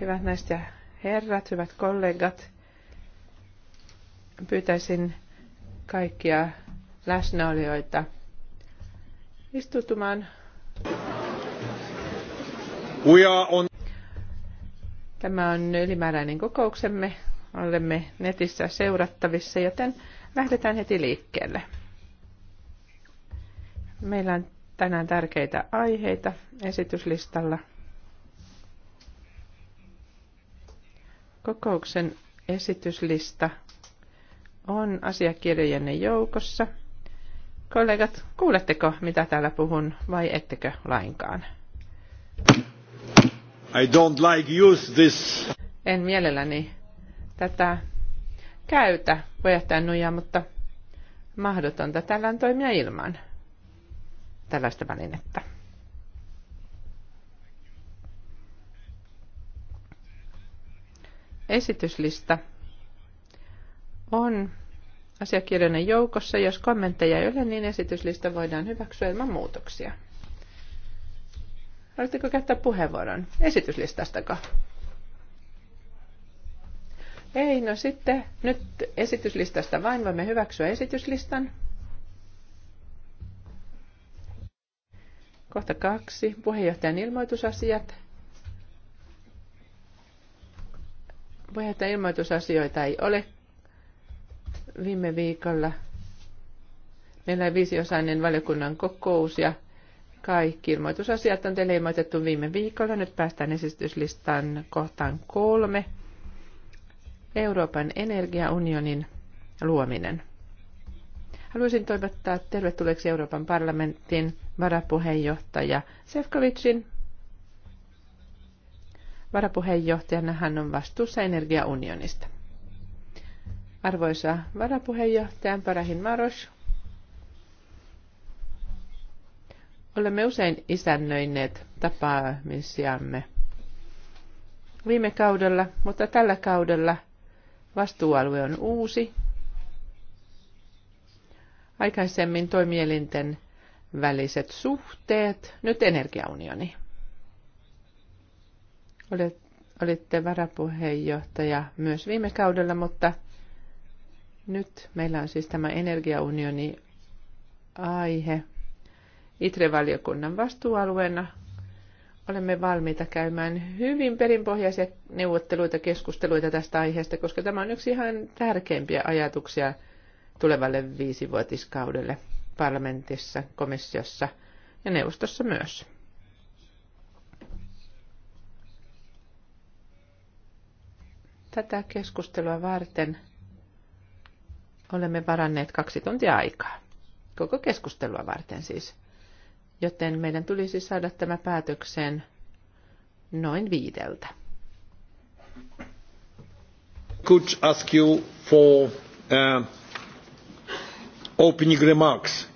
Hyvät naiset ja herrat, hyvät kollegat. Pyytäisin kaikkia läsnäolijoita istutumaan. We are on... Tämä on ylimääräinen kokouksemme. Olemme netissä seurattavissa, joten lähdetään heti liikkeelle. Meillä on tänään tärkeitä aiheita esityslistalla. Kokouksen esityslista on asiakirjojenne joukossa. Kollegat, kuuletteko, mitä täällä puhun, vai ettekö lainkaan? I don't like use this. En mielelläni tätä käytä, puheenjohtaja Nuja, mutta mahdotonta täällä on toimia ilman tällaista välinettä. Esityslista on asiakirjojen joukossa. Jos kommentteja ei ole, niin esityslista voidaan hyväksyä ilman muutoksia. Haluatteko käyttää puheenvuoron esityslistastako? Ei, no sitten nyt esityslistasta vain voimme hyväksyä esityslistan. Kohta kaksi. Puheenjohtajan ilmoitusasiat. Puheenjohtajan ilmoitusasioita ei ole. Viime viikolla meillä on viisiosainen valiokunnan kokous ja kaikki ilmoitusasiat on teille ilmoitettu viime viikolla. Nyt päästään esityslistan kohtaan kolme. Euroopan energiaunionin luominen. Haluaisin toivottaa tervetulleeksi Euroopan parlamentin varapuheenjohtaja Sefkovicin. Varapuheenjohtajana hän on vastuussa energiaunionista. Arvoisa varapuheenjohtaja Parahin Maros, olemme usein isännöineet tapaamisiamme viime kaudella, mutta tällä kaudella vastuualue on uusi. Aikaisemmin toimielinten väliset suhteet, nyt energiaunioni. olette olitte varapuheenjohtaja myös viime kaudella, mutta nyt meillä on siis tämä energiaunioni aihe ITRE-valiokunnan vastuualueena. Olemme valmiita käymään hyvin perinpohjaisia neuvotteluita, keskusteluita tästä aiheesta, koska tämä on yksi ihan tärkeimpiä ajatuksia tulevalle viisivuotiskaudelle – parlamentissa, komissiossa ja neuvostossa myös. Tätä keskustelua varten olemme varanneet kaksi tuntia aikaa. Koko keskustelua varten siis. Joten meidän tulisi saada tämä päätökseen noin viideltä. Could ask you for uh, opening remarks.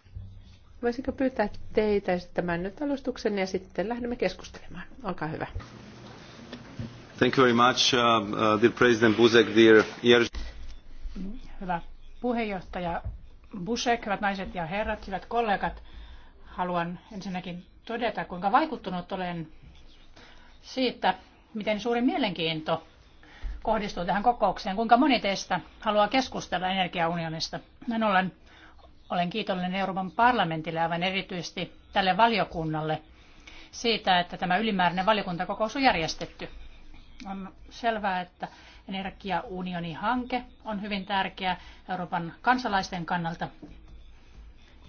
Voisinko pyytää teitä esittämään nyt alustuksen ja sitten lähdemme keskustelemaan. Olkaa hyvä. Thank you very much, uh, uh dear President Buzek, dear Hyvä puheenjohtaja Busek, hyvät naiset ja herrat, hyvät kollegat. Haluan ensinnäkin todeta, kuinka vaikuttunut olen siitä, miten suuri mielenkiinto kohdistuu tähän kokoukseen, kuinka moni teistä haluaa keskustella energiaunionista. Näin ollen olen kiitollinen Euroopan parlamentille aivan erityisesti tälle valiokunnalle siitä, että tämä ylimääräinen valiokuntakokous on järjestetty. On selvää, että energiaunionin hanke on hyvin tärkeä Euroopan kansalaisten kannalta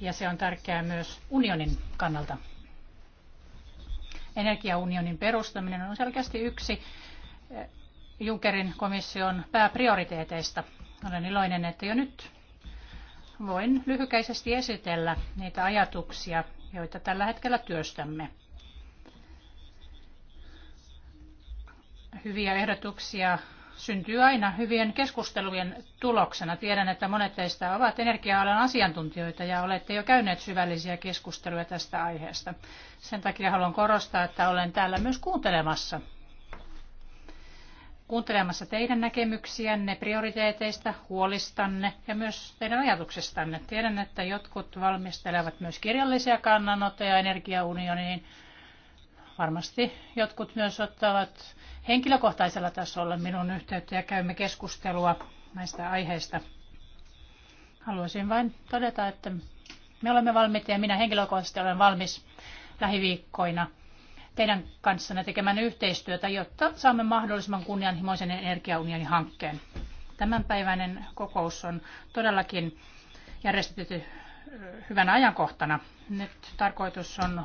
ja se on tärkeää myös unionin kannalta. Energiaunionin perustaminen on selkeästi yksi eh, Junckerin komission pääprioriteeteista. Olen iloinen, että jo nyt voin lyhykäisesti esitellä niitä ajatuksia, joita tällä hetkellä työstämme. Hyviä ehdotuksia syntyy aina hyvien keskustelujen tuloksena. Tiedän, että monet teistä ovat energia-alan asiantuntijoita ja olette jo käyneet syvällisiä keskusteluja tästä aiheesta. Sen takia haluan korostaa, että olen täällä myös kuuntelemassa kuuntelemassa teidän näkemyksiänne prioriteeteista, huolistanne ja myös teidän ajatuksestanne. Tiedän, että jotkut valmistelevat myös kirjallisia kannanottoja energiaunioniin. Varmasti jotkut myös ottavat henkilökohtaisella tasolla minun yhteyttä ja käymme keskustelua näistä aiheista. Haluaisin vain todeta, että me olemme valmiita ja minä henkilökohtaisesti olen valmis lähiviikkoina – teidän kanssanne tekemään yhteistyötä, jotta saamme mahdollisimman kunnianhimoisen energiaunionin hankkeen. Tämänpäiväinen kokous on todellakin järjestetty hyvänä ajankohtana. Nyt tarkoitus on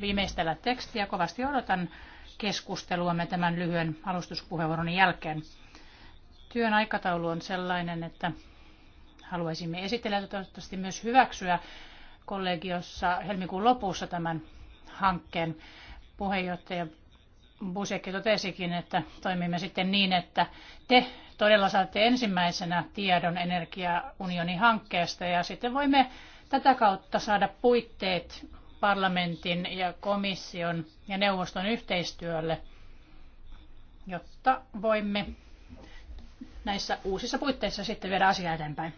viimeistellä tekstiä. Kovasti odotan keskusteluamme tämän lyhyen alustuspuheenvuoron jälkeen. Työn aikataulu on sellainen, että haluaisimme esitellä ja toivottavasti myös hyväksyä kollegiossa helmikuun lopussa tämän hankkeen puheenjohtaja Busekki totesikin, että toimimme sitten niin, että te todella saatte ensimmäisenä tiedon energiaunionin hankkeesta ja sitten voimme tätä kautta saada puitteet parlamentin ja komission ja neuvoston yhteistyölle, jotta voimme näissä uusissa puitteissa sitten viedä asiaa eteenpäin.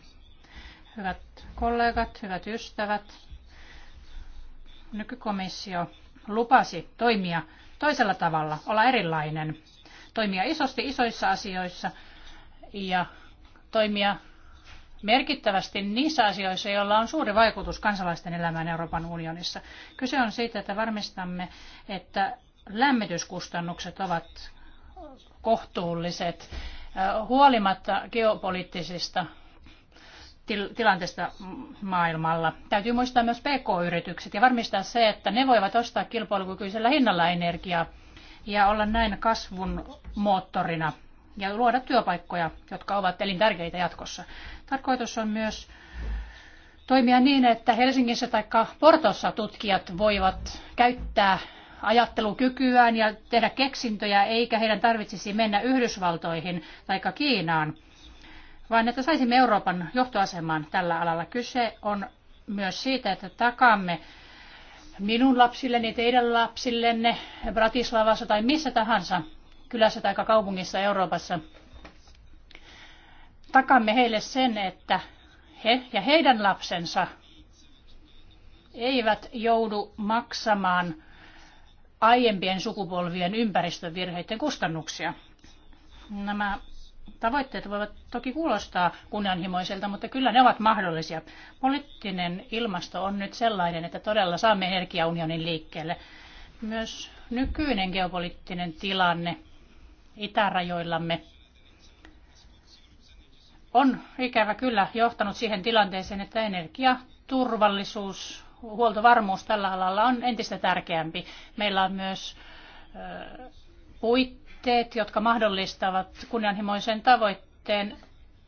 Hyvät kollegat, hyvät ystävät, nykykomissio lupasi toimia toisella tavalla, olla erilainen, toimia isosti isoissa asioissa ja toimia merkittävästi niissä asioissa, joilla on suuri vaikutus kansalaisten elämään Euroopan unionissa. Kyse on siitä, että varmistamme, että lämmityskustannukset ovat kohtuulliset eh, huolimatta geopoliittisista tilanteesta maailmalla. Täytyy muistaa myös PK-yritykset ja varmistaa se, että ne voivat ostaa kilpailukykyisellä hinnalla energiaa ja olla näin kasvun moottorina ja luoda työpaikkoja, jotka ovat elintärkeitä jatkossa. Tarkoitus on myös toimia niin, että Helsingissä tai Portossa tutkijat voivat käyttää ajattelukykyään ja tehdä keksintöjä, eikä heidän tarvitsisi mennä Yhdysvaltoihin tai Kiinaan – vaan että saisimme Euroopan johtoasemaan tällä alalla. Kyse on myös siitä, että takaamme minun lapsilleni, teidän lapsillenne, Bratislavassa tai missä tahansa kylässä tai kaupungissa Euroopassa. Takaamme heille sen, että he ja heidän lapsensa eivät joudu maksamaan aiempien sukupolvien ympäristövirheiden kustannuksia. Nämä Tavoitteet voivat toki kuulostaa kunnianhimoiselta, mutta kyllä ne ovat mahdollisia. Poliittinen ilmasto on nyt sellainen, että todella saamme energiaunionin liikkeelle. Myös nykyinen geopoliittinen tilanne itärajoillamme on ikävä kyllä johtanut siihen tilanteeseen, että energiaturvallisuus, huoltovarmuus tällä alalla on entistä tärkeämpi. Meillä on myös puitteet teet, jotka mahdollistavat kunnianhimoisen tavoitteen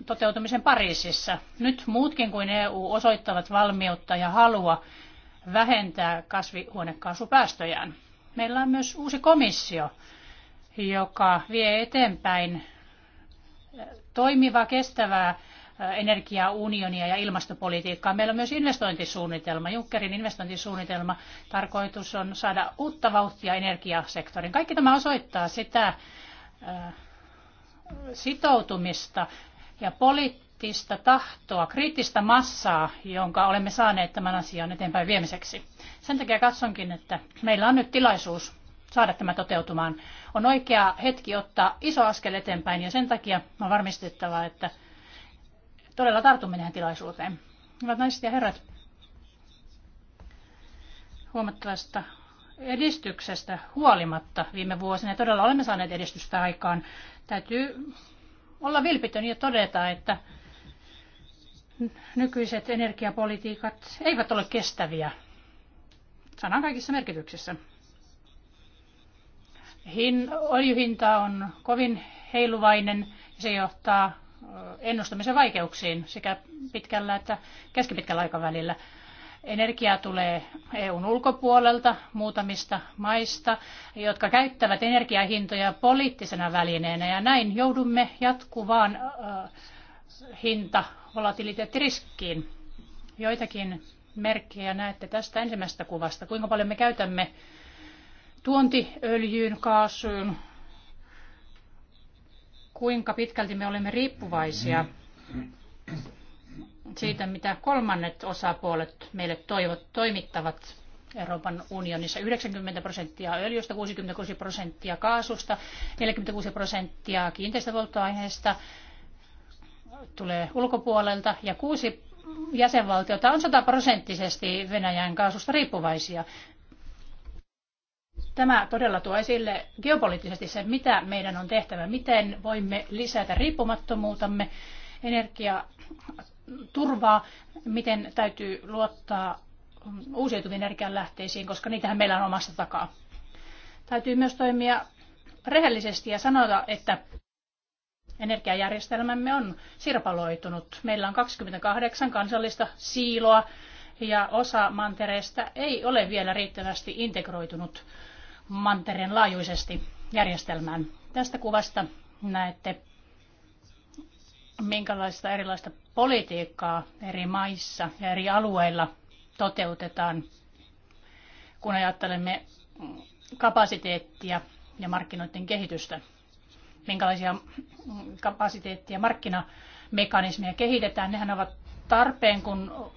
toteutumisen Pariisissa. Nyt muutkin kuin EU osoittavat valmiutta ja halua vähentää kasvihuonekaasupäästöjään. Meillä on myös uusi komissio, joka vie eteenpäin toimivaa kestävää energiaunionia ja ilmastopolitiikkaa. Meillä on myös investointisuunnitelma, Junckerin investointisuunnitelma. Tarkoitus on saada uutta vauhtia energiasektorin. Kaikki tämä osoittaa sitä sitoutumista ja poliittista tahtoa, kriittistä massaa, jonka olemme saaneet tämän asian eteenpäin viemiseksi. Sen takia katsonkin, että meillä on nyt tilaisuus saada tämä toteutumaan. On oikea hetki ottaa iso askel eteenpäin ja sen takia on varmistettava, että – todella tartumme tähän tilaisuuteen. Hyvät naiset ja herrat, huomattavasta edistyksestä huolimatta viime vuosina todella olemme saaneet edistystä aikaan. Täytyy olla vilpitön ja todeta, että nykyiset energiapolitiikat eivät ole kestäviä sanan kaikissa merkityksissä. Hin, öljyhinta on kovin heiluvainen ja se johtaa ennustamisen vaikeuksiin sekä pitkällä että keskipitkällä aikavälillä. Energiaa tulee EUn ulkopuolelta muutamista maista, jotka käyttävät energiahintoja poliittisena välineenä ja näin joudumme jatkuvaan hinta volatiliteettiriskiin. Joitakin merkkejä näette tästä ensimmäisestä kuvasta, kuinka paljon me käytämme tuontiöljyyn, kaasuun, kuinka pitkälti me olemme riippuvaisia siitä, mitä kolmannet osapuolet meille toivot, toimittavat Euroopan unionissa 90 prosenttia öljystä, 66 prosenttia kaasusta, 46 prosenttia kiinteistöpolttoaineesta tulee ulkopuolelta ja kuusi jäsenvaltiota on sataprosenttisesti Venäjän kaasusta riippuvaisia. Tämä todella tuo esille geopoliittisesti sen, mitä meidän on tehtävä, miten voimme lisätä riippumattomuutamme, energiaturvaa, miten täytyy luottaa uusiutuviin energianlähteisiin, koska niitähän meillä on omassa takaa. Täytyy myös toimia rehellisesti ja sanoa, että energiajärjestelmämme on sirpaloitunut. Meillä on 28 kansallista siiloa ja osa mantereesta ei ole vielä riittävästi integroitunut mantereen laajuisesti järjestelmään. Tästä kuvasta näette, minkälaista erilaista politiikkaa eri maissa ja eri alueilla toteutetaan, kun ajattelemme kapasiteettia ja markkinoiden kehitystä. Minkälaisia kapasiteettia ja markkinamekanismeja kehitetään, nehän ovat tarpeen, kun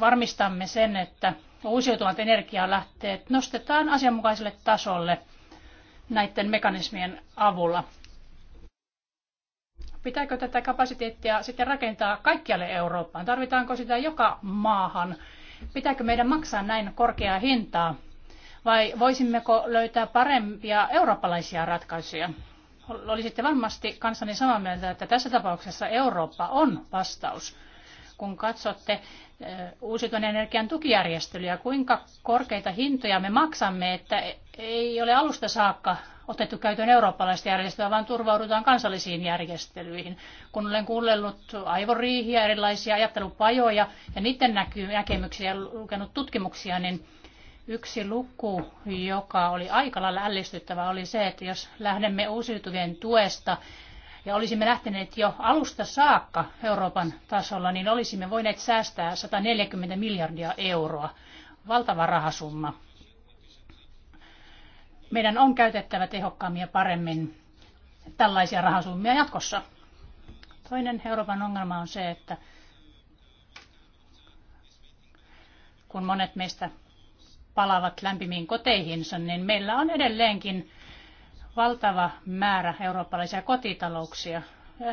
varmistamme sen, että uusiutuvat energialähteet nostetaan asianmukaiselle tasolle näiden mekanismien avulla. Pitääkö tätä kapasiteettia sitten rakentaa kaikkialle Eurooppaan? Tarvitaanko sitä joka maahan? Pitääkö meidän maksaa näin korkeaa hintaa? Vai voisimmeko löytää parempia eurooppalaisia ratkaisuja? Olisitte varmasti kanssani samaa mieltä, että tässä tapauksessa Eurooppa on vastaus kun katsotte uusiutuvan energian tukijärjestelyjä, kuinka korkeita hintoja me maksamme, että ei ole alusta saakka otettu käyttöön eurooppalaista järjestelyä, vaan turvaudutaan kansallisiin järjestelyihin. Kun olen kuunnellut aivoriihiä, erilaisia ajattelupajoja ja niiden näkemyksiä ja lukenut tutkimuksia, niin yksi luku, joka oli aika lailla ällistyttävä, oli se, että jos lähdemme uusiutuvien tuesta ja olisimme lähteneet jo alusta saakka Euroopan tasolla, niin olisimme voineet säästää 140 miljardia euroa. Valtava rahasumma. Meidän on käytettävä tehokkaammin ja paremmin tällaisia rahasummia jatkossa. Toinen Euroopan ongelma on se, että kun monet meistä palaavat lämpimiin koteihinsa, niin meillä on edelleenkin valtava määrä eurooppalaisia kotitalouksia.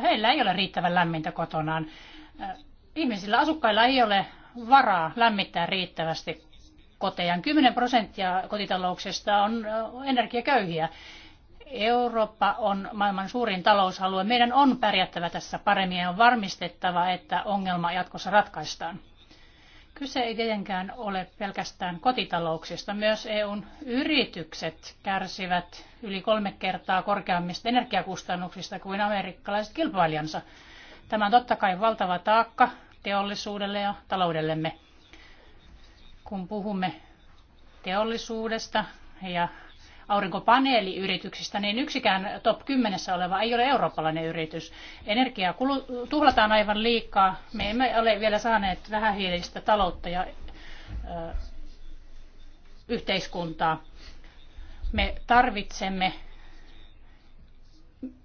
Heillä ei ole riittävän lämmintä kotonaan. Ihmisillä, asukkailla ei ole varaa lämmittää riittävästi kotejaan. 10 prosenttia kotitalouksista on energiaköyhiä. Eurooppa on maailman suurin talousalue. Meidän on pärjättävä tässä paremmin ja on varmistettava, että ongelma jatkossa ratkaistaan. Kyse ei tietenkään ole pelkästään kotitalouksista. Myös EUn yritykset kärsivät yli kolme kertaa korkeammista energiakustannuksista kuin amerikkalaiset kilpailijansa. Tämä on totta kai valtava taakka teollisuudelle ja taloudellemme. Kun puhumme teollisuudesta ja aurinkopaneeliyrityksistä, niin yksikään top 10 oleva ei ole eurooppalainen yritys. Energiaa tuhlataan aivan liikaa. Me emme ole vielä saaneet vähähiilistä taloutta ja ö, yhteiskuntaa. Me tarvitsemme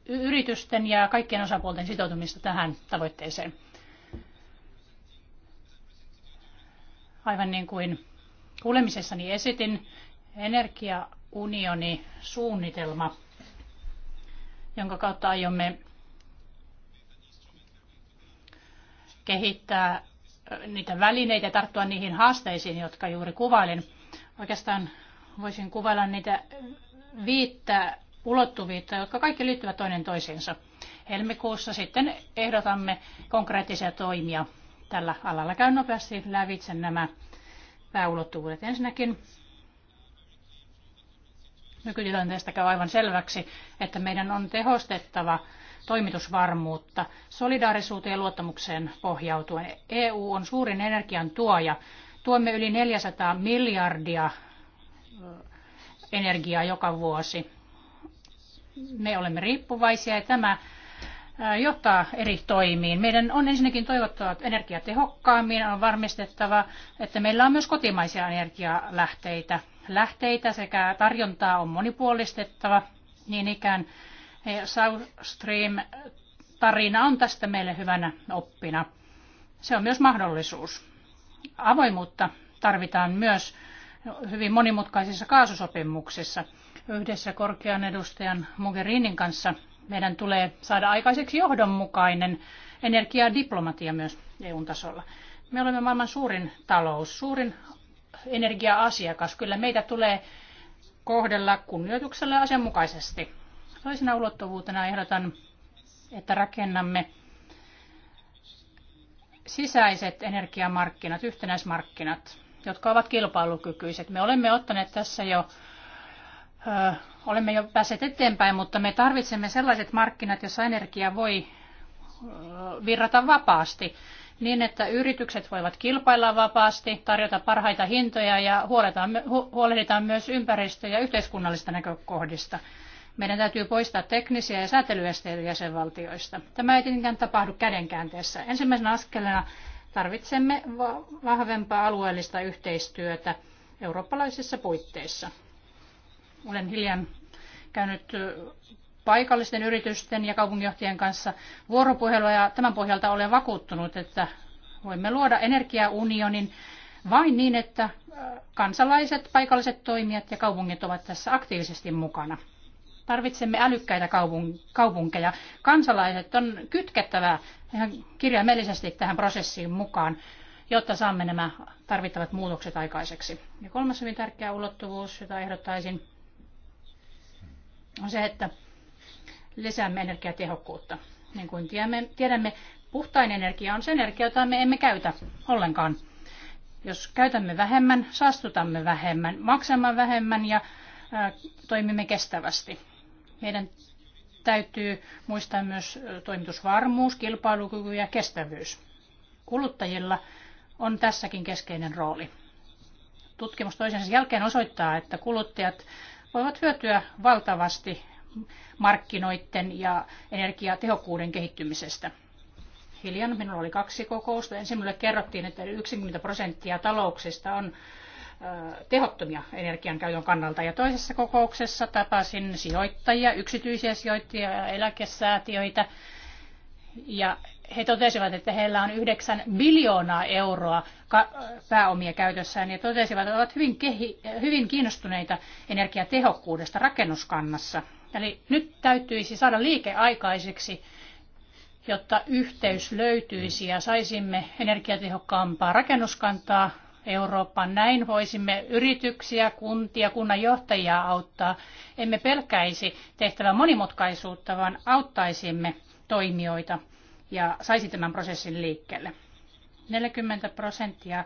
yritysten ja kaikkien osapuolten sitoutumista tähän tavoitteeseen. Aivan niin kuin kuulemisessani esitin, energia unioni suunnitelma, jonka kautta aiomme kehittää niitä välineitä ja tarttua niihin haasteisiin, jotka juuri kuvailin. Oikeastaan voisin kuvailla niitä viittä ulottuvuutta, jotka kaikki liittyvät toinen toisiinsa. Helmikuussa sitten ehdotamme konkreettisia toimia tällä alalla. Käyn nopeasti lävitse nämä pääulottuvuudet. Ensinnäkin nykytilanteesta käy aivan selväksi, että meidän on tehostettava toimitusvarmuutta solidaarisuuteen ja luottamukseen pohjautuen. EU on suurin energian tuoja. Tuomme yli 400 miljardia energiaa joka vuosi. Me olemme riippuvaisia ja tämä johtaa eri toimiin. Meidän on ensinnäkin toivottava energiatehokkaammin, on varmistettava, että meillä on myös kotimaisia energialähteitä – lähteitä sekä tarjontaa on monipuolistettava. Niin ikään South Stream-tarina on tästä meille hyvänä oppina. Se on myös mahdollisuus. Avoimuutta tarvitaan myös hyvin monimutkaisissa kaasusopimuksissa. Yhdessä korkean edustajan Mogherinin kanssa meidän tulee saada aikaiseksi johdonmukainen energiadiplomatia myös EUn tasolla. Me olemme maailman suurin talous, suurin energia-asiakas. Kyllä meitä tulee kohdella kunnioituksella asianmukaisesti. Toisena ulottuvuutena ehdotan, että rakennamme sisäiset energiamarkkinat, yhtenäismarkkinat, jotka ovat kilpailukykyiset. Me olemme ottaneet tässä jo ö, olemme jo päässeet eteenpäin, mutta me tarvitsemme sellaiset markkinat, joissa energia voi virrata vapaasti niin, että yritykset voivat kilpailla vapaasti, tarjota parhaita hintoja ja huolehditaan myös ympäristö- ja yhteiskunnallista näkökohdista. Meidän täytyy poistaa teknisiä ja säätelyesteitä jäsenvaltioista. Tämä ei tietenkään tapahdu kädenkäänteessä. Ensimmäisenä askeleena tarvitsemme vahvempaa alueellista yhteistyötä eurooppalaisissa puitteissa. Olen hiljan käynyt paikallisten yritysten ja kaupunginjohtajien kanssa vuoropuhelua ja tämän pohjalta olen vakuuttunut, että voimme luoda energiaunionin vain niin, että äh, kansalaiset, paikalliset toimijat ja kaupungit ovat tässä aktiivisesti mukana. Tarvitsemme älykkäitä kaupunkeja. Kansalaiset on kytkettävä ihan kirjaimellisesti tähän prosessiin mukaan, jotta saamme nämä tarvittavat muutokset aikaiseksi. Ja kolmas hyvin tärkeä ulottuvuus, jota ehdottaisin, on se, että lisäämme energiatehokkuutta. Niin kuin tiedämme, tiedämme puhtain energia on se energia, jota me emme käytä ollenkaan. Jos käytämme vähemmän, saastutamme vähemmän, maksamme vähemmän ja toimimme kestävästi. Meidän täytyy muistaa myös toimitusvarmuus, kilpailukyky ja kestävyys. Kuluttajilla on tässäkin keskeinen rooli. Tutkimus toisensa jälkeen osoittaa, että kuluttajat voivat hyötyä valtavasti markkinoiden ja energiatehokkuuden kehittymisestä. Hiljan minulla oli kaksi kokousta. Ensin minulle kerrottiin, että 90 prosenttia talouksista on tehottomia energian käytön kannalta. Ja toisessa kokouksessa tapasin sijoittajia, yksityisiä sijoittajia ja eläkesäätiöitä. Ja he totesivat, että heillä on 9 biljoonaa euroa pääomia käytössään ja totesivat, että ovat hyvin, kehi, hyvin kiinnostuneita energiatehokkuudesta rakennuskannassa. Eli nyt täytyisi saada liike aikaiseksi, jotta yhteys löytyisi ja saisimme energiatehokkaampaa rakennuskantaa Eurooppaan. Näin voisimme yrityksiä, kuntia, kunnanjohtajia auttaa. Emme pelkäisi tehtävän monimutkaisuutta, vaan auttaisimme toimijoita ja saisi tämän prosessin liikkeelle. 40 prosenttia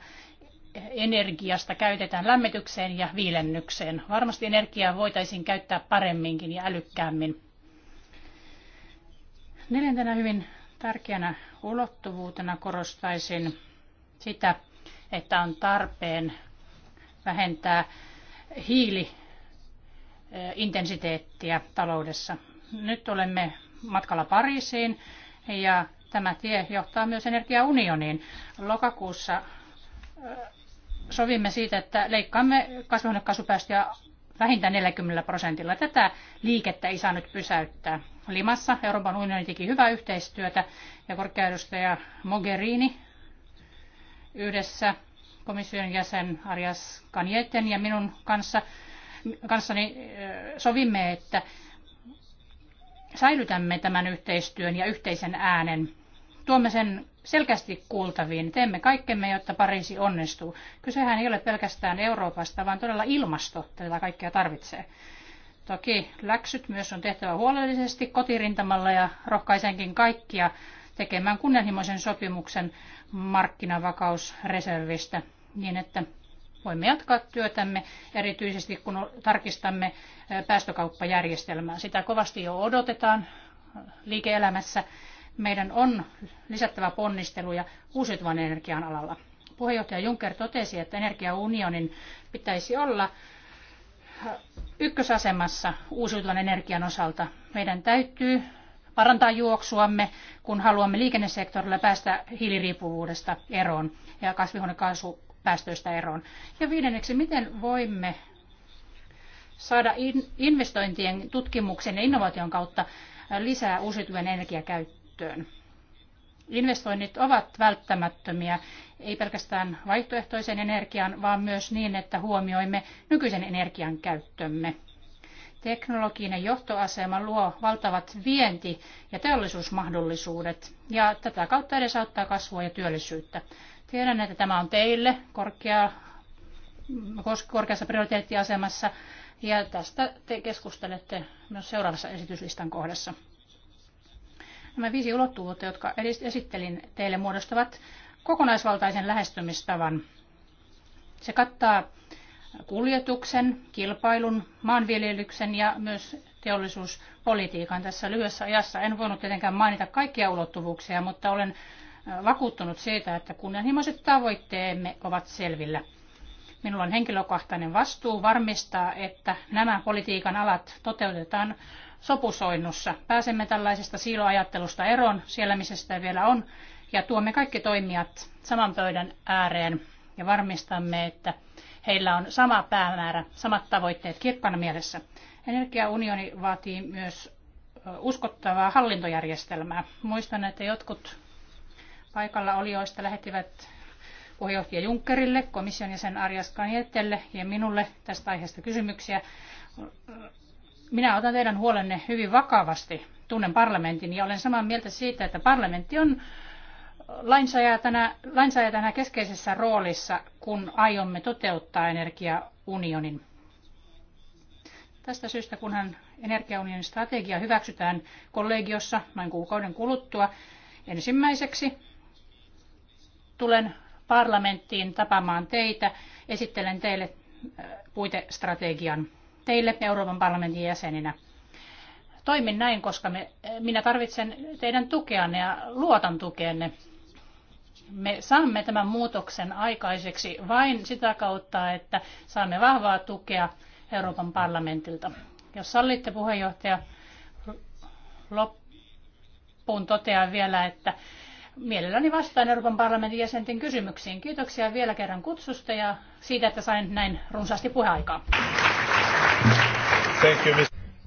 energiasta käytetään lämmitykseen ja viilennykseen. Varmasti energiaa voitaisiin käyttää paremminkin ja älykkäämmin. Neljäntenä hyvin tärkeänä ulottuvuutena korostaisin sitä, että on tarpeen vähentää hiiliintensiteettiä taloudessa. Nyt olemme matkalla Pariisiin ja tämä tie johtaa myös energiaunioniin. Lokakuussa sovimme siitä, että leikkaamme kasvihuonekaasupäästöjä vähintään 40 prosentilla. Tätä liikettä ei saa nyt pysäyttää. Limassa Euroopan unioni teki hyvää yhteistyötä ja korkeaedustaja Mogherini yhdessä komission jäsen Arias Kanjeten ja minun kanssa, kanssani sovimme, että säilytämme tämän yhteistyön ja yhteisen äänen. Tuomme sen selkeästi kuultaviin. Teemme kaikkemme, jotta Pariisi onnistuu. Kysehän ei ole pelkästään Euroopasta, vaan todella ilmasto tätä kaikkea tarvitsee. Toki läksyt myös on tehtävä huolellisesti kotirintamalla ja rohkaisenkin kaikkia tekemään kunnianhimoisen sopimuksen markkinavakausreservistä niin, että voimme jatkaa työtämme, erityisesti kun tarkistamme päästökauppajärjestelmää. Sitä kovasti jo odotetaan liike-elämässä. Meidän on lisättävä ponnisteluja uusiutuvan energian alalla. Puheenjohtaja Juncker totesi, että energiaunionin pitäisi olla ykkösasemassa uusiutuvan energian osalta. Meidän täytyy parantaa juoksuamme, kun haluamme liikennesektorilla päästä hiiliriippuvuudesta eroon ja kasvihuonekaasu päästöistä eroon? Ja viidenneksi, miten voimme saada investointien tutkimuksen ja innovaation kautta lisää uusiutuvien energiakäyttöön? Investoinnit ovat välttämättömiä, ei pelkästään vaihtoehtoisen energian, vaan myös niin, että huomioimme nykyisen energian käyttömme teknologinen johtoasema luo valtavat vienti- ja teollisuusmahdollisuudet ja tätä kautta edesauttaa kasvua ja työllisyyttä. Tiedän, että tämä on teille korkea, korkeassa prioriteettiasemassa ja tästä te keskustelette myös seuraavassa esityslistan kohdassa. Nämä viisi ulottuvuutta, jotka esittelin teille, muodostavat kokonaisvaltaisen lähestymistavan. Se kattaa kuljetuksen, kilpailun, maanviljelyksen ja myös teollisuuspolitiikan tässä lyhyessä ajassa. En voinut tietenkään mainita kaikkia ulottuvuuksia, mutta olen vakuuttunut siitä, että kunnianhimoiset tavoitteemme ovat selvillä. Minulla on henkilökohtainen vastuu varmistaa, että nämä politiikan alat toteutetaan sopusoinnussa. Pääsemme tällaisesta siiloajattelusta eroon siellä, missä sitä vielä on, ja tuomme kaikki toimijat saman pöydän ääreen ja varmistamme, että heillä on sama päämäärä, samat tavoitteet kirkkana mielessä. Energiaunioni vaatii myös uskottavaa hallintojärjestelmää. Muistan, että jotkut paikalla olijoista lähettivät puheenjohtaja Junckerille, komission jäsen Arjas Kanietelle ja minulle tästä aiheesta kysymyksiä. Minä otan teidän huolenne hyvin vakavasti. Tunnen parlamentin ja olen samaa mieltä siitä, että parlamentti on lainsäätänä, lainsäätänä keskeisessä roolissa, kun aiomme toteuttaa energiaunionin. Tästä syystä, kunhan energiaunionin strategia hyväksytään kollegiossa noin kuukauden kuluttua, ensimmäiseksi tulen parlamenttiin tapaamaan teitä. Esittelen teille äh, puitestrategian teille Euroopan parlamentin jäseninä. Toimin näin, koska me, äh, minä tarvitsen teidän tukeanne ja luotan tukeenne. Me saamme tämän muutoksen aikaiseksi vain sitä kautta, että saamme vahvaa tukea Euroopan parlamentilta. Jos sallitte puheenjohtaja, loppuun totean vielä, että mielelläni vastaan Euroopan parlamentin jäsenten kysymyksiin. Kiitoksia vielä kerran kutsusta ja siitä, että sain näin runsaasti puheaikaa.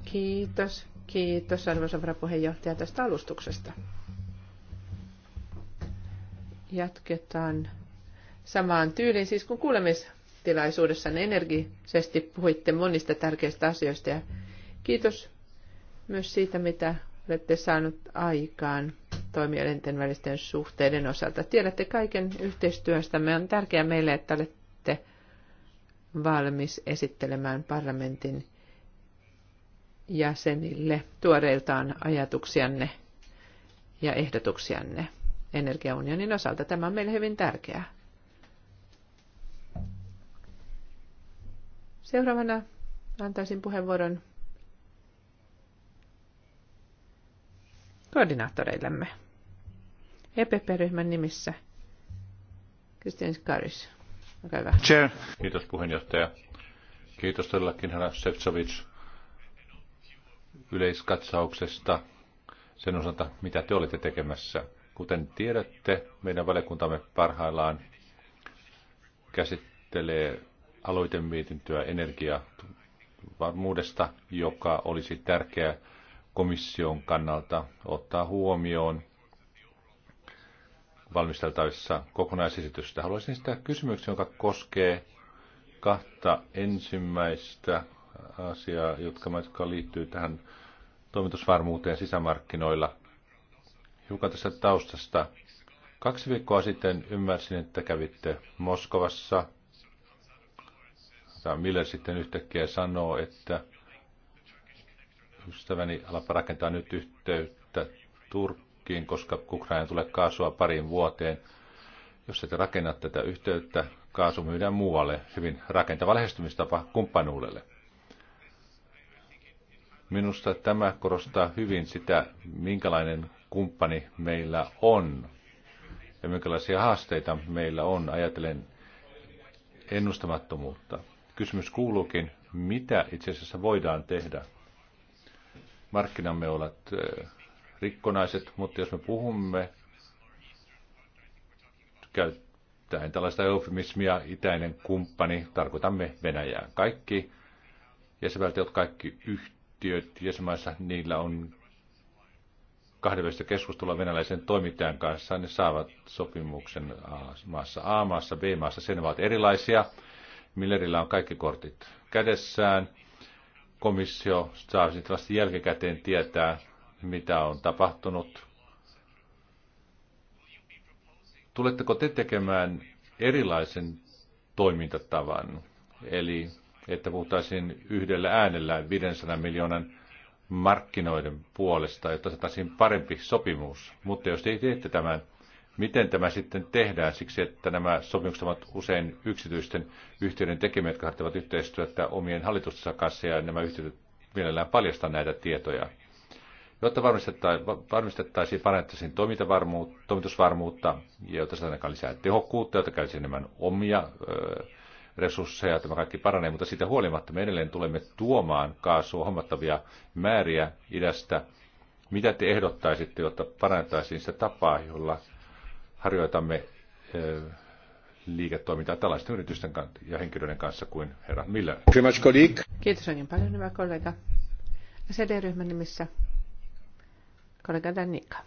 Kiitos, kiitos arvoisa varapuheenjohtaja tästä alustuksesta. Jatketaan samaan tyyliin, siis kun kuulemistilaisuudessa energisesti puhuitte monista tärkeistä asioista ja kiitos myös siitä, mitä olette saanut aikaan toimielinten välisten suhteiden osalta. Tiedätte kaiken yhteistyöstämme. On tärkeää meille, että olette valmis esittelemään parlamentin jäsenille tuoreiltaan ajatuksianne ja ehdotuksianne energiaunionin osalta. Tämä on meille hyvin tärkeää. Seuraavana antaisin puheenvuoron koordinaattoreillemme. EPP-ryhmän nimissä. Kristian Skaris, olkaa hyvä. Chair. Kiitos puheenjohtaja. Kiitos todellakin Hanna Sefcovic yleiskatsauksesta sen osalta, mitä te olette tekemässä. Kuten tiedätte, meidän valiokuntamme parhaillaan käsittelee aloitemietintöä energiavarmuudesta, joka olisi tärkeä komission kannalta ottaa huomioon Valmisteltavissa kokonaisesitystä. Haluaisin sitä kysymyksen, joka koskee kahta ensimmäistä asiaa, jotka, jotka liittyy tähän toimitusvarmuuteen sisämarkkinoilla. Hiukan tästä taustasta. Kaksi viikkoa sitten ymmärsin, että kävitte Moskovassa. Tämä Miller sitten yhtäkkiä sanoo, että ystäväni alapa rakentaa nyt yhteyttä Turkkiin shokkiin, koska Ukraina tulee kaasua pariin vuoteen. Jos et rakenna tätä yhteyttä, kaasu myydään muualle. Hyvin rakentava lähestymistapa kumppanuudelle. Minusta tämä korostaa hyvin sitä, minkälainen kumppani meillä on ja minkälaisia haasteita meillä on, ajatellen ennustamattomuutta. Kysymys kuuluukin, mitä itse asiassa voidaan tehdä? Markkinamme ovat eh, rikkonaiset, mutta jos me puhumme käyttäen tällaista eufemismia itäinen kumppani, tarkoitamme Venäjää. Kaikki jäsenvaltiot, kaikki yhtiöt jäsenmaissa, niillä on kahdenvälistä keskustelua venäläisen toimittajan kanssa, ne saavat sopimuksen A, maassa A, maassa B, maassa sen ovat erilaisia. Millerillä on kaikki kortit kädessään. Komissio saa sitten vasta jälkikäteen tietää, mitä on tapahtunut. Tuletteko te tekemään erilaisen toimintatavan, eli että puhutaisiin yhdellä äänellä 500 miljoonan markkinoiden puolesta, jotta saataisiin parempi sopimus. Mutta jos te teette tämän, miten tämä sitten tehdään? Siksi, että nämä sopimukset ovat usein yksityisten yhtiöiden tekemiä, jotka harjoittavat yhteistyötä omien hallitustensa kanssa, ja nämä yhtiöt mielellään paljastaa näitä tietoja. Jotta varmistettaisiin parantaisiin toimitusvarmuutta, jotta saadaan ainakaan lisää tehokkuutta, jotta käytetään enemmän omia ö, resursseja, tämä kaikki paranee, mutta siitä huolimatta me edelleen tulemme tuomaan kaasua huomattavia määriä idästä. Mitä te ehdottaisitte, jotta parantaisiin sitä tapaa, jolla harjoitamme ö, liiketoimintaa tällaisten yritysten ja henkilöiden kanssa kuin herra Miller? Kiitos oikein paljon, hyvä kollega. CD-ryhmän nimissä Kollega Danika.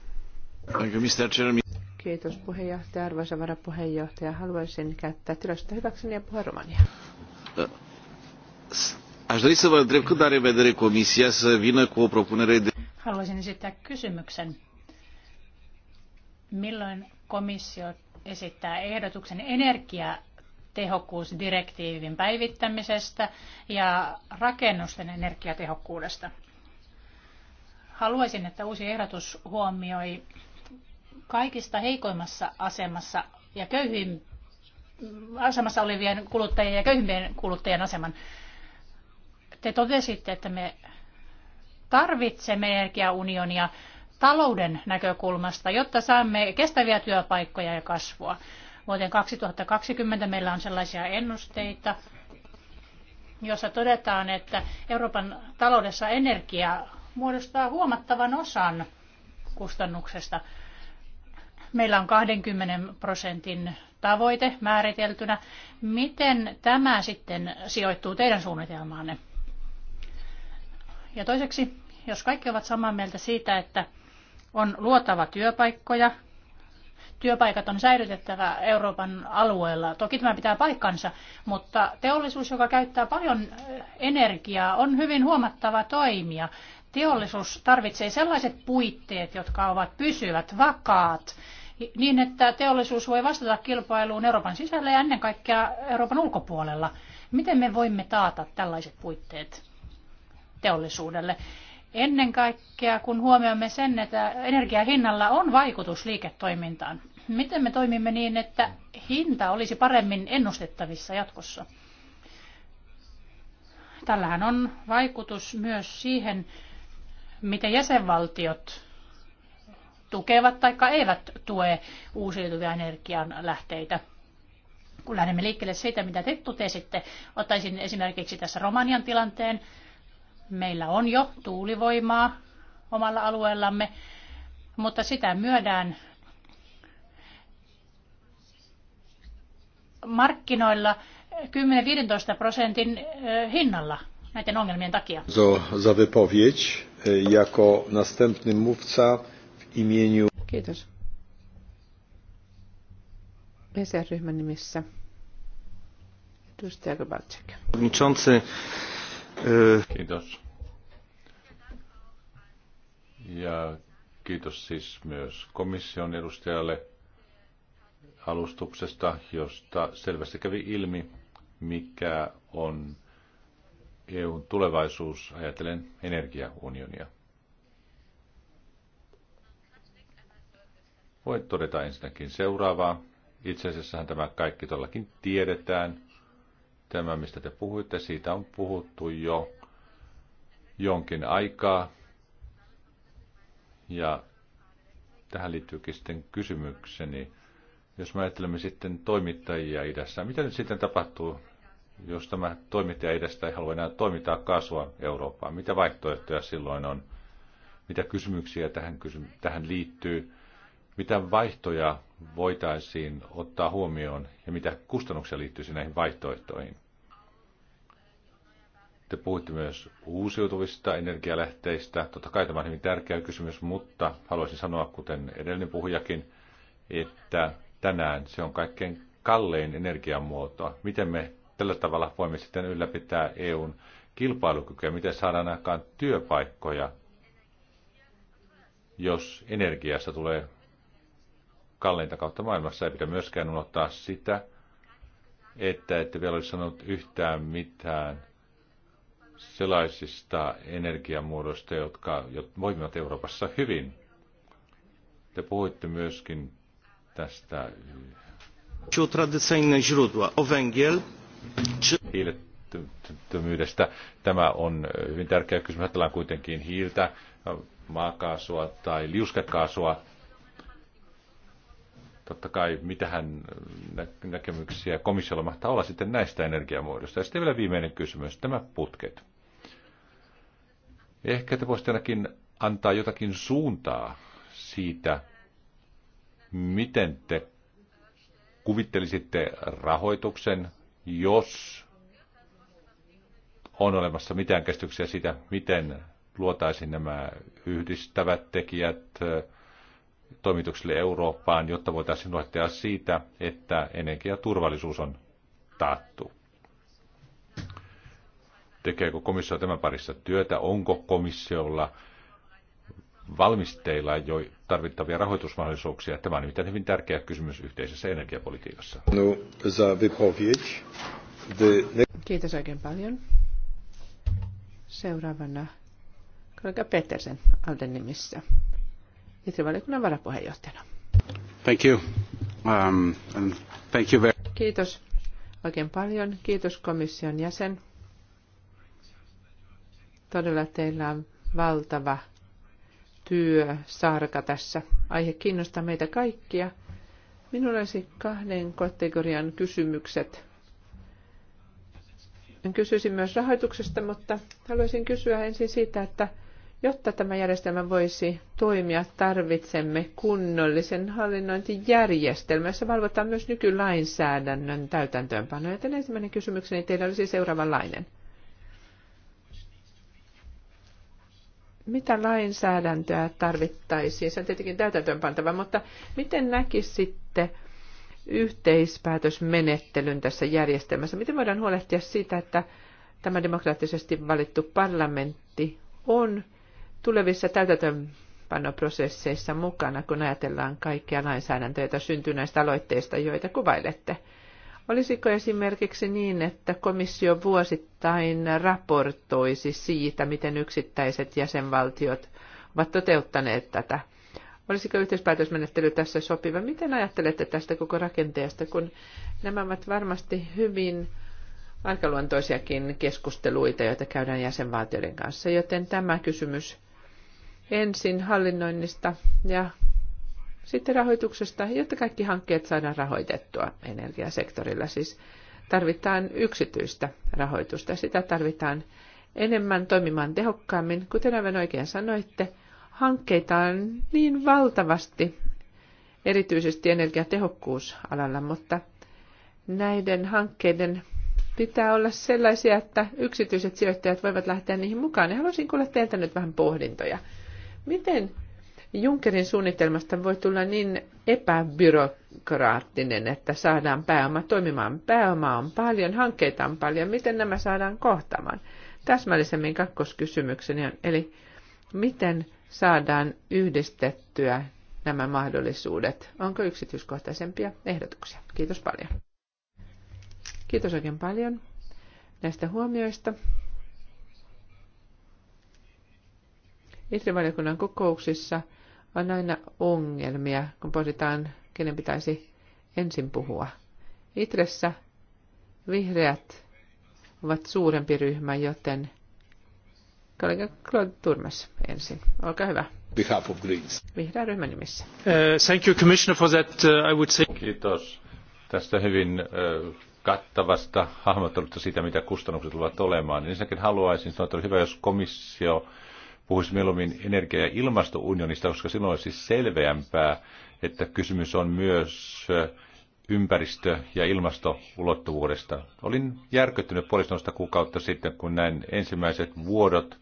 Kiitos puheenjohtaja, arvoisa varapuheenjohtaja. Haluaisin käyttää tilaisuutta hyväkseni ja puhua Romania. Aș dori să vă întreb cât are vedere Comisia să vină cu o propunere de... Haluaisin esittää kysymyksen. Milloin komissio esittää ehdotuksen energiatehokkuusdirektiivin päivittämisestä ja rakennusten energiatehokkuudesta? Haluaisin, että uusi ehdotus huomioi kaikista heikoimmassa asemassa ja köyhin asemassa olevien kuluttajien ja köyhimpien kuluttajien aseman. Te totesitte, että me tarvitsemme energiaunionia talouden näkökulmasta, jotta saamme kestäviä työpaikkoja ja kasvua. Vuoteen 2020 meillä on sellaisia ennusteita, jossa todetaan, että Euroopan taloudessa energia muodostaa huomattavan osan kustannuksesta. Meillä on 20 prosentin tavoite määriteltynä. Miten tämä sitten sijoittuu teidän suunnitelmaanne? Ja toiseksi, jos kaikki ovat samaa mieltä siitä, että on luotava työpaikkoja, työpaikat on säilytettävä Euroopan alueella. Toki tämä pitää paikkansa, mutta teollisuus, joka käyttää paljon energiaa, on hyvin huomattava toimija teollisuus tarvitsee sellaiset puitteet, jotka ovat pysyvät, vakaat, niin että teollisuus voi vastata kilpailuun Euroopan sisällä ja ennen kaikkea Euroopan ulkopuolella. Miten me voimme taata tällaiset puitteet teollisuudelle? Ennen kaikkea, kun huomioimme sen, että energiahinnalla on vaikutus liiketoimintaan. Miten me toimimme niin, että hinta olisi paremmin ennustettavissa jatkossa? Tällähän on vaikutus myös siihen, miten jäsenvaltiot tukevat tai eivät tue uusiutuvia energianlähteitä. Kun lähdemme liikkeelle siitä, mitä te totesitte, ottaisin esimerkiksi tässä Romanian tilanteen. Meillä on jo tuulivoimaa omalla alueellamme, mutta sitä myödään markkinoilla 10-15 prosentin hinnalla näiden ongelmien takia. Za, za wypowiedź. E, jako następny mówca w imieniu... Kiitos. ESR-ryhmän nimissä. Edustaja Kovalczyk. Przewodniczący. E, kiitos. Ja kiitos siis myös komission edustajalle alustuksesta, josta selvästi kävi ilmi, mikä on EUn tulevaisuus ajatellen energiaunionia? Voit todeta ensinnäkin seuraavaa. Itse asiassahan tämä kaikki todellakin tiedetään. Tämä, mistä te puhuitte, siitä on puhuttu jo jonkin aikaa. Ja tähän liittyykin sitten kysymykseni. Jos me ajattelemme sitten toimittajia idässä, mitä nyt sitten tapahtuu jos tämä toimittaja edestä ei halua enää toimittaa kasvua Eurooppaan, mitä vaihtoehtoja silloin on? Mitä kysymyksiä tähän, kysymy- tähän liittyy? Mitä vaihtoja voitaisiin ottaa huomioon ja mitä kustannuksia liittyisi näihin vaihtoehtoihin? Te puhuitte myös uusiutuvista energialähteistä. Totta kai tämä on hyvin tärkeä kysymys, mutta haluaisin sanoa, kuten edellinen puhujakin, että tänään se on kaikkein kallein energiamuoto. Miten me tällä tavalla voimme sitten ylläpitää EUn kilpailukykyä, miten saadaan aikaan työpaikkoja, jos energiassa tulee kalliinta kautta maailmassa. Ei pidä myöskään unohtaa sitä, että ette vielä olisi sanonut yhtään mitään sellaisista energiamuodoista, jotka voimivat Euroopassa hyvin. Te puhuitte myöskin tästä. Tradycyjne źródła, o węgiel, hiilettömyydestä. Tämä on hyvin tärkeä kysymys. Ajatellaan kuitenkin hiiltä, maakaasua tai liuskekaasua. Totta kai, mitähän näkemyksiä komissiolla mahtaa olla sitten näistä energiamuodoista. Ja sitten vielä viimeinen kysymys, tämä putket. Ehkä te voisitte ainakin antaa jotakin suuntaa siitä, miten te kuvittelisitte rahoituksen jos on olemassa mitään käsityksiä siitä, miten luotaisiin nämä yhdistävät tekijät toimituksille Eurooppaan, jotta voitaisiin luottaa siitä, että energiaturvallisuus on taattu. Tekeekö komissio tämän parissa työtä? Onko komissiolla valmisteilla jo tarvittavia rahoitusmahdollisuuksia. Tämä on nimittäin hyvin tärkeä kysymys yhteisessä energiapolitiikassa. No, za Kiitos oikein paljon. Seuraavana kollega Petersen Alden nimissä, Itrivaliokunnan varapuheenjohtajana. Thank you. Um, and thank you very... Kiitos oikein paljon. Kiitos komission jäsen. Todella teillä on valtava työsarka tässä. Aihe kiinnostaa meitä kaikkia. Minulla olisi kahden kategorian kysymykset. Kysyisin myös rahoituksesta, mutta haluaisin kysyä ensin siitä, että jotta tämä järjestelmä voisi toimia, tarvitsemme kunnollisen hallinnointijärjestelmän, jossa valvotaan myös nykylainsäädännön täytäntöönpanoja. Joten ensimmäinen kysymykseni teillä olisi seuraavanlainen. mitä lainsäädäntöä tarvittaisiin? Se on tietenkin täytäntöönpantava, mutta miten näkisitte yhteispäätösmenettelyn tässä järjestelmässä? Miten voidaan huolehtia siitä, että tämä demokraattisesti valittu parlamentti on tulevissa täytäntöönpanoprosesseissa mukana, kun ajatellaan kaikkia lainsäädäntöjä, joita syntyy näistä aloitteista, joita kuvailette? Olisiko esimerkiksi niin, että komissio vuosittain raportoisi siitä, miten yksittäiset jäsenvaltiot ovat toteuttaneet tätä? Olisiko yhteispäätösmenettely tässä sopiva? Miten ajattelette tästä koko rakenteesta, kun nämä ovat varmasti hyvin aikaluontoisiakin keskusteluita, joita käydään jäsenvaltioiden kanssa, joten tämä kysymys ensin hallinnoinnista ja sitten rahoituksesta, jotta kaikki hankkeet saadaan rahoitettua energiasektorilla, siis tarvitaan yksityistä rahoitusta. Sitä tarvitaan enemmän toimimaan tehokkaammin. Kuten aivan oikein sanoitte, hankkeita on niin valtavasti, erityisesti energiatehokkuusalalla, mutta näiden hankkeiden pitää olla sellaisia, että yksityiset sijoittajat voivat lähteä niihin mukaan. Ja haluaisin kuulla teiltä nyt vähän pohdintoja. Miten Junckerin suunnitelmasta voi tulla niin epäbyrokraattinen, että saadaan pääoma toimimaan. Pääoma on paljon, hankkeita on paljon. Miten nämä saadaan kohtamaan? Täsmällisemmin kakkoskysymykseni on, eli miten saadaan yhdistettyä nämä mahdollisuudet? Onko yksityiskohtaisempia ehdotuksia? Kiitos paljon. Kiitos oikein paljon näistä huomioista. Itrivaliokunnan kokouksissa – on aina ongelmia, kun pohditaan, kenen pitäisi ensin puhua. Itressä vihreät ovat suurempi ryhmä, joten kollega Claude Turmes ensin. Olkaa hyvä. Behalf of Greens. ryhmän nimissä. Uh, thank you, Commissioner, for that, uh, I would say... Kiitos tästä hyvin uh, kattavasta hahmottelusta siitä, mitä kustannukset tulevat olemaan. Ensinnäkin haluaisin sanoa, että olisi hyvä, jos komissio puhuisi mieluummin energia- ja ilmastounionista, koska silloin olisi siis selveämpää, että kysymys on myös ympäristö- ja ilmastoulottuvuudesta. Olin järkyttynyt puolitoista kuukautta sitten, kun näin ensimmäiset vuodot,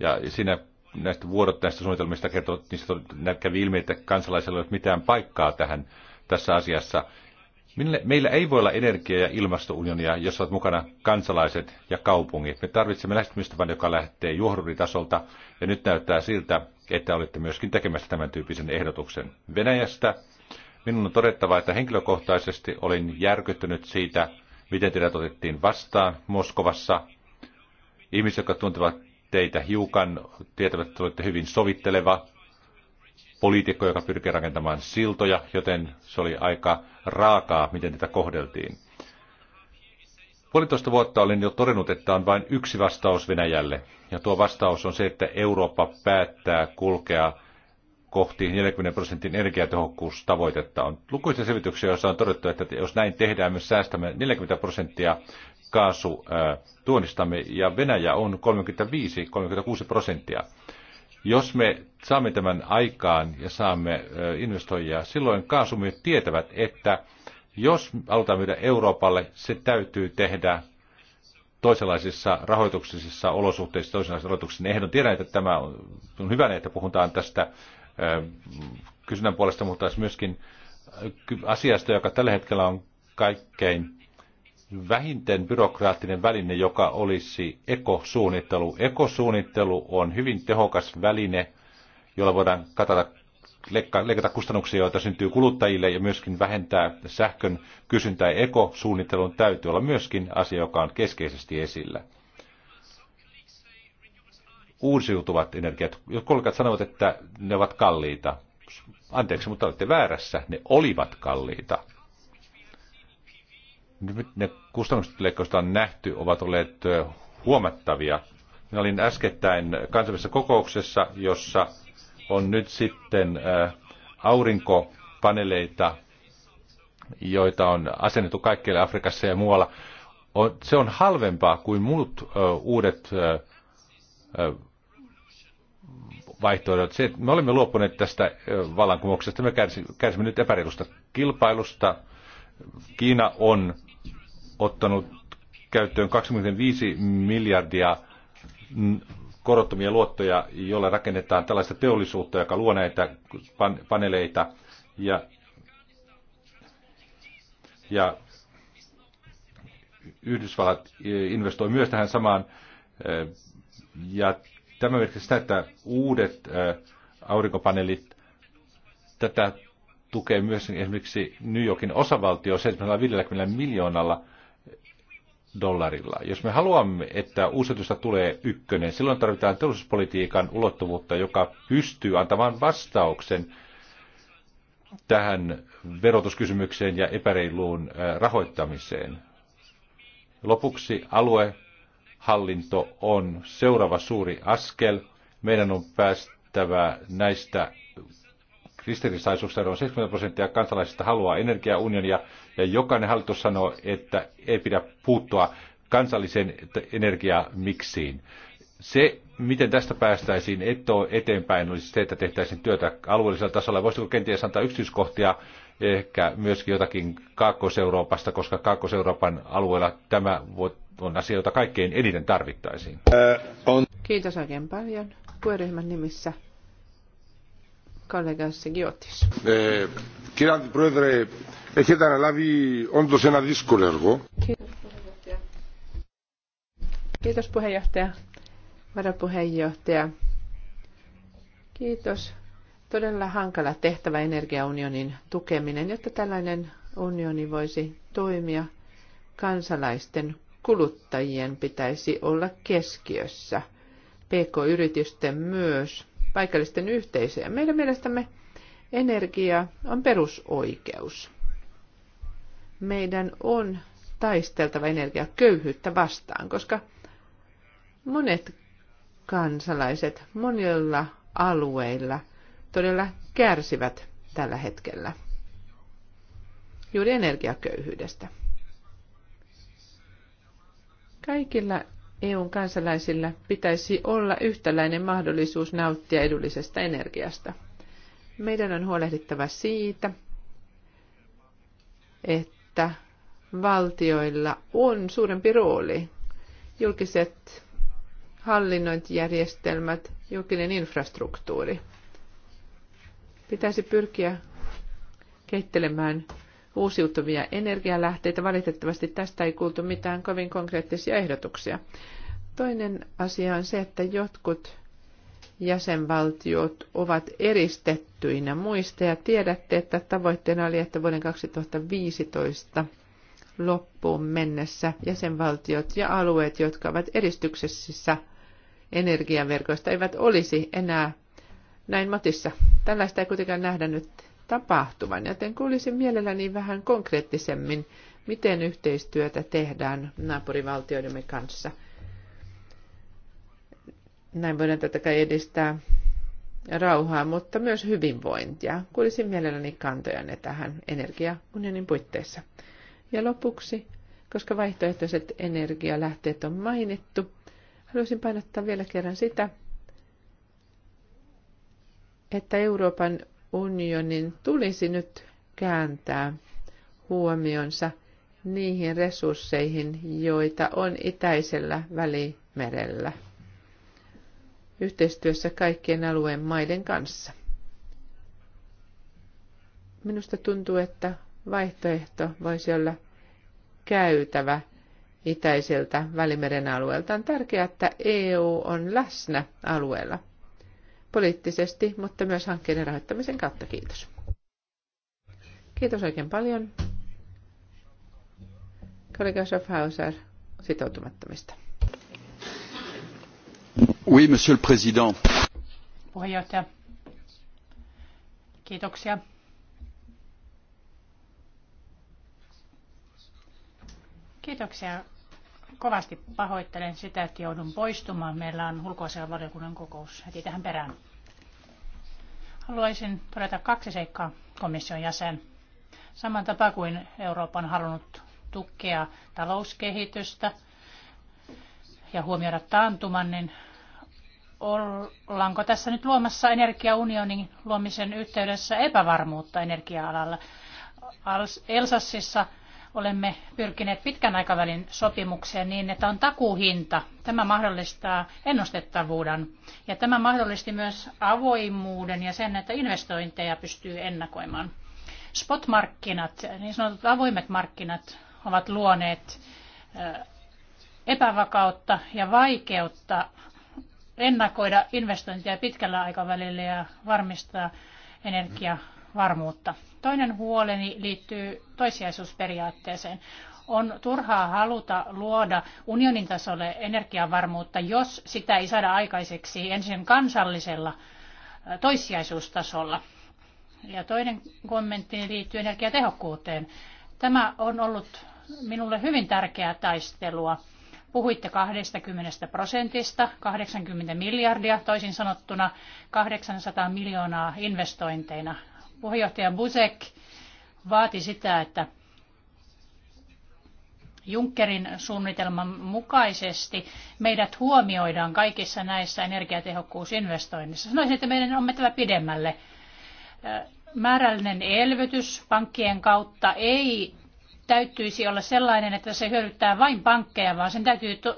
ja siinä näistä vuodot näistä suunnitelmista kertovat, niistä kävi ilmi, että kansalaisilla ei ole mitään paikkaa tähän tässä asiassa. Meillä ei voi olla energia- ja ilmastounionia, jos ovat mukana kansalaiset ja kaupungit. Me tarvitsemme lähestymistavan, joka lähtee juohduritasolta, ja nyt näyttää siltä, että olette myöskin tekemässä tämän tyyppisen ehdotuksen Venäjästä. Minun on todettava, että henkilökohtaisesti olin järkyttynyt siitä, miten teidät otettiin vastaan Moskovassa. Ihmiset, jotka tuntevat teitä hiukan, tietävät, että olette hyvin sovitteleva, poliitikko, joka pyrkii rakentamaan siltoja, joten se oli aika raakaa, miten tätä kohdeltiin. Puolitoista vuotta olen jo todennut, että on vain yksi vastaus Venäjälle, ja tuo vastaus on se, että Eurooppa päättää kulkea kohti 40 prosentin energiatehokkuustavoitetta. On lukuisia selvityksiä, joissa on todettu, että jos näin tehdään, me säästämme 40 prosenttia kaasu ja Venäjä on 35-36 prosenttia. Jos me saamme tämän aikaan ja saamme investoijia, silloin kaasumyyt tietävät, että jos halutaan myydä Euroopalle, se täytyy tehdä toisenlaisissa rahoituksellisissa olosuhteissa, toisenlaisissa rahoituksen niin ehdon. Tiedän, että tämä on hyvä, että puhutaan tästä kysynnän puolesta, mutta myöskin asiasta, joka tällä hetkellä on kaikkein vähintään byrokraattinen väline, joka olisi ekosuunnittelu. Ekosuunnittelu on hyvin tehokas väline, jolla voidaan katata, leikata kustannuksia, joita syntyy kuluttajille ja myöskin vähentää sähkön kysyntää. Ekosuunnittelun täytyy olla myöskin asia, joka on keskeisesti esillä. Uusiutuvat energiat. Jos kollegat sanovat, että ne ovat kalliita. Anteeksi, mutta olette väärässä. Ne olivat kalliita nyt ne kustannukset, jotka on nähty, ovat olleet huomattavia. Minä olin äskettäin kansainvälisessä kokouksessa, jossa on nyt sitten aurinkopaneleita, joita on asennettu kaikkialle Afrikassa ja muualla. Se on halvempaa kuin muut uudet vaihtoehdot. Se, me olemme luopuneet tästä vallankumouksesta. Me kärsimme nyt epäreilusta kilpailusta. Kiina on ottanut käyttöön 25 miljardia korottomia luottoja, joilla rakennetaan tällaista teollisuutta, joka luo näitä paneleita. Ja, ja Yhdysvallat e, investoi myös tähän samaan. E, ja tämä merkitsee sitä, että uudet e, aurinkopaneelit, tätä tukee myös esimerkiksi New Yorkin osavaltio 750 miljoonalla dollarilla. Jos me haluamme, että uusiutusta tulee ykkönen, silloin tarvitaan teollisuuspolitiikan ulottuvuutta, joka pystyy antamaan vastauksen tähän verotuskysymykseen ja epäreiluun rahoittamiseen. Lopuksi aluehallinto on seuraava suuri askel. Meidän on päästävä näistä ristiriitaisuuksista on 70 prosenttia kansalaisista haluaa energiaunionia, ja jokainen hallitus sanoo, että ei pidä puuttua kansallisen energiamiksiin. Se, miten tästä päästäisiin eteenpäin, olisi se, että tehtäisiin työtä alueellisella tasolla. Voisiko kenties antaa yksityiskohtia ehkä myöskin jotakin Kaakkois-Euroopasta, koska Kaakkois-Euroopan alueella tämä on asia, jota kaikkein eniten tarvittaisiin. Kiitos oikein paljon. puheenryhmän nimissä Kollega Segiotis. Κύριε Αντιπρόεδρε, έχετε αναλάβει όντως ένα δύσκολο έργο. Kiitos puheenjohtaja, varapuheenjohtaja. Kiitos. Todella hankala tehtävä energiaunionin tukeminen, jotta tällainen unioni voisi toimia. Kansalaisten kuluttajien pitäisi olla keskiössä. PK-yritysten myös paikallisten yhteisöjä. Meidän mielestämme energia on perusoikeus. Meidän on taisteltava köyhyyttä vastaan, koska monet kansalaiset monilla alueilla todella kärsivät tällä hetkellä juuri energiaköyhyydestä. Kaikilla EUn kansalaisilla pitäisi olla yhtäläinen mahdollisuus nauttia edullisesta energiasta. Meidän on huolehdittava siitä, että valtioilla on suurempi rooli. Julkiset hallinnointijärjestelmät, julkinen infrastruktuuri. Pitäisi pyrkiä kehittelemään uusiutuvia energialähteitä. Valitettavasti tästä ei kuultu mitään kovin konkreettisia ehdotuksia. Toinen asia on se, että jotkut jäsenvaltiot ovat eristettyinä muista ja tiedätte, että tavoitteena oli, että vuoden 2015 loppuun mennessä jäsenvaltiot ja alueet, jotka ovat eristyksessä energiaverkoista, eivät olisi enää näin matissa. Tällaista ei kuitenkaan nähdä nyt tapahtuvan, joten kuulisin mielelläni vähän konkreettisemmin, miten yhteistyötä tehdään naapurivaltioidemme kanssa. Näin voidaan tätä kai edistää rauhaa, mutta myös hyvinvointia. Kuulisin mielelläni kantojanne tähän energiaunionin puitteissa. Ja lopuksi, koska vaihtoehtoiset energialähteet on mainittu, haluaisin painottaa vielä kerran sitä, että Euroopan unionin tulisi nyt kääntää huomionsa niihin resursseihin, joita on itäisellä välimerellä yhteistyössä kaikkien alueen maiden kanssa. Minusta tuntuu, että vaihtoehto voisi olla käytävä itäiseltä Välimeren alueelta. On tärkeää, että EU on läsnä alueella poliittisesti, mutta myös hankkeiden rahoittamisen kautta. Kiitos. Kiitos oikein paljon. Kollega Schaffhauser sitoutumattomista. Oui, monsieur le président. Puheenjohtaja. Kiitoksia. Kiitoksia. Kovasti pahoittelen sitä, että joudun poistumaan. Meillä on ulkoasianvaliokunnan kokous heti tähän perään. Haluaisin todeta kaksi seikkaa komission jäsen. Saman tapa kuin Eurooppa on halunnut tukea talouskehitystä ja huomioida taantuman, niin ollaanko tässä nyt luomassa energiaunionin luomisen yhteydessä epävarmuutta energia-alalla? Elsassissa olemme pyrkineet pitkän aikavälin sopimukseen niin, että on takuuhinta. Tämä mahdollistaa ennustettavuuden ja tämä mahdollisti myös avoimuuden ja sen, että investointeja pystyy ennakoimaan. Spot-markkinat, niin sanotut avoimet markkinat, ovat luoneet epävakautta ja vaikeutta ennakoida investointeja pitkällä aikavälillä ja varmistaa energia varmuutta. Toinen huoleni liittyy toissijaisuusperiaatteeseen. On turhaa haluta luoda unionin tasolle energiavarmuutta, jos sitä ei saada aikaiseksi ensin kansallisella toissijaisuustasolla. Ja toinen kommentti liittyy energiatehokkuuteen. Tämä on ollut minulle hyvin tärkeää taistelua. Puhuitte 20 prosentista, 80 miljardia, toisin sanottuna 800 miljoonaa investointeina puheenjohtaja Busek vaati sitä, että Junckerin suunnitelman mukaisesti meidät huomioidaan kaikissa näissä energiatehokkuusinvestoinneissa. Sanoisin, että meidän on mentävä pidemmälle. Määrällinen elvytys pankkien kautta ei täytyisi olla sellainen, että se hyödyttää vain pankkeja, vaan sen täytyy to-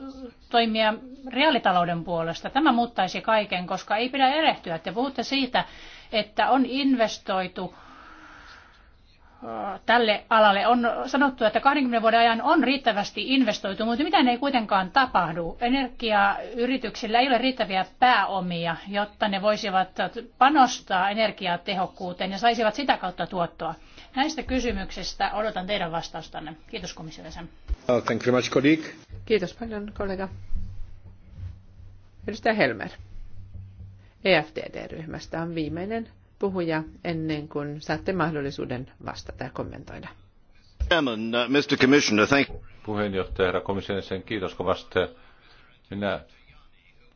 toimia reaalitalouden puolesta. Tämä muuttaisi kaiken, koska ei pidä erehtyä. Te puhutte siitä, että on investoitu tälle alalle. On sanottu, että 20 vuoden ajan on riittävästi investoitu, mutta mitään ei kuitenkaan tapahdu. Energiayrityksillä ei ole riittäviä pääomia, jotta ne voisivat panostaa energiatehokkuuteen ja saisivat sitä kautta tuottoa. Näistä kysymyksistä odotan teidän vastaustanne. Kiitos komission jäsen. Thank you much, colleague. Kiitos paljon, kollega. Edustaja Helmer. EFTD-ryhmästä on viimeinen puhuja ennen kuin saatte mahdollisuuden vastata ja kommentoida. Uh, Puheenjohtaja, herra komission sen kiitos kovasti. Minä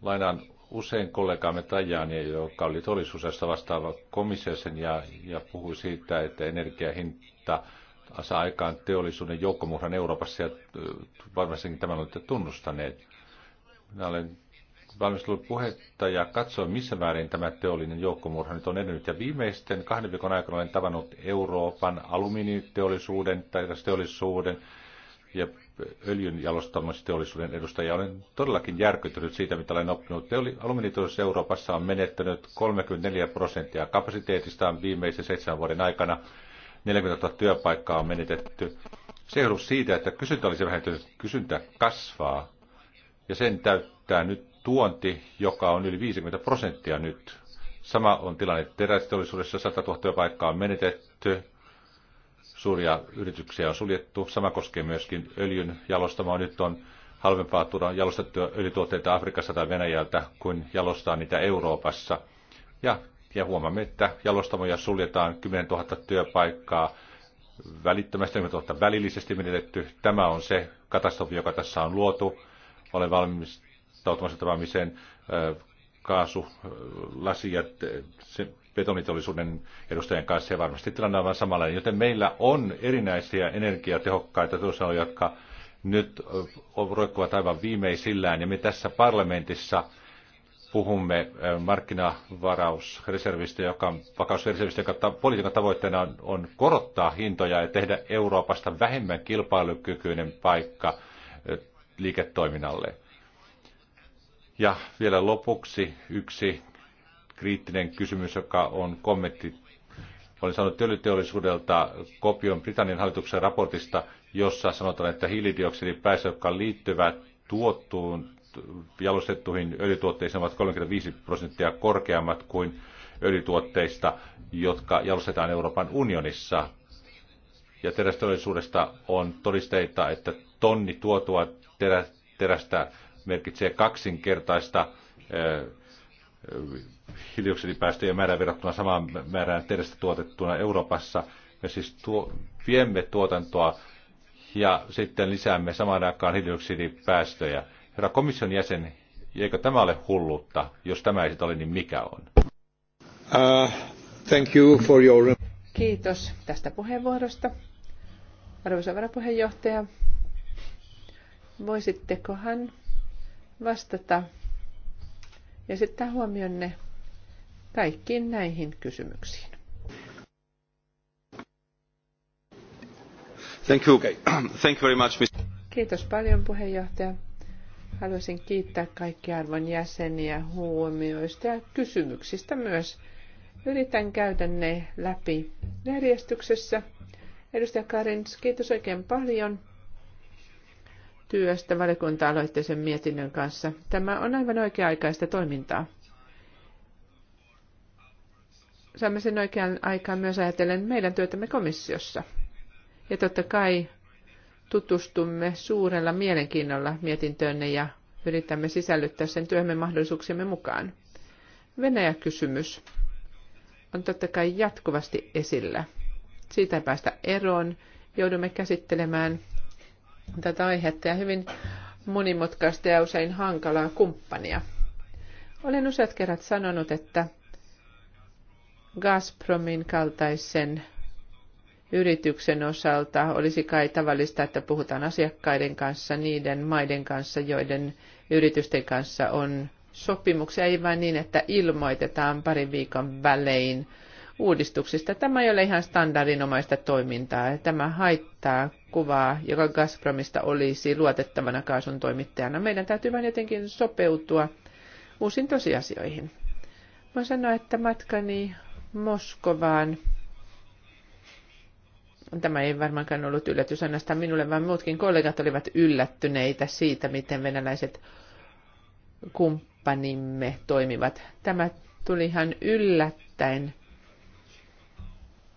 lainaan usein kollegaamme Tajani, joka oli todellisuudesta vastaava komissiosen ja, ja puhui siitä, että energiahinta saa aikaan teollisuuden joukkomurhan Euroopassa ja äh, varmastikin tämän olette tunnustaneet. Minä olen valmistellut puhetta ja katsoin, missä määrin tämä teollinen joukkomurha nyt on edennyt. Ja viimeisten kahden viikon aikana olen tavannut Euroopan alumiiniteollisuuden tai teollisuuden ja öljyn jalostamisteollisuuden edustaja. Olen todellakin järkyttynyt siitä, mitä olen oppinut. Teoli, alumiiniteollisuus Euroopassa on menettänyt 34 prosenttia kapasiteetistaan viimeisen seitsemän vuoden aikana. 40 000 työpaikkaa on menetetty. Se johdus siitä, että kysyntä olisi vähentynyt, kysyntä kasvaa. Ja sen täyttää nyt tuonti, joka on yli 50 prosenttia nyt. Sama on tilanne terästeollisuudessa, 100 000 työpaikkaa on menetetty Suuria yrityksiä on suljettu. Sama koskee myöskin öljyn jalostamoa. Nyt on halvempaa tuoda jalostettuja öljytuotteita Afrikassa tai Venäjältä kuin jalostaa niitä Euroopassa. Ja, ja huomaamme, että jalostamoja suljetaan 10 000 työpaikkaa välittömästi, 10 000 tuota välillisesti menetetty. Tämä on se katastrofi, joka tässä on luotu. Olen valmistautumassa tapaamiseen äh, kaasulasijat, ja betoniteollisuuden edustajien kanssa ja varmasti tilanne on samalla. Joten meillä on erinäisiä energiatehokkaita tuossa, jotka nyt roikkuvat aivan viimeisillään ja me tässä parlamentissa puhumme markkinavarausreservistä, joka, vakausreservistä, joka politiikan tavoitteena on, on korottaa hintoja ja tehdä Euroopasta vähemmän kilpailukykyinen paikka liiketoiminnalle. Ja vielä lopuksi yksi kriittinen kysymys, joka on kommentti. Olen saanut öljyteollisuudelta kopion Britannian hallituksen raportista, jossa sanotaan, että hiilidioksidipäästöt, jotka liittyvät tuottuun jalostettuihin öljytuotteisiin, ovat 35 prosenttia korkeammat kuin öljytuotteista, jotka jalostetaan Euroopan unionissa. Ja terästeollisuudesta on todisteita, että tonni tuotua terä, terästä merkitsee kaksinkertaista hiilidioksidipäästöjen määrään verrattuna samaan määrään terästä tuotettuna Euroopassa. Me siis tuo, viemme tuotantoa ja sitten lisäämme samaan aikaan hiilidioksidipäästöjä. Herra komission jäsen, eikö tämä ole hullutta? Jos tämä ei sitten ole, niin mikä on? Uh, thank you for your... Kiitos tästä puheenvuorosta. Arvoisa varapuheenjohtaja, voisittekohan vastata esittää huomionne kaikkiin näihin kysymyksiin. Thank you. Thank you very much, Mr. Kiitos paljon puheenjohtaja. Haluaisin kiittää kaikkia arvon jäseniä huomioista ja kysymyksistä myös. Yritän käydä ne läpi järjestyksessä. Edustaja Karins, kiitos oikein paljon työstä valiokunta-aloitteisen mietinnön kanssa. Tämä on aivan oikea-aikaista toimintaa. Saamme sen oikean aikaan myös ajatellen meidän työtämme komissiossa. Ja totta kai tutustumme suurella mielenkiinnolla mietintöönne ja yritämme sisällyttää sen työhön mahdollisuuksiemme mukaan. Venäjä-kysymys on totta kai jatkuvasti esillä. Siitä ei päästä eroon. Joudumme käsittelemään tätä aihetta ja hyvin monimutkaista ja usein hankalaa kumppania. Olen useat kerrat sanonut, että Gazpromin kaltaisen yrityksen osalta olisi kai tavallista, että puhutaan asiakkaiden kanssa, niiden maiden kanssa, joiden yritysten kanssa on sopimuksia, ei vain niin, että ilmoitetaan parin viikon välein uudistuksista. Tämä ei ole ihan standardinomaista toimintaa. Tämä haittaa kuvaa, joka Gazpromista olisi luotettavana kaasun toimittajana. Meidän täytyy vain jotenkin sopeutua uusiin tosiasioihin. Voin sanoa, että matkani Moskovaan tämä ei varmaankaan ollut yllätys ainoastaan minulle, vaan muutkin kollegat olivat yllättyneitä siitä, miten venäläiset kumppanimme toimivat. Tämä tuli ihan yllättäen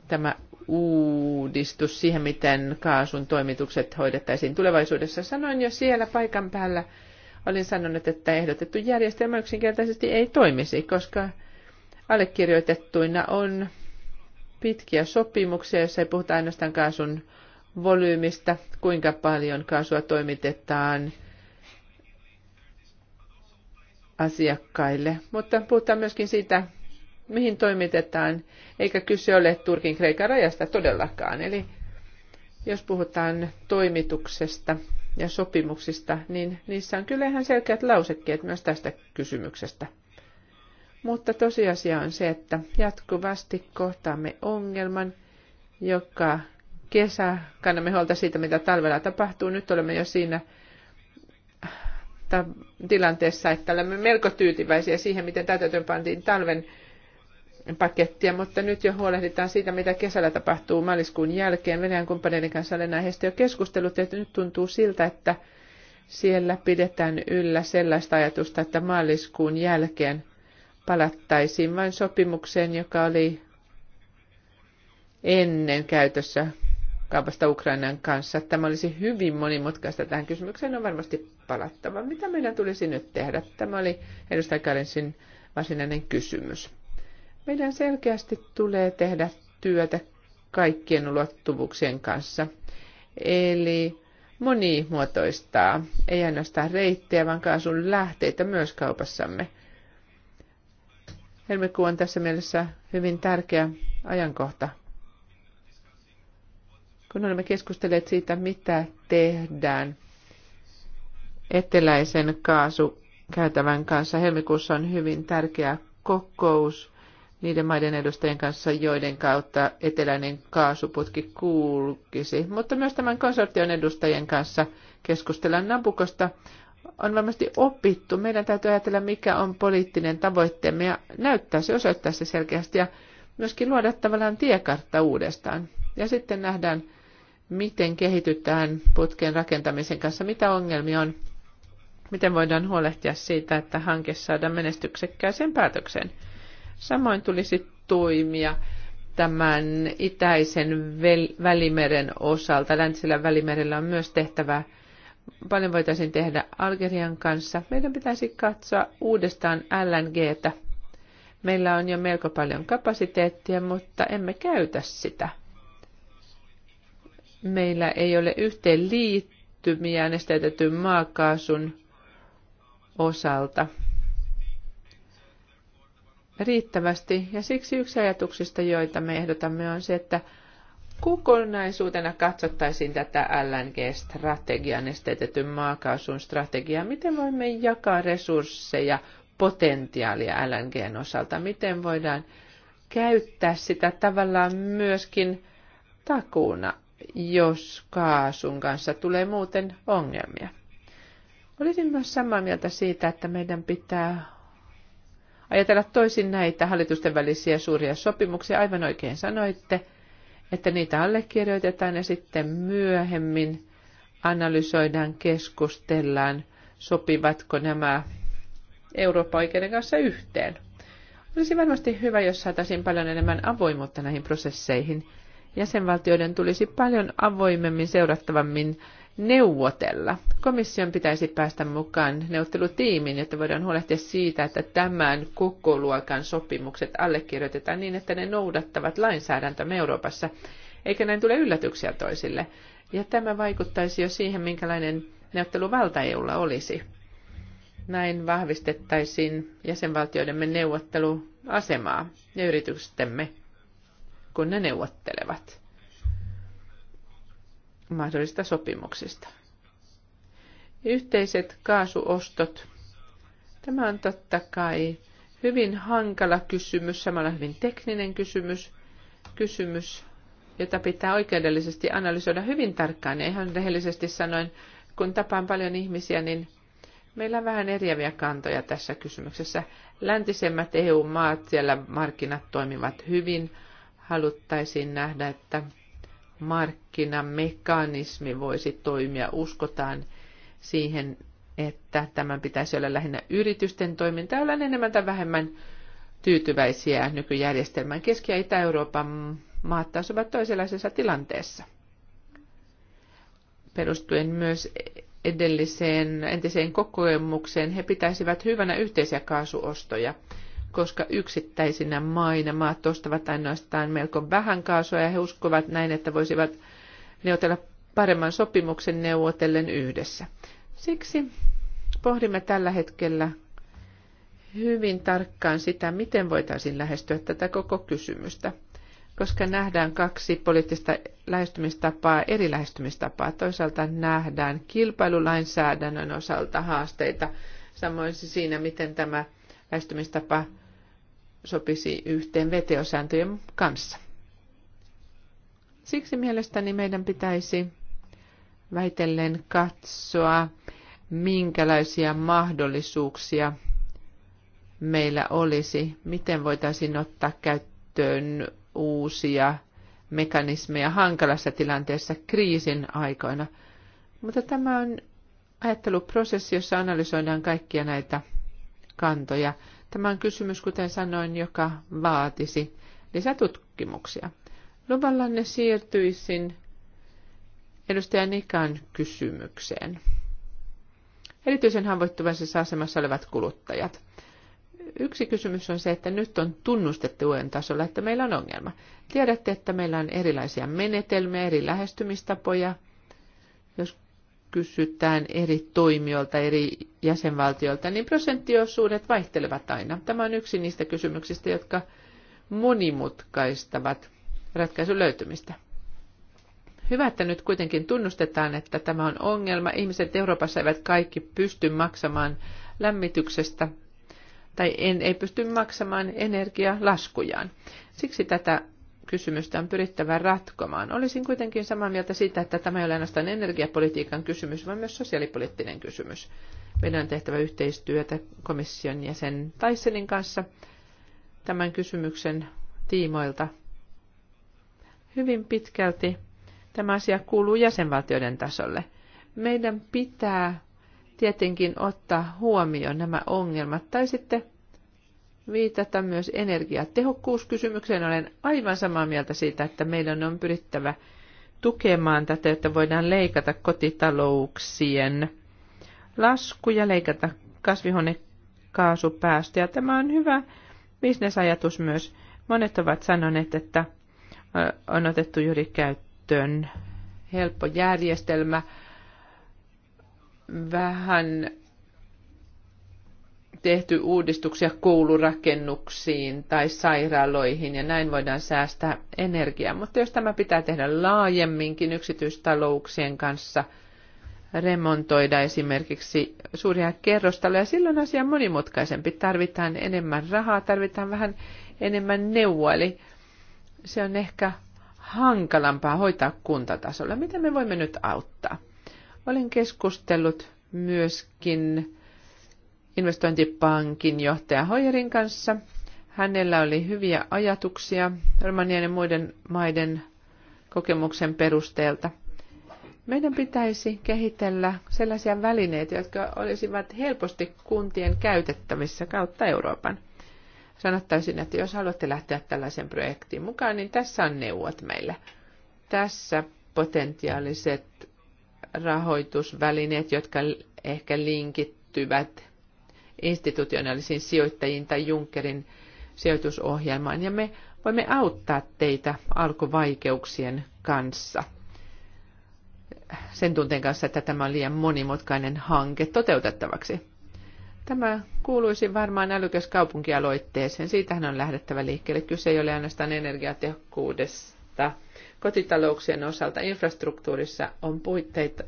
tämä uudistus siihen, miten kaasun toimitukset hoidettaisiin tulevaisuudessa. Sanoin jo siellä paikan päällä, olin sanonut, että ehdotettu järjestelmä yksinkertaisesti ei toimisi, koska allekirjoitettuina on pitkiä sopimuksia, joissa ei puhuta ainoastaan kaasun volyymista, kuinka paljon kaasua toimitetaan asiakkaille, mutta puhutaan myöskin siitä, mihin toimitetaan, eikä kyse ole Turkin Kreikan rajasta todellakaan. Eli jos puhutaan toimituksesta ja sopimuksista, niin niissä on kyllä ihan selkeät lausekkeet myös tästä kysymyksestä. Mutta tosiasia on se, että jatkuvasti kohtaamme ongelman, joka kesä kannamme huolta siitä, mitä talvella tapahtuu. Nyt olemme jo siinä tilanteessa, että olemme melko tyytyväisiä siihen, miten täytäntöön pantiin talven pakettia, mutta nyt jo huolehditaan siitä, mitä kesällä tapahtuu maaliskuun jälkeen. Venäjän kumppaneiden kanssa olen aiheesta jo keskustellut, että nyt tuntuu siltä, että siellä pidetään yllä sellaista ajatusta, että maaliskuun jälkeen palattaisiin vain sopimukseen, joka oli ennen käytössä kaupasta Ukrainan kanssa. Tämä olisi hyvin monimutkaista. Tähän kysymykseen on varmasti palattava. Mitä meidän tulisi nyt tehdä? Tämä oli edustaja Karensin varsinainen kysymys. Meidän selkeästi tulee tehdä työtä kaikkien ulottuvuuksien kanssa. Eli monimuotoistaa, ei ainoastaan reittejä, vaan kaasun lähteitä myös kaupassamme. Helmikuu on tässä mielessä hyvin tärkeä ajankohta. Kun olemme keskustelleet siitä, mitä tehdään eteläisen kaasukäytävän kanssa, helmikuussa on hyvin tärkeä kokous – niiden maiden edustajien kanssa, joiden kautta eteläinen kaasuputki kulkisi. Mutta myös tämän konsortion edustajien kanssa keskustellaan Nabukosta. On varmasti opittu. Meidän täytyy ajatella, mikä on poliittinen tavoitteemme ja näyttää se, osoittaa se selkeästi ja myöskin luoda tavallaan tiekartta uudestaan. Ja sitten nähdään, miten kehitytään putken rakentamisen kanssa, mitä ongelmia on, miten voidaan huolehtia siitä, että hanke saadaan menestyksekkääseen päätökseen. Samoin tulisi toimia tämän itäisen välimeren osalta. Läntisellä välimerellä on myös tehtävä paljon voitaisiin tehdä Algerian kanssa. Meidän pitäisi katsoa uudestaan LNGtä. Meillä on jo melko paljon kapasiteettia, mutta emme käytä sitä. Meillä ei ole yhteen liittymiä nesteytetyn maakaasun osalta riittävästi. Ja siksi yksi ajatuksista, joita me ehdotamme, on se, että kokonaisuutena katsottaisiin tätä LNG-strategiaa, nesteytetyn maakaasun strategiaa. Miten voimme jakaa resursseja, potentiaalia LNGn osalta? Miten voidaan käyttää sitä tavallaan myöskin takuuna, jos kaasun kanssa tulee muuten ongelmia? Olisin myös samaa mieltä siitä, että meidän pitää ajatella toisin näitä hallitusten välisiä suuria sopimuksia. Aivan oikein sanoitte, että niitä allekirjoitetaan ja sitten myöhemmin analysoidaan, keskustellaan, sopivatko nämä Euroopan oikeuden kanssa yhteen. Olisi varmasti hyvä, jos saataisiin paljon enemmän avoimuutta näihin prosesseihin. Jäsenvaltioiden tulisi paljon avoimemmin seurattavammin neuvotella. Komission pitäisi päästä mukaan neuvottelutiimiin, jotta voidaan huolehtia siitä, että tämän koko luokan sopimukset allekirjoitetaan niin, että ne noudattavat lainsäädäntömme Euroopassa, eikä näin tule yllätyksiä toisille. Ja tämä vaikuttaisi jo siihen, minkälainen neuvotteluvalta EUlla olisi. Näin vahvistettaisiin jäsenvaltioidemme neuvotteluasemaa ja yritystemme, kun ne neuvottelevat mahdollisista sopimuksista. Yhteiset kaasuostot. Tämä on totta kai hyvin hankala kysymys, samalla hyvin tekninen kysymys, kysymys, jota pitää oikeudellisesti analysoida hyvin tarkkaan. Ja ihan rehellisesti sanoin, kun tapaan paljon ihmisiä, niin meillä on vähän eriäviä kantoja tässä kysymyksessä. Läntisemmät EU-maat, siellä markkinat toimivat hyvin. Haluttaisiin nähdä, että markkinamekanismi voisi toimia. Uskotaan siihen, että tämän pitäisi olla lähinnä yritysten toiminta, Ollaan enemmän tai vähemmän tyytyväisiä nykyjärjestelmän. Keski- ja Itä-Euroopan maat taas ovat toisenlaisessa tilanteessa. Perustuen myös edelliseen entiseen kokemukseen he pitäisivät hyvänä yhteisiä kaasuostoja – koska yksittäisinä maina maat ostavat ainoastaan melko vähän kaasua ja he uskovat näin, että voisivat neuvotella paremman sopimuksen neuvotellen yhdessä. Siksi pohdimme tällä hetkellä hyvin tarkkaan sitä, miten voitaisiin lähestyä tätä koko kysymystä, koska nähdään kaksi poliittista lähestymistapaa, eri lähestymistapaa. Toisaalta nähdään kilpailulainsäädännön osalta haasteita, samoin siinä, miten tämä lähestymistapa sopisi yhteen veteosääntöjen kanssa. Siksi mielestäni meidän pitäisi väitellen katsoa, minkälaisia mahdollisuuksia meillä olisi, miten voitaisiin ottaa käyttöön uusia mekanismeja hankalassa tilanteessa kriisin aikoina. Mutta tämä on ajatteluprosessi, jossa analysoidaan kaikkia näitä kantoja Tämä on kysymys, kuten sanoin, joka vaatisi lisätutkimuksia. Luvallanne siirtyisin edustaja Nikan kysymykseen. Erityisen haavoittuvaisessa asemassa olevat kuluttajat. Yksi kysymys on se, että nyt on tunnustettu uuden tasolla, että meillä on ongelma. Tiedätte, että meillä on erilaisia menetelmiä, eri lähestymistapoja. Jos kysytään eri toimijoilta, eri jäsenvaltioilta, niin prosenttiosuudet vaihtelevat aina. Tämä on yksi niistä kysymyksistä, jotka monimutkaistavat ratkaisun löytymistä. Hyvä, että nyt kuitenkin tunnustetaan, että tämä on ongelma. Ihmiset Euroopassa eivät kaikki pysty maksamaan lämmityksestä tai en, ei pysty maksamaan energialaskujaan. Siksi tätä kysymystä on pyrittävä ratkomaan. Olisin kuitenkin samaa mieltä siitä, että tämä ei ole ainoastaan energiapolitiikan kysymys, vaan myös sosiaalipoliittinen kysymys. Meidän on tehtävä yhteistyötä komission jäsen Taisenin kanssa tämän kysymyksen tiimoilta. Hyvin pitkälti tämä asia kuuluu jäsenvaltioiden tasolle. Meidän pitää tietenkin ottaa huomioon nämä ongelmat tai sitten viitata myös energiatehokkuuskysymykseen. Olen aivan samaa mieltä siitä, että meidän on pyrittävä tukemaan tätä, että voidaan leikata kotitalouksien laskuja, leikata kasvihuonekaasupäästöjä. Tämä on hyvä bisnesajatus myös. Monet ovat sanoneet, että on otettu juuri käyttöön helppo järjestelmä, vähän tehty uudistuksia koulurakennuksiin tai sairaaloihin ja näin voidaan säästää energiaa. Mutta jos tämä pitää tehdä laajemminkin yksityistalouksien kanssa, remontoida esimerkiksi suuria kerrostaloja, silloin asia on monimutkaisempi. Tarvitaan enemmän rahaa, tarvitaan vähän enemmän neuvoa, eli se on ehkä hankalampaa hoitaa kuntatasolla. Mitä me voimme nyt auttaa? Olen keskustellut myöskin investointipankin johtaja Hoyerin kanssa. Hänellä oli hyviä ajatuksia Romanian ja muiden maiden kokemuksen perusteelta. Meidän pitäisi kehitellä sellaisia välineitä, jotka olisivat helposti kuntien käytettävissä kautta Euroopan. Sanottaisin, että jos haluatte lähteä tällaisen projektiin mukaan, niin tässä on neuvot meillä. Tässä potentiaaliset rahoitusvälineet, jotka ehkä linkittyvät institutionaalisiin sijoittajiin tai Junckerin sijoitusohjelmaan ja me voimme auttaa teitä alkuvaikeuksien kanssa. Sen tunteen kanssa, että tämä on liian monimutkainen hanke toteutettavaksi. Tämä kuuluisi varmaan älykäs kaupunkialoitteeseen. Siitähän on lähdettävä liikkeelle. Kyse ei ole ainoastaan energiatehokkuudesta. Kotitalouksien osalta infrastruktuurissa on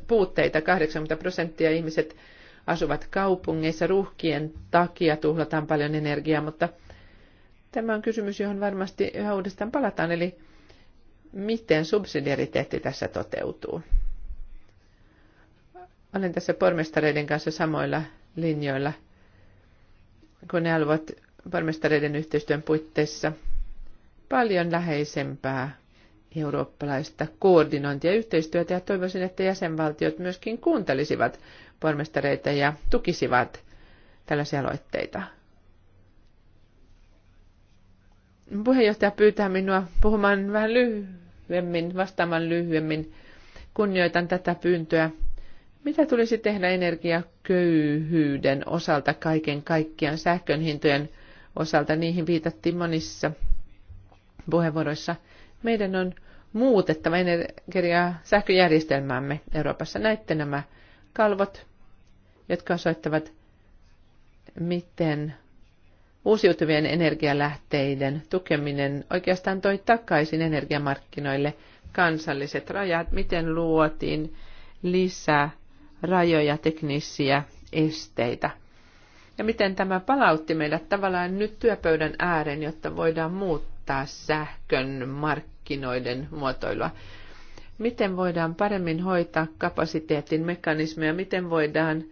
puutteita. 80 prosenttia ihmiset asuvat kaupungeissa. Ruuhkien takia tuhlataan paljon energiaa, mutta tämä on kysymys, johon varmasti yhä uudestaan palataan, eli miten subsidiariteetti tässä toteutuu. Olen tässä pormestareiden kanssa samoilla linjoilla, kun ne haluavat pormestareiden yhteistyön puitteissa paljon läheisempää eurooppalaista koordinointia ja yhteistyötä ja toivoisin, että jäsenvaltiot myöskin kuuntelisivat pormestareita ja tukisivat tällaisia aloitteita. Puheenjohtaja pyytää minua puhumaan vähän lyhyemmin, vastaamaan lyhyemmin. Kunnioitan tätä pyyntöä. Mitä tulisi tehdä energiaköyhyyden osalta kaiken kaikkiaan sähkön hintojen osalta? Niihin viitattiin monissa puheenvuoroissa. Meidän on muutettava energia- sähköjärjestelmäämme Euroopassa. Näitte nämä kalvot jotka osoittavat, miten uusiutuvien energialähteiden tukeminen oikeastaan toi takaisin energiamarkkinoille kansalliset rajat, miten luotiin lisää rajoja, teknisiä esteitä. Ja miten tämä palautti meidät tavallaan nyt työpöydän ääreen, jotta voidaan muuttaa sähkön markkinoiden muotoilua. Miten voidaan paremmin hoitaa kapasiteetin mekanismeja, miten voidaan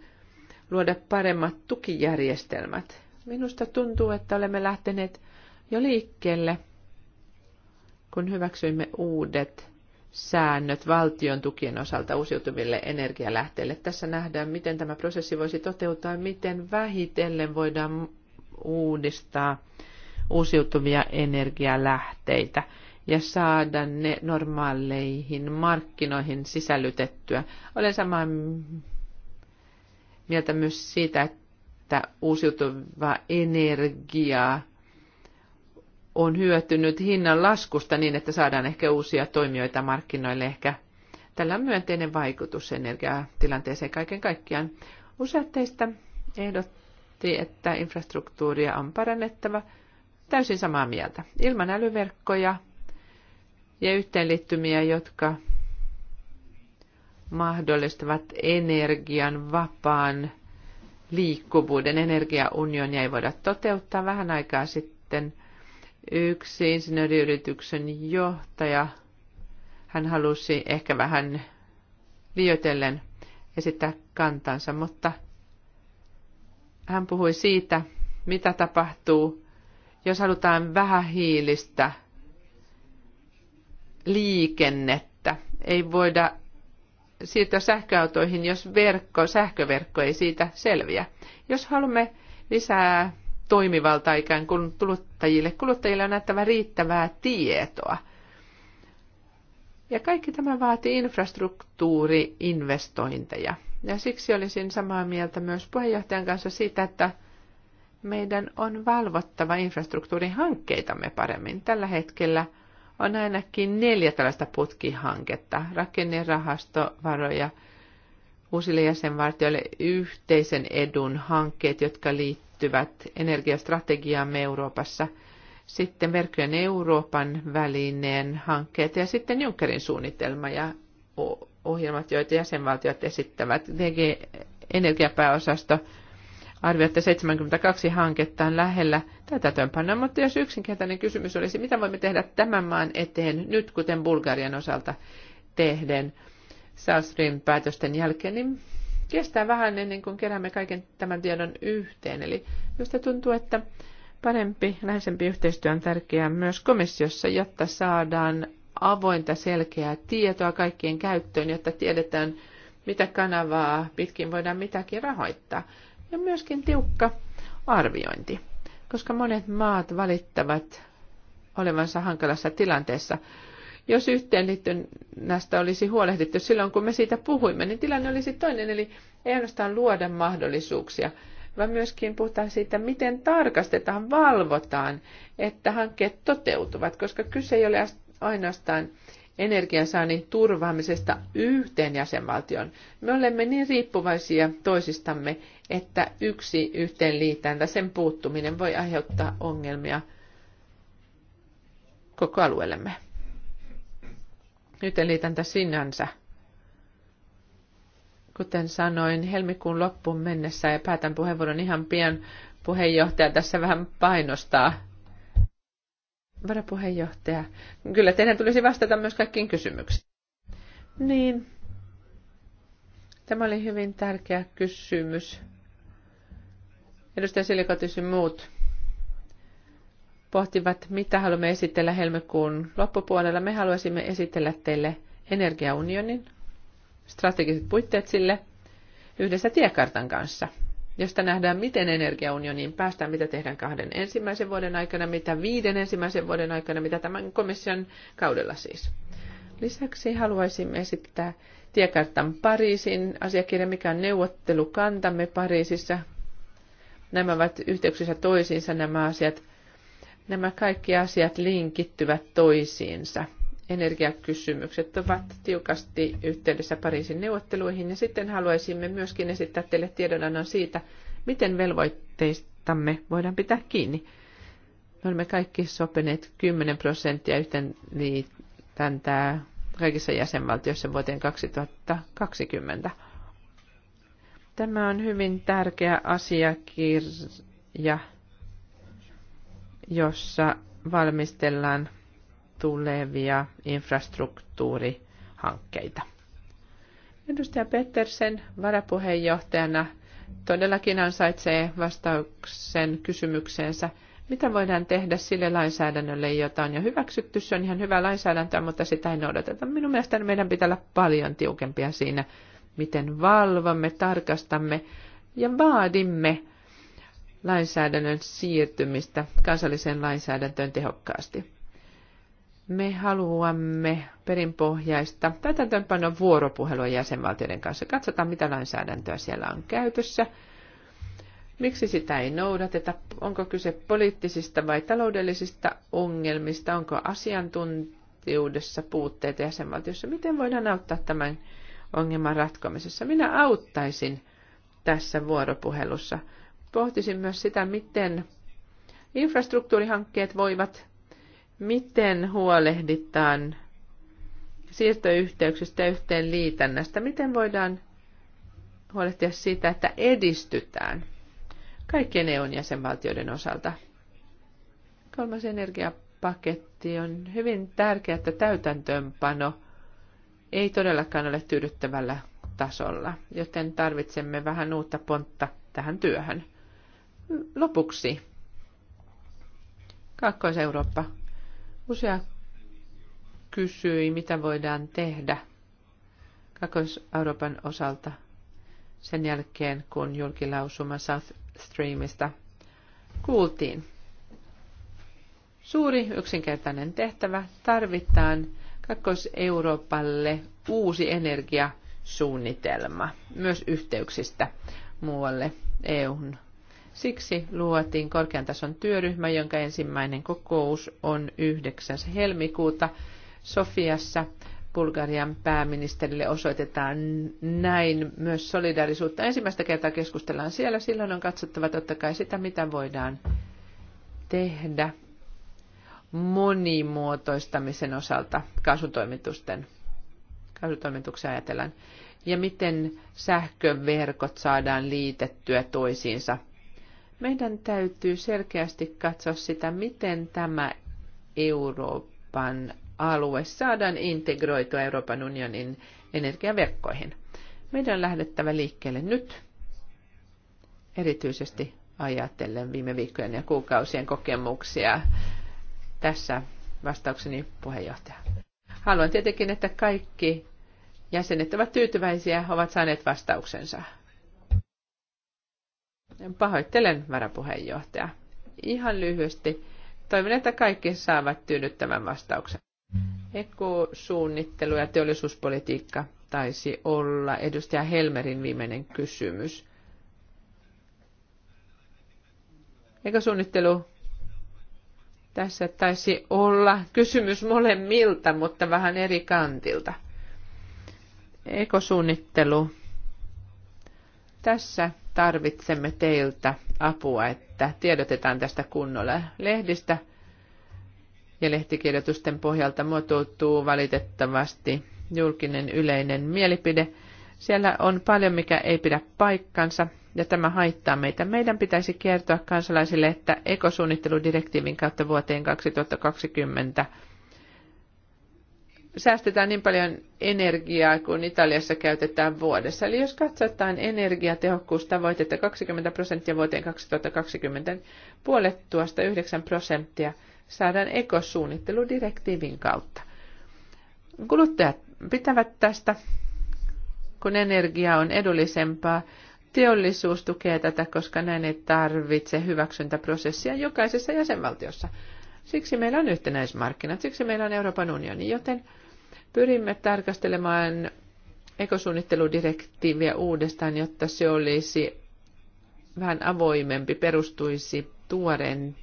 luoda paremmat tukijärjestelmät. Minusta tuntuu, että olemme lähteneet jo liikkeelle, kun hyväksyimme uudet säännöt valtion tukien osalta uusiutuville energialähteille. Tässä nähdään, miten tämä prosessi voisi toteuttaa, miten vähitellen voidaan uudistaa uusiutuvia energialähteitä ja saada ne normaaleihin markkinoihin sisällytettyä. Olen samaa mieltä myös siitä, että uusiutuva energia on hyötynyt hinnan laskusta niin, että saadaan ehkä uusia toimijoita markkinoille. Ehkä tällä on myönteinen vaikutus energiatilanteeseen kaiken kaikkiaan. Useat teistä ehdotti, että infrastruktuuria on parannettava. Täysin samaa mieltä. Ilman älyverkkoja ja yhteenliittymiä, jotka mahdollistavat energian vapaan liikkuvuuden. energiaunion ei voida toteuttaa. Vähän aikaa sitten yksi insinööriyrityksen johtaja, hän halusi ehkä vähän liioitellen esittää kantansa, mutta hän puhui siitä, mitä tapahtuu, jos halutaan vähän hiilistä liikennettä. Ei voida siirtyä sähköautoihin, jos verkko, sähköverkko ei siitä selviä. Jos haluamme lisää toimivalta ikään kuin kuluttajille, kuluttajille on näyttävä riittävää tietoa. Ja kaikki tämä vaatii infrastruktuuriinvestointeja. Ja siksi olisin samaa mieltä myös puheenjohtajan kanssa siitä, että meidän on valvottava infrastruktuurin hankkeitamme paremmin. Tällä hetkellä – on ainakin neljä tällaista putkihanketta, rakennerahastovaroja uusille jäsenvaltioille yhteisen edun hankkeet, jotka liittyvät energiastrategiaamme Euroopassa, sitten verkkojen Euroopan välineen hankkeet ja sitten Junckerin suunnitelma ja ohjelmat, joita jäsenvaltiot esittävät. DG energiapääosasto arvioitte 72 hankettaan lähellä tömpänä, mutta jos yksinkertainen kysymys olisi, mitä voimme tehdä tämän maan eteen nyt, kuten Bulgarian osalta tehden South Stream päätösten jälkeen, niin kestää vähän ennen kuin keräämme kaiken tämän tiedon yhteen. Eli minusta tuntuu, että parempi, läheisempi yhteistyö on tärkeää myös komissiossa, jotta saadaan avointa, selkeää tietoa kaikkien käyttöön, jotta tiedetään, mitä kanavaa pitkin voidaan mitäkin rahoittaa ja myöskin tiukka arviointi, koska monet maat valittavat olevansa hankalassa tilanteessa. Jos yhteenliittynästä olisi huolehdittu silloin, kun me siitä puhuimme, niin tilanne olisi toinen, eli ei ainoastaan luoda mahdollisuuksia, vaan myöskin puhutaan siitä, miten tarkastetaan, valvotaan, että hankkeet toteutuvat, koska kyse ei ole ainoastaan energiansaannin turvaamisesta yhteen jäsenvaltioon. Me olemme niin riippuvaisia toisistamme, että yksi yhteen liitäntä, sen puuttuminen voi aiheuttaa ongelmia koko alueellemme. Yhteenliitäntä sinänsä. Kuten sanoin, helmikuun loppuun mennessä ja päätän puheenvuoron ihan pian. Puheenjohtaja tässä vähän painostaa varapuheenjohtaja. Kyllä teidän tulisi vastata myös kaikkiin kysymyksiin. Niin. Tämä oli hyvin tärkeä kysymys. Edustaja Silikotis ja muut pohtivat, mitä haluamme esitellä helmikuun loppupuolella. Me haluaisimme esitellä teille energiaunionin, strategiset puitteet sille, yhdessä tiekartan kanssa – josta nähdään, miten energiaunioniin päästään, mitä tehdään kahden ensimmäisen vuoden aikana, mitä viiden ensimmäisen vuoden aikana, mitä tämän komission kaudella siis. Lisäksi haluaisimme esittää tiekartan Pariisin asiakirja, mikä on neuvottelukantamme Pariisissa. Nämä ovat yhteyksissä toisiinsa nämä asiat. Nämä kaikki asiat linkittyvät toisiinsa – energiakysymykset ovat tiukasti yhteydessä Pariisin neuvotteluihin ja sitten haluaisimme myöskin esittää teille tiedonannon siitä, miten velvoitteistamme voidaan pitää kiinni. Me olemme kaikki sopineet 10 prosenttia yhteen tämä kaikissa jäsenvaltioissa vuoteen 2020. Tämä on hyvin tärkeä asiakirja, jossa valmistellaan tulevia infrastruktuurihankkeita. Edustaja Pettersen varapuheenjohtajana todellakin ansaitsee vastauksen kysymykseensä, mitä voidaan tehdä sille lainsäädännölle, jota on jo hyväksytty. Se on ihan hyvä lainsäädäntö, mutta sitä ei noudateta. Minun mielestäni meidän pitää olla paljon tiukempia siinä, miten valvomme, tarkastamme ja vaadimme lainsäädännön siirtymistä kansalliseen lainsäädäntöön tehokkaasti. Me haluamme perinpohjaista täytäntöönpanon vuoropuhelua jäsenvaltioiden kanssa. Katsotaan, mitä lainsäädäntöä siellä on käytössä. Miksi sitä ei noudateta? Onko kyse poliittisista vai taloudellisista ongelmista? Onko asiantuntijuudessa puutteita jäsenvaltiossa? Miten voidaan auttaa tämän ongelman ratkomisessa? Minä auttaisin tässä vuoropuhelussa. Pohtisin myös sitä, miten infrastruktuurihankkeet voivat Miten huolehditaan siirtoyhteyksistä yhteen liitännästä? Miten voidaan huolehtia siitä, että edistytään kaikkien EUn jäsenvaltioiden osalta? Kolmas energiapaketti on hyvin tärkeä, että täytäntöönpano ei todellakaan ole tyydyttävällä tasolla, joten tarvitsemme vähän uutta pontta tähän työhön. Lopuksi Kaakkois-Eurooppa Usea kysyi, mitä voidaan tehdä Kakos-Euroopan osalta sen jälkeen, kun julkilausuma South Streamista kuultiin. Suuri yksinkertainen tehtävä. Tarvitaan Kakkois-Euroopalle uusi energiasuunnitelma myös yhteyksistä muualle EUn Siksi luotiin korkean tason työryhmä, jonka ensimmäinen kokous on 9. helmikuuta Sofiassa. Bulgarian pääministerille osoitetaan näin myös solidarisuutta. Ensimmäistä kertaa keskustellaan siellä. Silloin on katsottava totta kai sitä, mitä voidaan tehdä monimuotoistamisen osalta kaasutoimitusten, kaasutoimituksia ajatellaan, ja miten sähköverkot saadaan liitettyä toisiinsa – meidän täytyy selkeästi katsoa sitä, miten tämä Euroopan alue saadaan integroitua Euroopan unionin energiaverkkoihin. Meidän on lähdettävä liikkeelle nyt, erityisesti ajatellen viime viikkojen ja kuukausien kokemuksia. Tässä vastaukseni puheenjohtaja. Haluan tietenkin, että kaikki jäsenet ovat tyytyväisiä, ovat saaneet vastauksensa. Pahoittelen, varapuheenjohtaja. Ihan lyhyesti. Toivon, että kaikki saavat tyydyttävän vastauksen. Ekosuunnittelu ja teollisuuspolitiikka taisi olla edustaja Helmerin viimeinen kysymys. Ekosuunnittelu tässä taisi olla kysymys molemmilta, mutta vähän eri kantilta. Ekosuunnittelu. Tässä tarvitsemme teiltä apua, että tiedotetaan tästä kunnolla. Lehdistä ja lehtikirjoitusten pohjalta muotoutuu valitettavasti julkinen yleinen mielipide. Siellä on paljon, mikä ei pidä paikkansa, ja tämä haittaa meitä. Meidän pitäisi kertoa kansalaisille, että ekosuunnitteludirektiivin kautta vuoteen 2020 säästetään niin paljon energiaa kuin Italiassa käytetään vuodessa. Eli jos katsotaan energiatehokkuustavoitetta 20 prosenttia vuoteen 2020, puolet tuosta 9 prosenttia saadaan ekosuunnitteludirektiivin kautta. Kuluttajat pitävät tästä, kun energia on edullisempaa. Teollisuus tukee tätä, koska näin ei tarvitse hyväksyntäprosessia jokaisessa jäsenvaltiossa. Siksi meillä on yhtenäismarkkinat, siksi meillä on Euroopan unioni, joten pyrimme tarkastelemaan ekosuunnitteludirektiiviä uudestaan, jotta se olisi vähän avoimempi, perustuisi tuoreen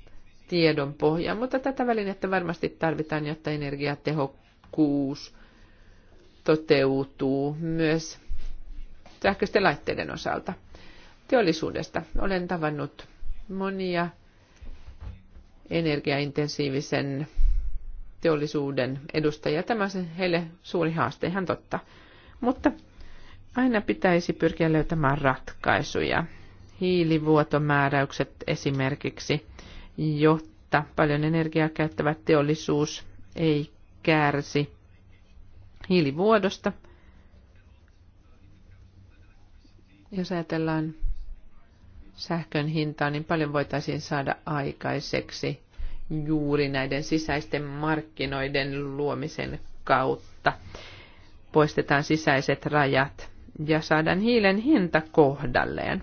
tiedon pohjaan, mutta tätä välinettä varmasti tarvitaan, jotta energiatehokkuus toteutuu myös sähköisten laitteiden osalta. Teollisuudesta olen tavannut monia energiaintensiivisen teollisuuden edustajia. Tämä on heille suuri haaste, ihan totta. Mutta aina pitäisi pyrkiä löytämään ratkaisuja. Hiilivuotomääräykset esimerkiksi, jotta paljon energiaa käyttävä teollisuus ei kärsi hiilivuodosta. Jos ajatellaan sähkön hintaa, niin paljon voitaisiin saada aikaiseksi juuri näiden sisäisten markkinoiden luomisen kautta. Poistetaan sisäiset rajat ja saadaan hiilen hinta kohdalleen.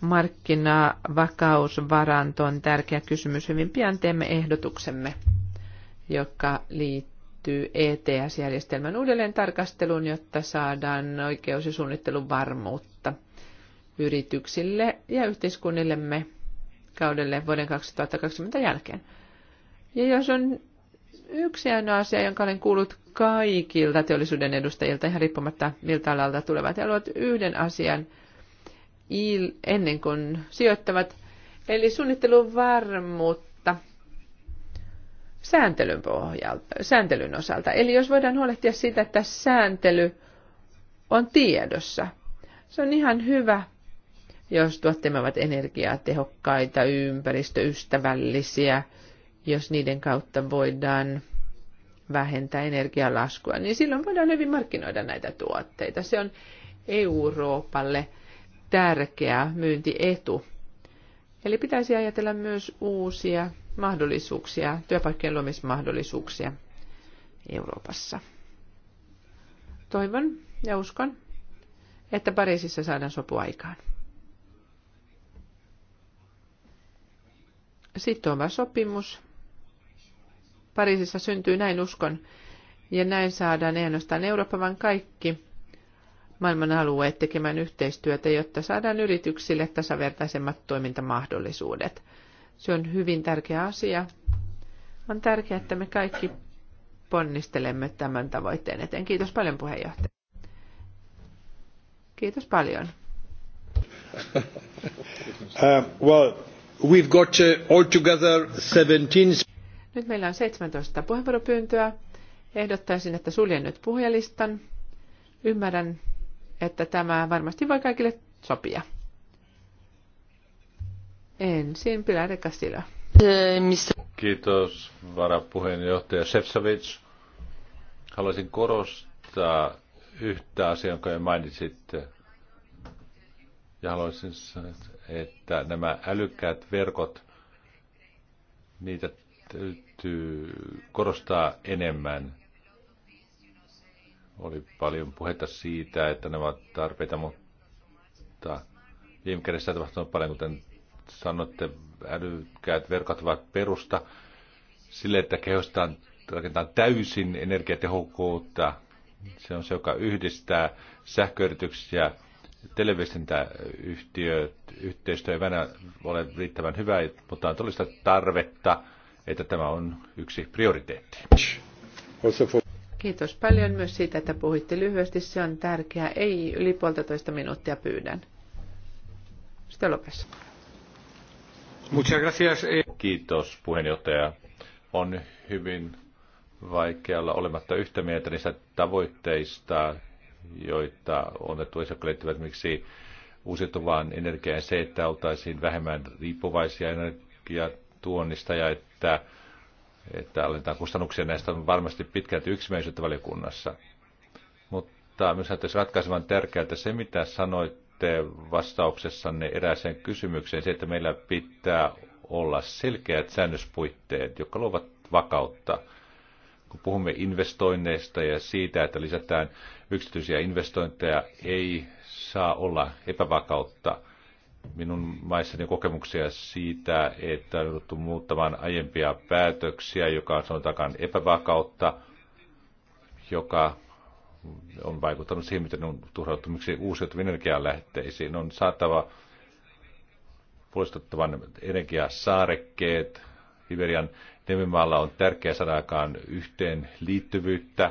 Markkinavakausvaranto on tärkeä kysymys. Hyvin pian teemme ehdotuksemme, joka liittyy ETS-järjestelmän uudelleen tarkasteluun, jotta saadaan oikeus- ja suunnittelun varmuutta – yrityksille ja yhteiskunnillemme kaudelle vuoden 2020 jälkeen. Ja jos on yksi ainoa asia, jonka olen kuullut kaikilta teollisuuden edustajilta, ihan riippumatta miltä alalta tulevat, ja haluat yhden asian ennen kuin sijoittavat, eli suunnittelun varmuutta sääntelyn, pohjalta, sääntelyn osalta. Eli jos voidaan huolehtia siitä, että sääntely on tiedossa, se on ihan hyvä jos tuotteemme ovat energiatehokkaita, ympäristöystävällisiä, jos niiden kautta voidaan vähentää energialaskua, niin silloin voidaan hyvin markkinoida näitä tuotteita. Se on Euroopalle tärkeä myyntietu. Eli pitäisi ajatella myös uusia mahdollisuuksia, työpaikkojen luomismahdollisuuksia Euroopassa. Toivon ja uskon, että Pariisissa saadaan sopu aikaan. sitova sopimus. Pariisissa syntyy, näin uskon, ja näin saadaan ei ainoastaan Eurooppa, vaan kaikki maailman alueet tekemään yhteistyötä, jotta saadaan yrityksille tasavertaisemmat toimintamahdollisuudet. Se on hyvin tärkeä asia. On tärkeää, että me kaikki ponnistelemme tämän tavoitteen eteen. Kiitos paljon puheenjohtaja. Kiitos paljon. Uh, well, Uh, nyt meillä on 17 puheenvuoropyyntöä. Ehdottaisin, että suljen nyt puhujalistan. Ymmärrän, että tämä varmasti voi kaikille sopia. Ensin Pilar de Castillo. Kiitos varapuheenjohtaja Shevtsovits. Haluaisin korostaa yhtä asiaa, jonka mainitsitte. Ja haluaisin sanoa, että nämä älykkäät verkot, niitä täytyy korostaa enemmän. Oli paljon puhetta siitä, että ne ovat tarpeita, mutta viime kädessä tapahtunut paljon, kuten sanotte, älykkäät verkot ovat perusta sille, että kehostaan rakentaa täysin energiatehokkuutta. Se on se, joka yhdistää sähköyrityksiä televiestintäyhtiöt, yhteistyö ei Venäjä ole riittävän hyvä, mutta on todellista tarvetta, että tämä on yksi prioriteetti. Kiitos paljon myös siitä, että puhuitte lyhyesti. Se on tärkeää. Ei yli puolitoista minuuttia pyydän. Sitten lopes. Kiitos puheenjohtaja. On hyvin vaikealla olematta yhtä mieltä niistä tavoitteista, joita on otettu esille, jotka liittyvät esimerkiksi uusiutuvaan energiaan, se, että oltaisiin vähemmän riippuvaisia energiatuonnista ja että, että alennetaan kustannuksia. Näistä on varmasti pitkälti yksimielisyyttä valiokunnassa. Mutta myös näyttäisi ratkaisevan tärkeää se, mitä sanoitte vastauksessanne erääseen kysymykseen, se, että meillä pitää olla selkeät säännöspuitteet, jotka luovat vakautta. Kun puhumme investoinneista ja siitä, että lisätään yksityisiä investointeja, ei saa olla epävakautta. Minun maissani kokemuksia siitä, että on jouduttu muuttamaan aiempia päätöksiä, joka on sanotaan epävakautta, joka on vaikuttanut siihen, miten on tuhrauttu miksi uusiutuviin energialähteisiin. On saatava poistettavan energiasaarekkeet. Iberian Nemimaalla on tärkeä saada aikaan yhteen liittyvyyttä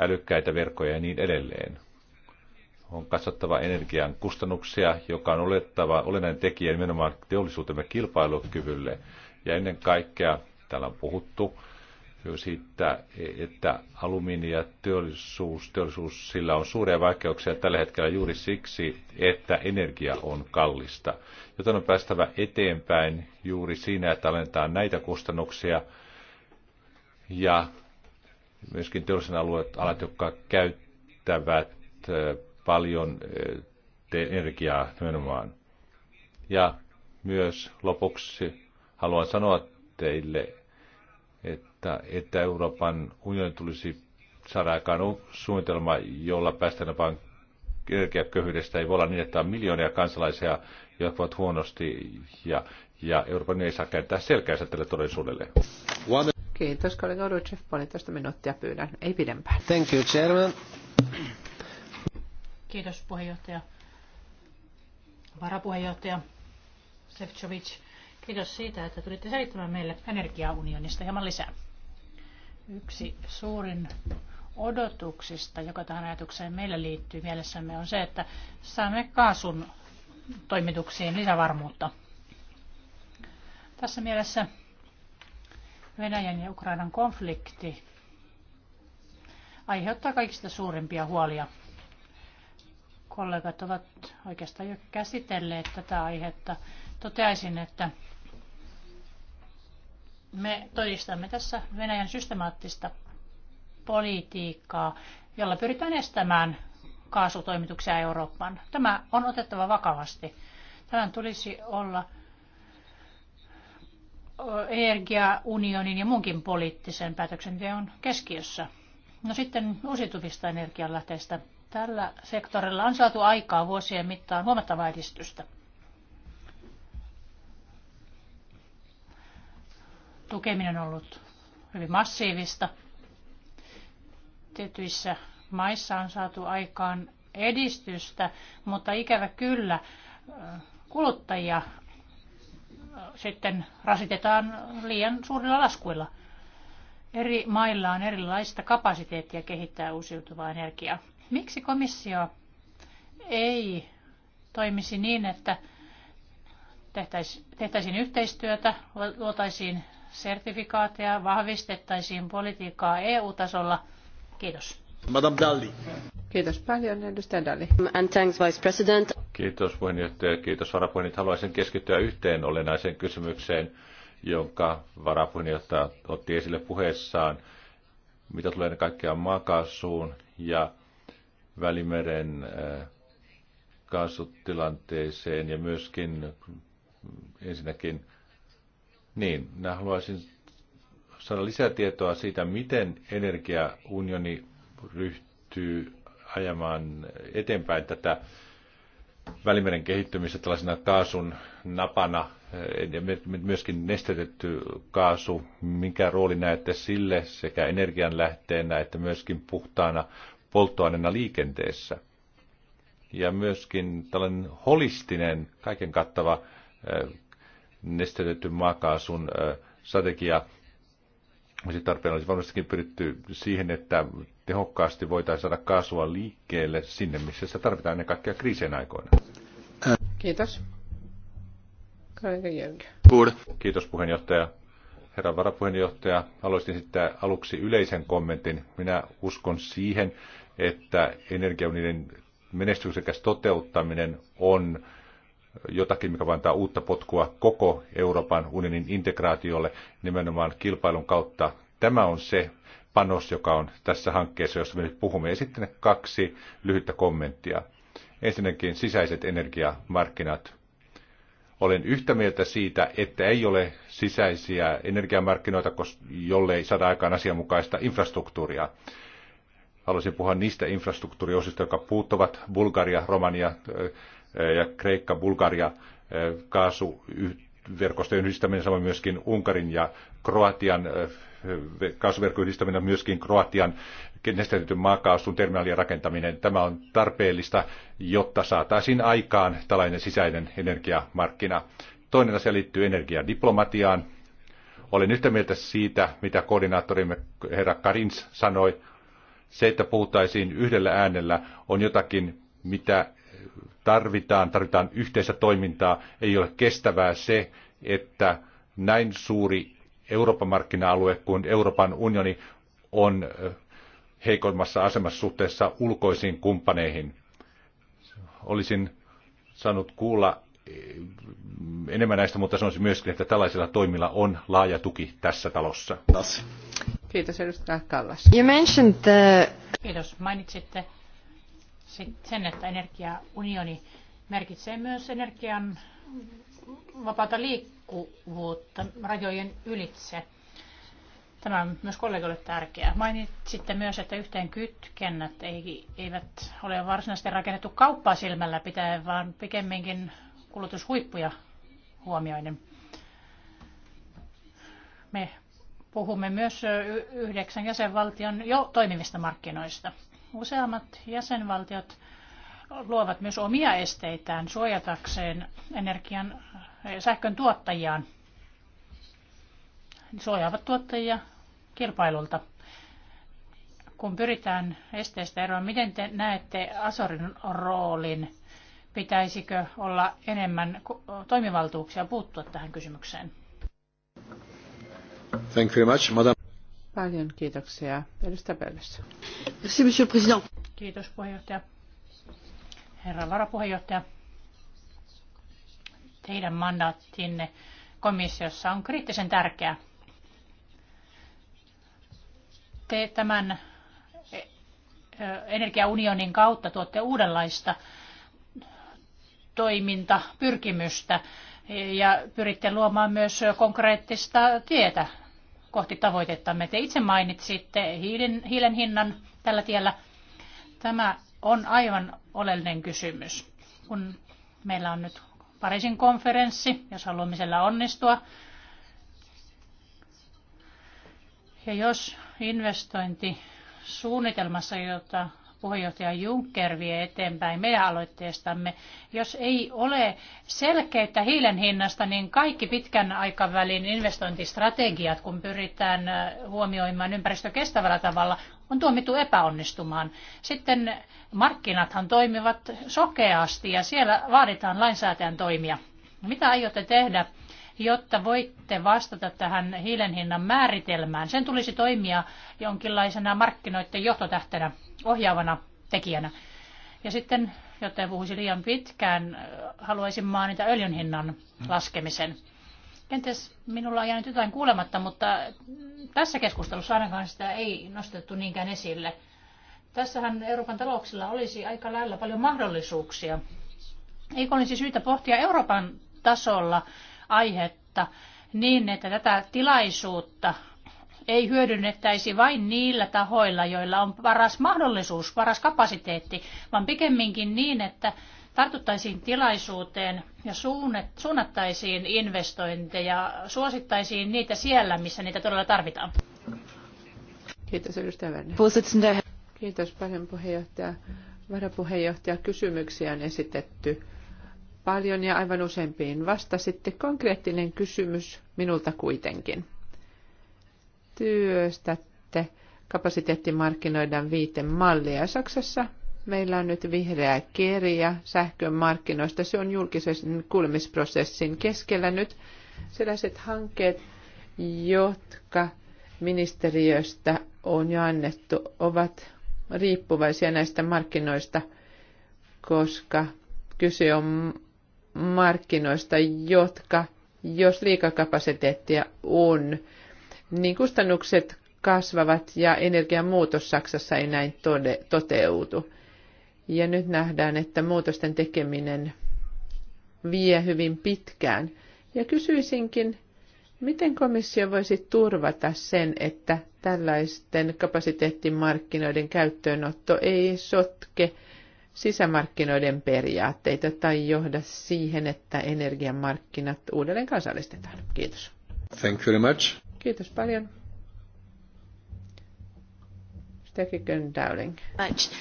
älykkäitä verkkoja ja niin edelleen. On katsottava energian kustannuksia, joka on olettava, olennainen tekijä nimenomaan teollisuutemme kilpailukyvylle. Ja ennen kaikkea, täällä on puhuttu siitä, että alumiini ja teollisuus, teollisuus, sillä on suuria vaikeuksia tällä hetkellä juuri siksi, että energia on kallista. Joten on päästävä eteenpäin juuri siinä, että alennetaan näitä kustannuksia ja myöskin teollisen alueet, alat, jotka käyttävät paljon energiaa nimenomaan. Ja myös lopuksi haluan sanoa teille, että, että Euroopan unionin tulisi saada aikaan suunnitelma, jolla päästään vain energiaköyhyydestä. Ei voi olla niin, että on miljoonia kansalaisia, jotka ovat huonosti ja, ja Euroopan ei saa käyttää selkäänsä tälle todellisuudelle. Kiitos, kollega Rutschev, puolitoista minuuttia pyydän, ei pidempään. Thank you, chairman. Kiitos, puheenjohtaja. Varapuheenjohtaja Sefcovic, kiitos siitä, että tulitte selittämään meille energiaunionista hieman lisää. Yksi suurin odotuksista, joka tähän ajatukseen meille liittyy mielessämme, on se, että saamme kaasun toimituksiin lisävarmuutta. Tässä mielessä Venäjän ja Ukrainan konflikti aiheuttaa kaikista suurimpia huolia. Kollegat ovat oikeastaan jo käsitelleet tätä aihetta. Toteaisin, että me todistamme tässä Venäjän systemaattista politiikkaa, jolla pyritään estämään kaasutoimituksia Eurooppaan. Tämä on otettava vakavasti. Tämän tulisi olla energiaunionin ja muunkin poliittisen päätöksenteon keskiössä. No sitten uusiutuvista energianlähteistä. Tällä sektorilla on saatu aikaa vuosien mittaan huomattavaa edistystä. Tukeminen on ollut hyvin massiivista. Tietyissä maissa on saatu aikaan edistystä, mutta ikävä kyllä kuluttajia sitten rasitetaan liian suurilla laskuilla. Eri mailla on erilaista kapasiteettia kehittää uusiutuvaa energiaa. Miksi komissio ei toimisi niin, että tehtäisiin yhteistyötä, luotaisiin sertifikaatia, vahvistettaisiin politiikkaa EU-tasolla? Kiitos. Madame Dalli. Kiitos paljon, edustaja Dalli. And thanks, Vice President. Kiitos puheenjohtaja, kiitos varapuheenjohtaja. Haluaisin keskittyä yhteen olennaiseen kysymykseen, jonka varapuheenjohtaja otti esille puheessaan, mitä tulee ennen kaikkea maakaasuun ja Välimeren äh, kaasutilanteeseen ja myöskin äh, ensinnäkin, niin, haluaisin saada lisätietoa siitä, miten energiaunioni ryhtyy ajamaan eteenpäin tätä Välimeren kehittymistä tällaisena kaasun napana ja myöskin nestetetty kaasu, minkä rooli näette sille sekä energianlähteenä että myöskin puhtaana polttoaineena liikenteessä. Ja myöskin tällainen holistinen, kaiken kattava nestetetty maakaasun strategia, tarpeen olisi varmastikin pyritty siihen, että tehokkaasti voitaisiin saada kaasua liikkeelle sinne, missä sitä tarvitaan ennen kaikkea kriisien aikoina. Kiitos. Kiitos puheenjohtaja. Herra varapuheenjohtaja, haluaisin sitten aluksi yleisen kommentin. Minä uskon siihen, että energiaunionin menestyksekäs toteuttaminen on jotakin, mikä antaa uutta potkua koko Euroopan unionin integraatiolle nimenomaan kilpailun kautta. Tämä on se, panos, joka on tässä hankkeessa, josta me nyt puhumme. Ja sitten kaksi lyhyttä kommenttia. Ensinnäkin sisäiset energiamarkkinat. Olen yhtä mieltä siitä, että ei ole sisäisiä energiamarkkinoita, jollei saada aikaan asianmukaista infrastruktuuria. Haluaisin puhua niistä infrastruktuuriosista, jotka puuttuvat Bulgaria, Romania äh, ja Kreikka, Bulgaria äh, kaasuverkostojen yhdistäminen, samoin myöskin Unkarin ja Kroatian äh, kaasuverkkoyhdistäminen, myöskin Kroatian nestetetyn maakaasun terminaalien rakentaminen. Tämä on tarpeellista, jotta saataisiin aikaan tällainen sisäinen energiamarkkina. Toinen asia liittyy energiadiplomatiaan. Olen yhtä mieltä siitä, mitä koordinaattorimme herra Karins sanoi. Se, että puhuttaisiin yhdellä äänellä, on jotakin, mitä tarvitaan. Tarvitaan yhteistä toimintaa. Ei ole kestävää se, että näin suuri Euroopan markkina-alue kuin Euroopan unioni on heikoimmassa asemassa suhteessa ulkoisiin kumppaneihin. Olisin saanut kuulla e, enemmän näistä, mutta sanoisin myöskin, että tällaisilla toimilla on laaja tuki tässä talossa. Kiitos edustaja Kallas. You mentioned the... Kiitos. Mainitsitte sen, että energiaunioni merkitsee myös energian vapaata liikkuvuutta rajojen ylitse. Tämä on myös kollegoille tärkeää. Mainitsitte myös, että yhteen kytkennät eivät ole varsinaisesti rakennettu kauppaa silmällä pitäen, vaan pikemminkin kulutushuippuja huomioiden. Me puhumme myös yhdeksän jäsenvaltion jo toimivista markkinoista. Useammat jäsenvaltiot luovat myös omia esteitään suojatakseen energian sähkön tuottajiaan. Suojaavat tuottajia kilpailulta. Kun pyritään esteistä eroon, miten te näette Asorin roolin? Pitäisikö olla enemmän toimivaltuuksia puuttua tähän kysymykseen? Thank you very much, madam. Paljon kiitoksia. Edustaja Pöydässä. Kiitos puheenjohtaja herra varapuheenjohtaja. Teidän mandaattinne komissiossa on kriittisen tärkeä. Te tämän e, e, energiaunionin kautta tuotte uudenlaista toimintapyrkimystä ja pyritte luomaan myös konkreettista tietä kohti tavoitettamme. Te itse mainitsitte hiilen, hiilen hinnan tällä tiellä. Tämä on aivan oleellinen kysymys. Kun meillä on nyt Pariisin konferenssi, jos haluamme siellä onnistua, ja jos suunnitelmassa, jota puheenjohtaja Juncker vie eteenpäin meidän aloitteestamme. Jos ei ole selkeyttä hiilen hinnasta, niin kaikki pitkän aikavälin investointistrategiat, kun pyritään huomioimaan ympäristö kestävällä tavalla, on tuomittu epäonnistumaan. Sitten markkinathan toimivat sokeasti ja siellä vaaditaan lainsäätäjän toimia. Mitä aiotte tehdä, jotta voitte vastata tähän hiilen hinnan määritelmään? Sen tulisi toimia jonkinlaisena markkinoiden johtotähtenä, ohjaavana tekijänä. Ja sitten, jotta ei puhuisi liian pitkään, haluaisin mainita öljyn hinnan laskemisen. Kenties minulla on jäänyt jotain kuulematta, mutta tässä keskustelussa ainakaan sitä ei nostettu niinkään esille. Tässähän Euroopan talouksilla olisi aika lailla paljon mahdollisuuksia. Eikö olisi syytä pohtia Euroopan tasolla aihetta niin, että tätä tilaisuutta ei hyödynnettäisi vain niillä tahoilla, joilla on paras mahdollisuus, paras kapasiteetti, vaan pikemminkin niin, että tartuttaisiin tilaisuuteen ja suunnattaisiin investointeja, suosittaisiin niitä siellä, missä niitä todella tarvitaan. Kiitos edustaja Werner. Kiitos paljon puheenjohtaja. Varapuheenjohtaja, kysymyksiä on esitetty paljon ja aivan useampiin sitten Konkreettinen kysymys minulta kuitenkin. Työstätte kapasiteettimarkkinoiden viite mallia Saksassa Meillä on nyt vihreä kirja sähkön markkinoista. Se on julkisen kuulemisprosessin keskellä nyt. Sellaiset hankkeet, jotka ministeriöstä on jo annettu, ovat riippuvaisia näistä markkinoista, koska kyse on markkinoista, jotka, jos liikakapasiteettia on, niin kustannukset kasvavat ja energiamuutos Saksassa ei näin tode, toteutu. Ja nyt nähdään, että muutosten tekeminen vie hyvin pitkään. Ja kysyisinkin, miten komissio voisi turvata sen, että tällaisten kapasiteettimarkkinoiden käyttöönotto ei sotke sisämarkkinoiden periaatteita tai johda siihen, että energiamarkkinat uudelleen kansallistetaan? Kiitos. Thank you very much. Kiitos paljon.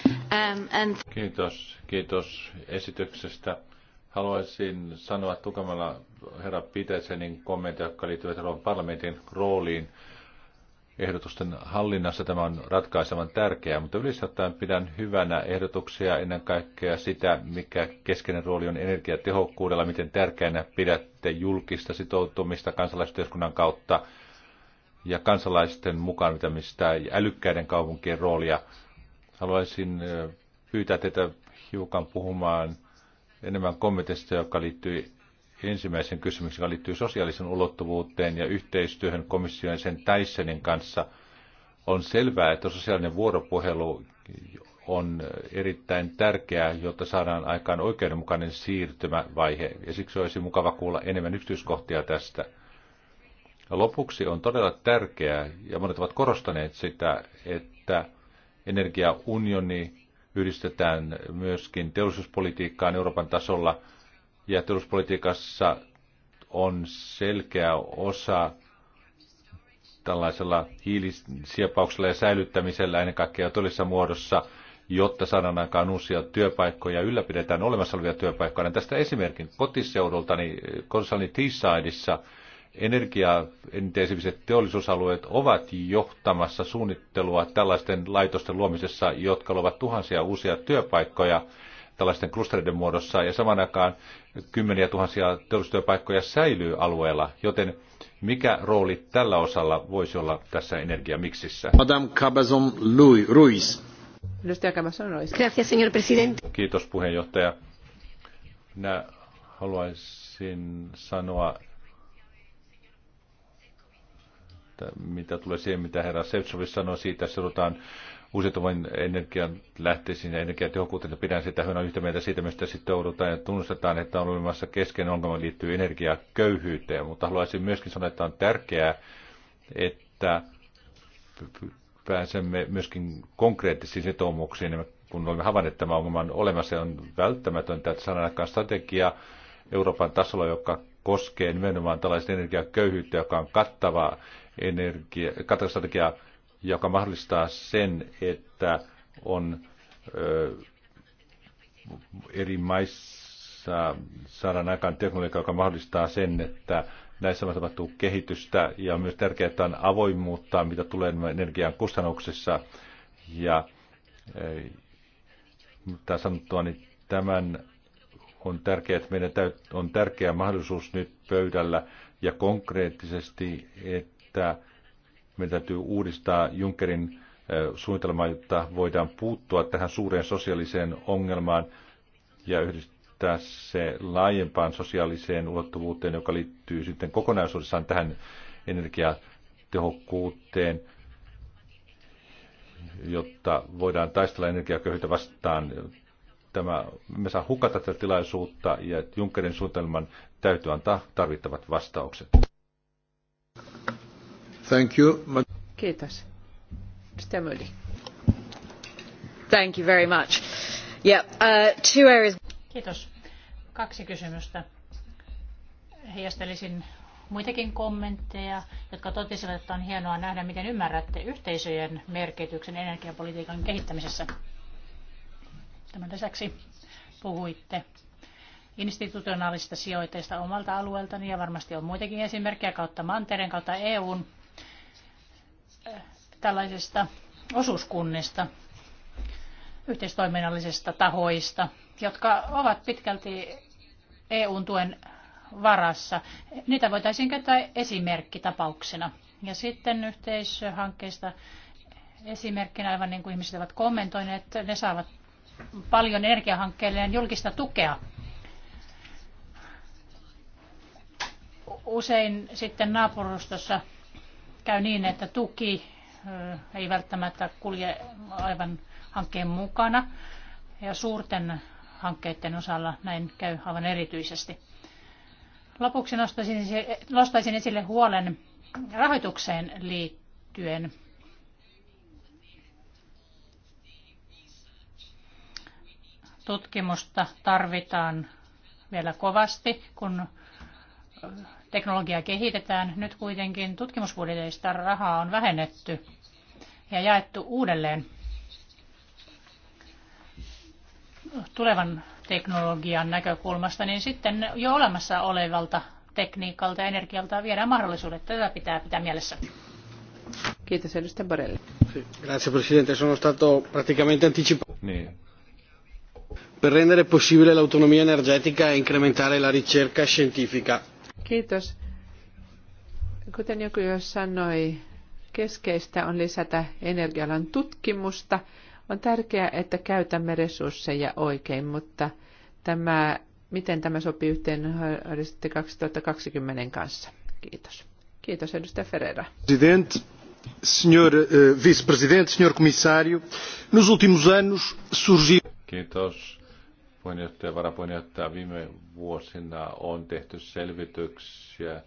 Um, kiitos, kiitos esityksestä. Haluaisin sanoa tukemalla herra Pitäisenin kommentteja, jotka liittyvät Euroopan parlamentin rooliin ehdotusten hallinnassa. Tämä on ratkaisevan tärkeää, mutta ylisattain pidän hyvänä ehdotuksia ennen kaikkea sitä, mikä keskeinen rooli on energiatehokkuudella, miten tärkeänä pidätte julkista sitoutumista kansalaisyhteiskunnan kautta ja kansalaisten mukaan pitämistä älykkäiden kaupunkien roolia. Haluaisin pyytää teitä hiukan puhumaan enemmän kommentista, joka liittyy ensimmäisen kysymyksen, joka liittyy sosiaalisen ulottuvuuteen ja yhteistyöhön komission sen Tysonin kanssa. On selvää, että sosiaalinen vuoropuhelu on erittäin tärkeää, jotta saadaan aikaan oikeudenmukainen siirtymävaihe, ja siksi olisi mukava kuulla enemmän yksityiskohtia tästä. Lopuksi on todella tärkeää, ja monet ovat korostaneet sitä, että energiaunioni yhdistetään myöskin teollisuuspolitiikkaan Euroopan tasolla, ja teollisuuspolitiikassa on selkeä osa tällaisella hiilisiepauksella ja säilyttämisellä ennen kaikkea todellisessa muodossa, jotta saadaan aikaan uusia työpaikkoja ja ylläpidetään olemassa olevia työpaikkoja. Tästä esimerkin kotiseudultani Konsani Teessideissa – energiaintensiiviset teollisuusalueet ovat johtamassa suunnittelua tällaisten laitosten luomisessa, jotka luovat tuhansia uusia työpaikkoja tällaisten klustereiden muodossa, ja saman aikaan kymmeniä tuhansia teollisuustyöpaikkoja säilyy alueella, joten mikä rooli tällä osalla voisi olla tässä energiamiksissä? Madame Cabazon Ruiz. Ruiz. Kiitos puheenjohtaja. Minä haluaisin sanoa että mitä tulee siihen, mitä herra Sevtsovi sanoi siitä, että sanotaan uusiutuvan energian lähteisiin ja energiatehokkuuteen, ja pidän sitä hyvänä yhtä mieltä siitä, mistä sitten joudutaan ja tunnustetaan, että on olemassa keskeinen ongelma liittyy energiaköyhyyteen, mutta haluaisin myöskin sanoa, että on tärkeää, että pääsemme myöskin konkreettisiin sitoumuksiin, kun olemme havainneet, tämän ongelman olemassa, on välttämätöntä, että saadaan aikaan strategia Euroopan tasolla, joka koskee nimenomaan tällaista energiaköyhyyttä, joka on kattava energia, katastrategia, joka mahdollistaa sen, että on ö, eri maissa saadaan aikaan teknologia, joka mahdollistaa sen, että näissä maissa tapahtuu kehitystä ja on myös tärkeää, että on avoimuutta, mitä tulee energian kustannuksessa ja mitä sanottua, niin tämän on tärkeää, että meidän on tärkeä mahdollisuus nyt pöydällä ja konkreettisesti, että että meidän täytyy uudistaa Junckerin suunnitelmaa, jotta voidaan puuttua tähän suureen sosiaaliseen ongelmaan ja yhdistää se laajempaan sosiaaliseen ulottuvuuteen, joka liittyy sitten kokonaisuudessaan tähän energiatehokkuuteen, jotta voidaan taistella energiaköyhyyttä vastaan. Tämä, me saa hukata tätä tilaisuutta ja Junckerin suunnitelman täytyy antaa tarvittavat vastaukset. Thank you. Kiitos. Mr. Thank you very much. Yeah, uh, two areas. Kiitos. Kaksi kysymystä. Heijastelisin muitakin kommentteja, jotka totesivat, että on hienoa nähdä, miten ymmärrätte yhteisöjen merkityksen energiapolitiikan kehittämisessä. Tämän lisäksi puhuitte institutionaalista sijoiteista omalta alueeltani ja varmasti on muitakin esimerkkejä kautta mantereen, kautta EUn tällaisista osuuskunnista, yhteistoiminnallisista tahoista, jotka ovat pitkälti EUn tuen varassa. Niitä voitaisiin käyttää esimerkkitapauksena. Ja sitten yhteishankkeista esimerkkinä, aivan niin kuin ihmiset ovat kommentoineet, ne saavat paljon energiahankkeilleen julkista tukea. Usein sitten naapurustossa käy niin, että tuki ei välttämättä kulje aivan hankkeen mukana ja suurten hankkeiden osalla näin käy aivan erityisesti. Lopuksi nostaisin, nostaisin esille huolen rahoitukseen liittyen. Tutkimusta tarvitaan vielä kovasti, kun Teknologiaa kehitetään. Nyt kuitenkin tutkimusbudjeteista rahaa on vähennetty ja jaettu uudelleen tulevan teknologian näkökulmasta, niin sitten jo olemassa olevalta tekniikalta ja energialta viedään mahdollisuudet. Tätä pitää pitää mielessä. Kiitos edustaja Borelli. Grazie Presidente, sono stato praticamente anticipato. Niin. Per rendere possibile l'autonomia energetica e incrementare la ricerca scientifica. Kiitos. Kuten joku jo sanoi, keskeistä on lisätä energialan tutkimusta. On tärkeää, että käytämme resursseja oikein, mutta tämä, miten tämä sopii yhteen 2020 kanssa? Kiitos. Kiitos, edustaja Ferreira. President, senhor eh, vice-presidente, senhor comissário, nos últimos anos surgiu... Kiitos puheenjohtaja ja varapuheenjohtaja viime vuosina on tehty selvityksiä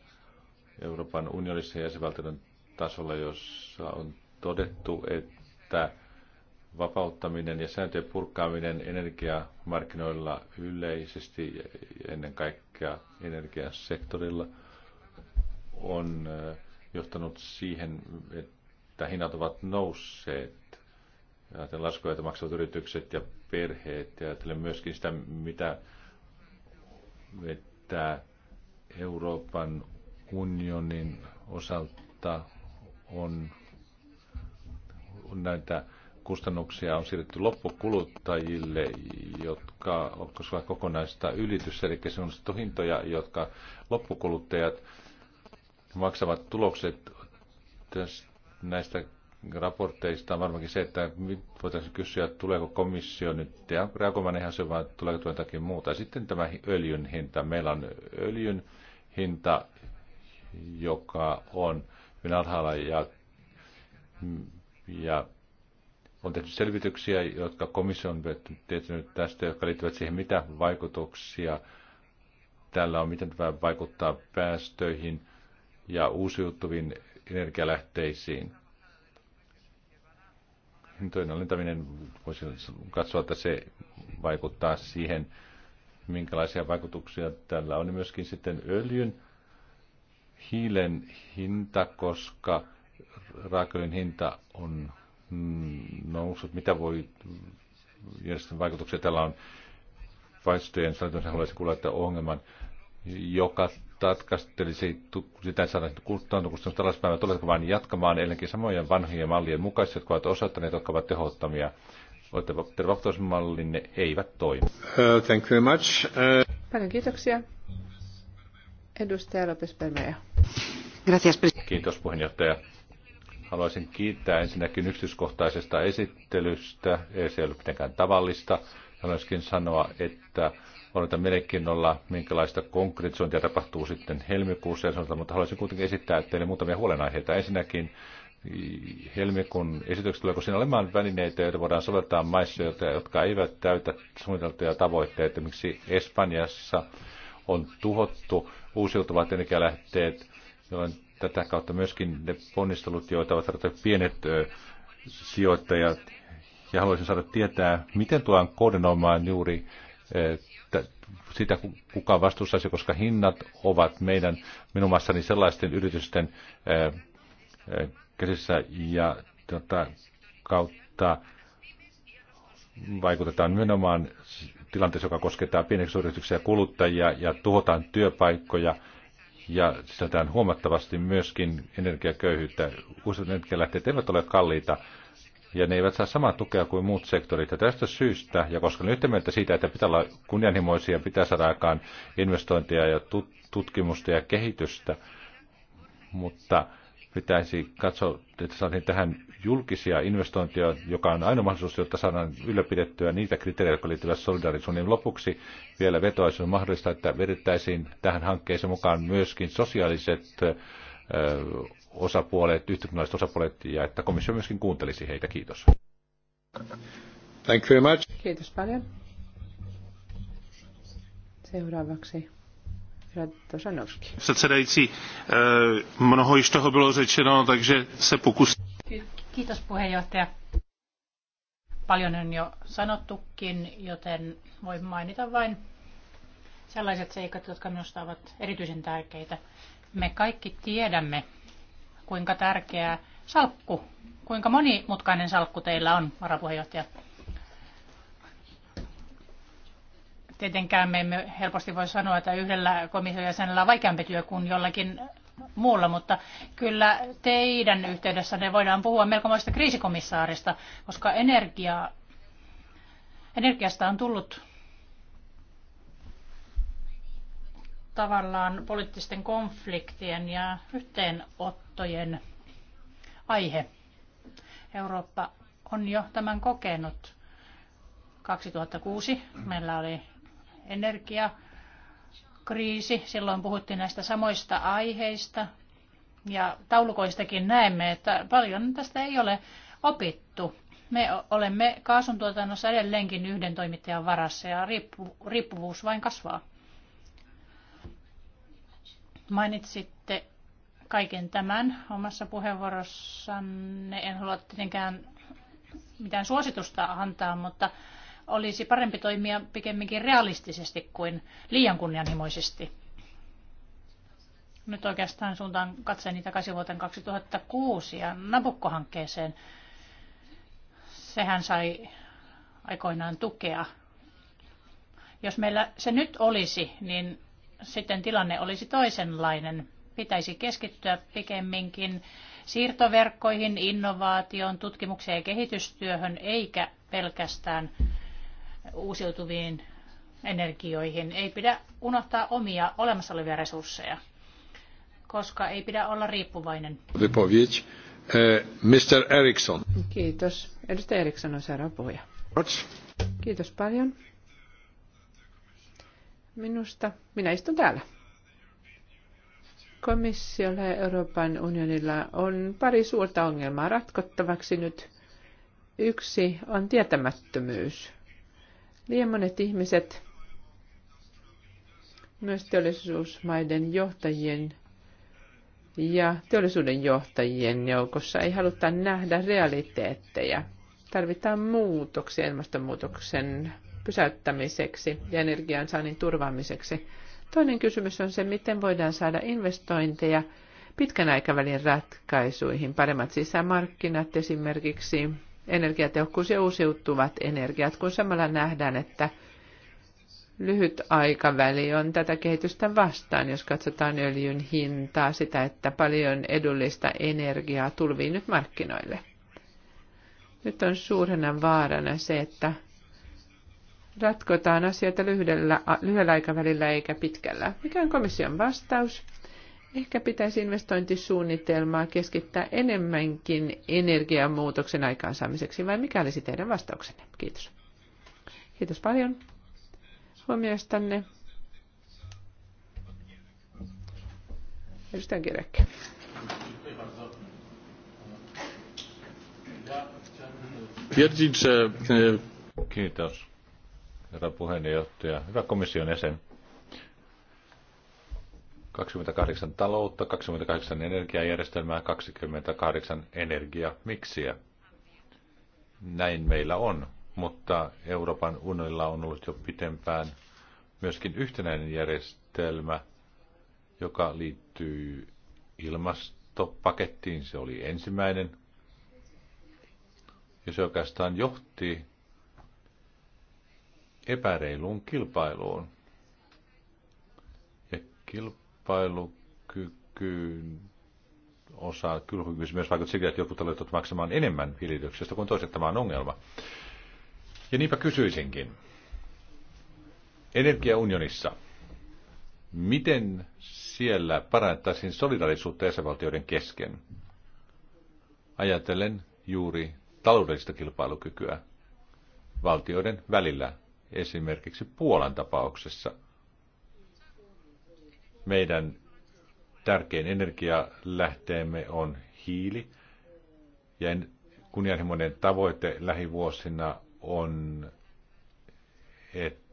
Euroopan unionissa ja jäsenvaltioiden tasolla, jossa on todettu, että vapauttaminen ja sääntöjen purkaaminen energiamarkkinoilla yleisesti, ennen kaikkea energiasektorilla, on eh, johtanut siihen, että hinnat ovat nousseet Ajattelen laskuja, joita maksavat yritykset ja perheet. Ja ajattelen myöskin sitä, mitä että Euroopan unionin osalta on, on näitä kustannuksia on siirretty loppukuluttajille, jotka koskevat kokonaista ylitystä, eli se on hintoja, jotka loppukuluttajat maksavat tulokset tästä, näistä raporteista on varmaankin se, että voitaisiin kysyä, tuleeko komissio nyt ja reagoimaan ihan se, vaan tuleeko jotakin muuta. Sitten tämä öljyn hinta. Meillä on öljyn hinta, joka on hyvin alhaalla ja, ja on tehty selvityksiä, jotka komissio on tehnyt tästä, jotka liittyvät siihen, mitä vaikutuksia tällä on, miten tämä vaikuttaa päästöihin ja uusiutuviin energialähteisiin hintojen alentaminen, voisi katsoa, että se vaikuttaa siihen, minkälaisia vaikutuksia tällä on. Myöskin sitten öljyn, hiilen hinta, koska raakojen hinta on noussut. Mitä voi, järjestelmän vaikutuksia tällä on vaistojen, sanotaan, haluaisin kuulla, että ongelman, joka tarkastelisi sitä, että saadaan kustannukset alaspäin, tuletko vain jatkamaan eilenkin samojen vanhojen mallien mukaisesti, jotka ovat osoittaneet, jotka ovat tehottomia. Teidän eivät toimi. Uh, thank you very much. Uh... Paljon kiitoksia. Edustaja Lopes Permeja. Kiitos puheenjohtaja. Haluaisin kiittää ensinnäkin yksityiskohtaisesta esittelystä. Ei se ei ollut mitenkään tavallista. Haluaisin sanoa, että Odotan mielenkiinnolla, minkälaista konkretisointia tapahtuu sitten helmikuussa ja sanotaan, mutta haluaisin kuitenkin esittää teille muutamia huolenaiheita. Ensinnäkin helmikuun esitykset tuleeko siinä olemaan välineitä, joita voidaan soveltaa maissa, jotka eivät täytä suunniteltuja tavoitteita. Miksi Espanjassa on tuhottu uusiutuvat energialähteet, jolloin tätä kautta myöskin ne ponnistelut, joita ovat pienet sijoittajat. Ja haluaisin saada tietää, miten tullaan koordinoimaan juuri sitä, kuka on vastuussa, koska hinnat ovat meidän minun maassani sellaisten yritysten käsissä ja tota, kautta vaikutetaan nimenomaan tilanteessa, joka koskettaa pieneksi yrityksiä ja kuluttajia ja tuhotaan työpaikkoja ja sisältään huomattavasti myöskin energiaköyhyyttä. Uusiutuvat energialähteet eivät ole kalliita, ja ne eivät saa samaa tukea kuin muut sektorit. Ja tästä syystä, ja koska nyt mieltä siitä, että pitää olla kunnianhimoisia, pitää saada aikaan investointia ja tutkimusta ja kehitystä, mutta pitäisi katsoa, että saatiin tähän julkisia investointeja, joka on ainoa mahdollisuus, jotta saadaan ylläpidettyä niitä kriteerejä, jotka liittyvät solidaarisuuteen. Lopuksi vielä vetoaisin on mahdollista, että vedettäisiin tähän hankkeeseen mukaan myöskin sosiaaliset osapuolet, yhteiskunnalliset osapuolet ja että komissio myöskin kuuntelisi heitä. Kiitos. Thank you very much. Kiitos paljon. Seuraavaksi Předsedající, eh, mnoho již toho bylo řečeno, takže se pokusím. Kiitos puheenjohtaja. Paljon on jo sanottukin, joten voin mainita vain sellaiset seikat, jotka minusta ovat erityisen tärkeitä. Me kaikki tiedämme, kuinka tärkeä salkku, kuinka monimutkainen salkku teillä on, varapuheenjohtaja? Tietenkään me emme helposti voi sanoa, että yhdellä komission jäsenellä on vaikeampi työ kuin jollakin muulla, mutta kyllä teidän yhteydessä ne voidaan puhua melkomaista kriisikomissaarista, koska energia, energiasta on tullut tavallaan poliittisten konfliktien ja yhteenottojen aihe. Eurooppa on jo tämän kokenut. 2006 meillä oli energiakriisi. Silloin puhuttiin näistä samoista aiheista. Ja taulukoistakin näemme, että paljon tästä ei ole opittu. Me olemme kaasuntuotannossa edelleenkin yhden toimittajan varassa ja riippuvuus vain kasvaa. Mainitsitte kaiken tämän omassa puheenvuorossanne. En halua tietenkään mitään suositusta antaa, mutta olisi parempi toimia pikemminkin realistisesti kuin liian kunnianhimoisesti. Nyt oikeastaan suuntaan katseeni takaisin vuoteen 2006 ja Nabukko-hankkeeseen. Sehän sai aikoinaan tukea. Jos meillä se nyt olisi, niin sitten tilanne olisi toisenlainen. Pitäisi keskittyä pikemminkin siirtoverkkoihin, innovaatioon, tutkimukseen ja kehitystyöhön, eikä pelkästään uusiutuviin energioihin. Ei pidä unohtaa omia olemassa olevia resursseja, koska ei pidä olla riippuvainen. Lipovic, e, Mr. Eriksson. Kiitos. Edustaja Eriksson on seuraava puhuja. Kiitos paljon. Minusta minä istun täällä. Komissiolla ja Euroopan unionilla on pari suurta ongelmaa ratkottavaksi nyt. Yksi on tietämättömyys. Liian monet ihmiset, myös teollisuusmaiden johtajien ja teollisuuden johtajien joukossa ei haluta nähdä realiteetteja. Tarvitaan muutoksia ilmastonmuutoksen pysäyttämiseksi ja energiansaannin turvaamiseksi. Toinen kysymys on se, miten voidaan saada investointeja pitkän aikavälin ratkaisuihin, paremmat sisämarkkinat esimerkiksi, energiatehokkuus ja uusiutuvat energiat, kun samalla nähdään, että lyhyt aikaväli on tätä kehitystä vastaan, jos katsotaan öljyn hintaa, sitä, että paljon edullista energiaa tulvii nyt markkinoille. Nyt on suurena vaarana se, että ratkotaan asioita lyhyellä, lyhyellä aikavälillä eikä pitkällä. Mikä on komission vastaus? Ehkä pitäisi investointisuunnitelmaa keskittää enemmänkin energiamuutoksen aikaansaamiseksi, vai mikä olisi teidän vastauksenne? Kiitos. Kiitos paljon huomioistanne. Edustajan kirjakki. Kiitos herra puheenjohtaja. Hyvä komission jäsen. 28 taloutta, 28 energiajärjestelmää, 28 energiamiksiä. Näin meillä on, mutta Euroopan unionilla on ollut jo pitempään myöskin yhtenäinen järjestelmä, joka liittyy ilmastopakettiin. Se oli ensimmäinen. Ja se oikeastaan johti epäreiluun kilpailuun. Ja kilpailukykyyn osa kilpailukyky myös vaikuttaa sillä, että jotkut aletaan maksamaan enemmän viljelyksestä kuin toiset. Tämä on ongelma. Ja niinpä kysyisinkin. Energiaunionissa. Miten siellä parantaisiin solidarisuutta jäsenvaltioiden kesken? Ajatellen juuri taloudellista kilpailukykyä valtioiden välillä esimerkiksi Puolan tapauksessa. Meidän tärkein energialähteemme on hiili, ja kunnianhimoinen tavoite lähivuosina on että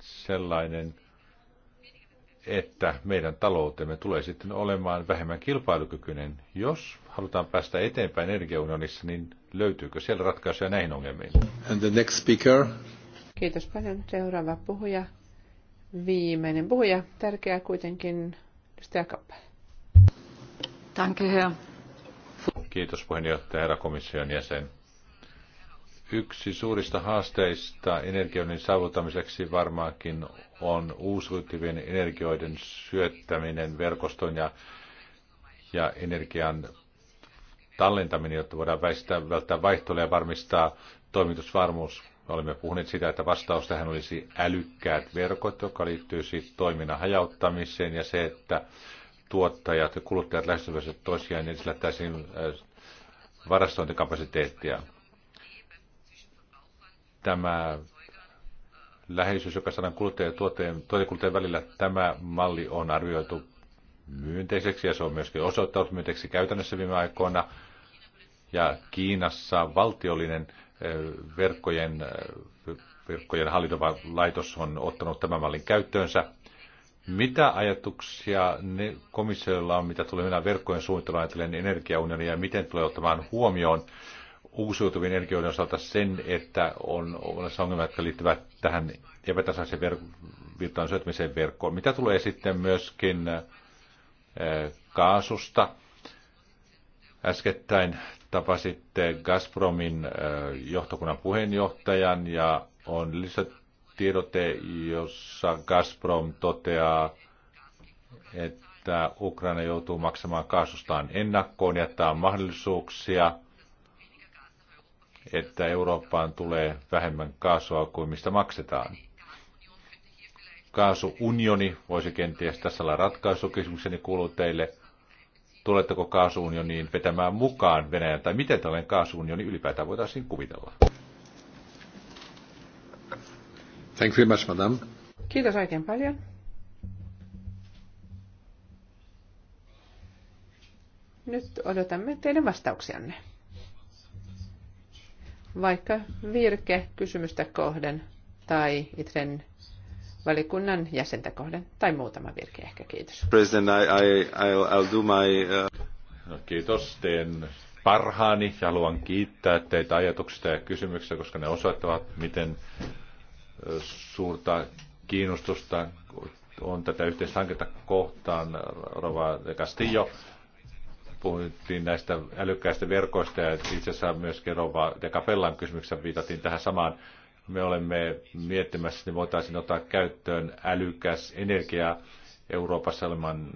sellainen, että meidän taloutemme tulee sitten olemaan vähemmän kilpailukykyinen. Jos halutaan päästä eteenpäin energiaunionissa, niin löytyykö siellä ratkaisuja näihin ongelmiin? And the next speaker. Kiitos paljon. Seuraava puhuja. Viimeinen puhuja. Tärkeää kuitenkin. Edustaja Kappale. Kiitos puheenjohtaja, herra komission jäsen. Yksi suurista haasteista energioiden saavuttamiseksi varmaankin on uusiutuvien energioiden syöttäminen verkoston ja, ja energian tallentaminen, jotta voidaan väistää, välttää vaihtoehtoja ja varmistaa toimitusvarmuus me olemme puhuneet sitä, että vastaus tähän olisi älykkäät verkot, joka liittyy siis toiminnan hajauttamiseen ja se, että tuottajat ja kuluttajat lähestyvät toisiaan, niin lisättäisiin äh, varastointikapasiteettia. Tämä läheisyys, joka saadaan kuluttajan ja tuotteen, välillä, tämä malli on arvioitu myönteiseksi ja se on myöskin osoittautunut myönteiseksi käytännössä viime aikoina. Ja Kiinassa valtiollinen verkkojen, verkkojen hallintolaitos on ottanut tämän mallin käyttöönsä. Mitä ajatuksia ne komissiolla on, mitä tulee mennä verkkojen suunnittelua ajatellen energiaunionia ja miten tulee ottamaan huomioon uusiutuvien energioiden osalta sen, että on olemassa ongelmia, jotka liittyvät tähän epätasaisen ver- virtaan syöttämiseen verkkoon. Mitä tulee sitten myöskin eh, kaasusta? Äskettäin Tapasitte Gazpromin äh, johtokunnan puheenjohtajan ja on lisätiedote, jossa Gazprom toteaa, että Ukraina joutuu maksamaan kaasustaan ennakkoon, jättää mahdollisuuksia, että Eurooppaan tulee vähemmän kaasua kuin mistä maksetaan kaasuunioni voisi kenties tässä olla ratkaisukysymykseni kuuluu teille tuletteko kaasuunioniin vetämään mukaan Venäjän, tai miten tällainen kaasuunioni ylipäätään voitaisiin kuvitella? Thank you very much, madam. Kiitos oikein paljon. Nyt odotamme teidän vastauksianne. Vaikka virke kysymystä kohden tai itren valikunnan jäsentä kohden, tai muutama virke ehkä, kiitos. President, I, I, I'll, I'll do my, uh... no, kiitos, teen parhaani ja haluan kiittää teitä ajatuksista ja kysymyksistä, koska ne osoittavat, miten uh, suurta kiinnostusta on tätä yhteishanketta kohtaan. Rova Castillo puhuttiin näistä älykkäistä verkoista ja itse asiassa myöskin Rova de Capellan kysymyksessä viitattiin tähän samaan me olemme miettimässä, että voitaisiin ottaa käyttöön älykäs energia Euroopassa ilman,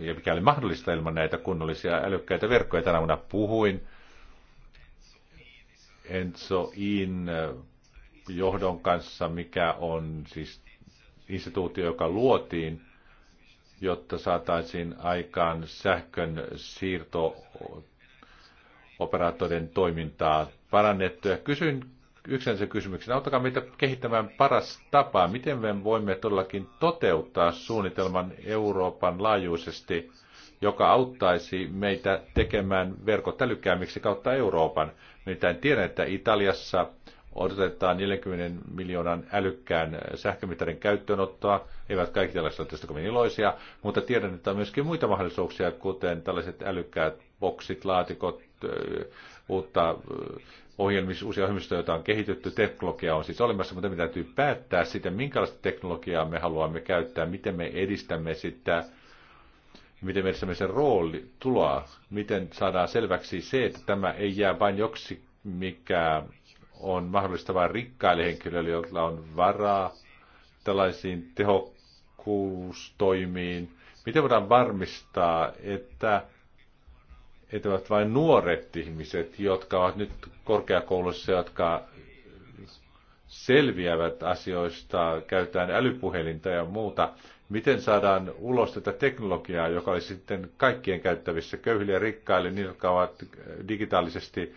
ja mikä oli mahdollista ilman näitä kunnollisia älykkäitä verkkoja. Tänä vuonna puhuin Enzo In eh, johdon kanssa, mikä on siis instituutio, joka luotiin, jotta saataisiin aikaan sähkön siirto operaattorien toimintaa parannettu. Ja kysyin yksensä kysymyksen. Auttakaa meitä kehittämään paras tapa, miten me voimme todellakin toteuttaa suunnitelman Euroopan laajuisesti, joka auttaisi meitä tekemään verkot älykkäämmiksi kautta Euroopan. Nimittäin tiedän, että Italiassa odotetaan 40 miljoonan älykkään sähkömittarin käyttöönottoa. Eivät kaikki tällaiset ole tästä kovin iloisia, mutta tiedän, että on myöskin muita mahdollisuuksia, kuten tällaiset älykkäät boksit, laatikot, uutta ohjelmissa, uusia ohjelmistoja, joita on kehitetty, teknologia on siis olemassa, mutta me täytyy päättää sitä, minkälaista teknologiaa me haluamme käyttää, miten me edistämme sitä, miten me edistämme sen rooli, tuloa, miten saadaan selväksi se, että tämä ei jää vain joksi, mikä on mahdollista vain rikkaille henkilöille, joilla on varaa tällaisiin tehokkuustoimiin. Miten voidaan varmistaa, että että ovat vain nuoret ihmiset, jotka ovat nyt korkeakoulussa, jotka selviävät asioista, käytetään älypuhelinta ja muuta. Miten saadaan ulos tätä teknologiaa, joka olisi sitten kaikkien käyttävissä, köyhille ja rikkaille, niin jotka ovat digitaalisesti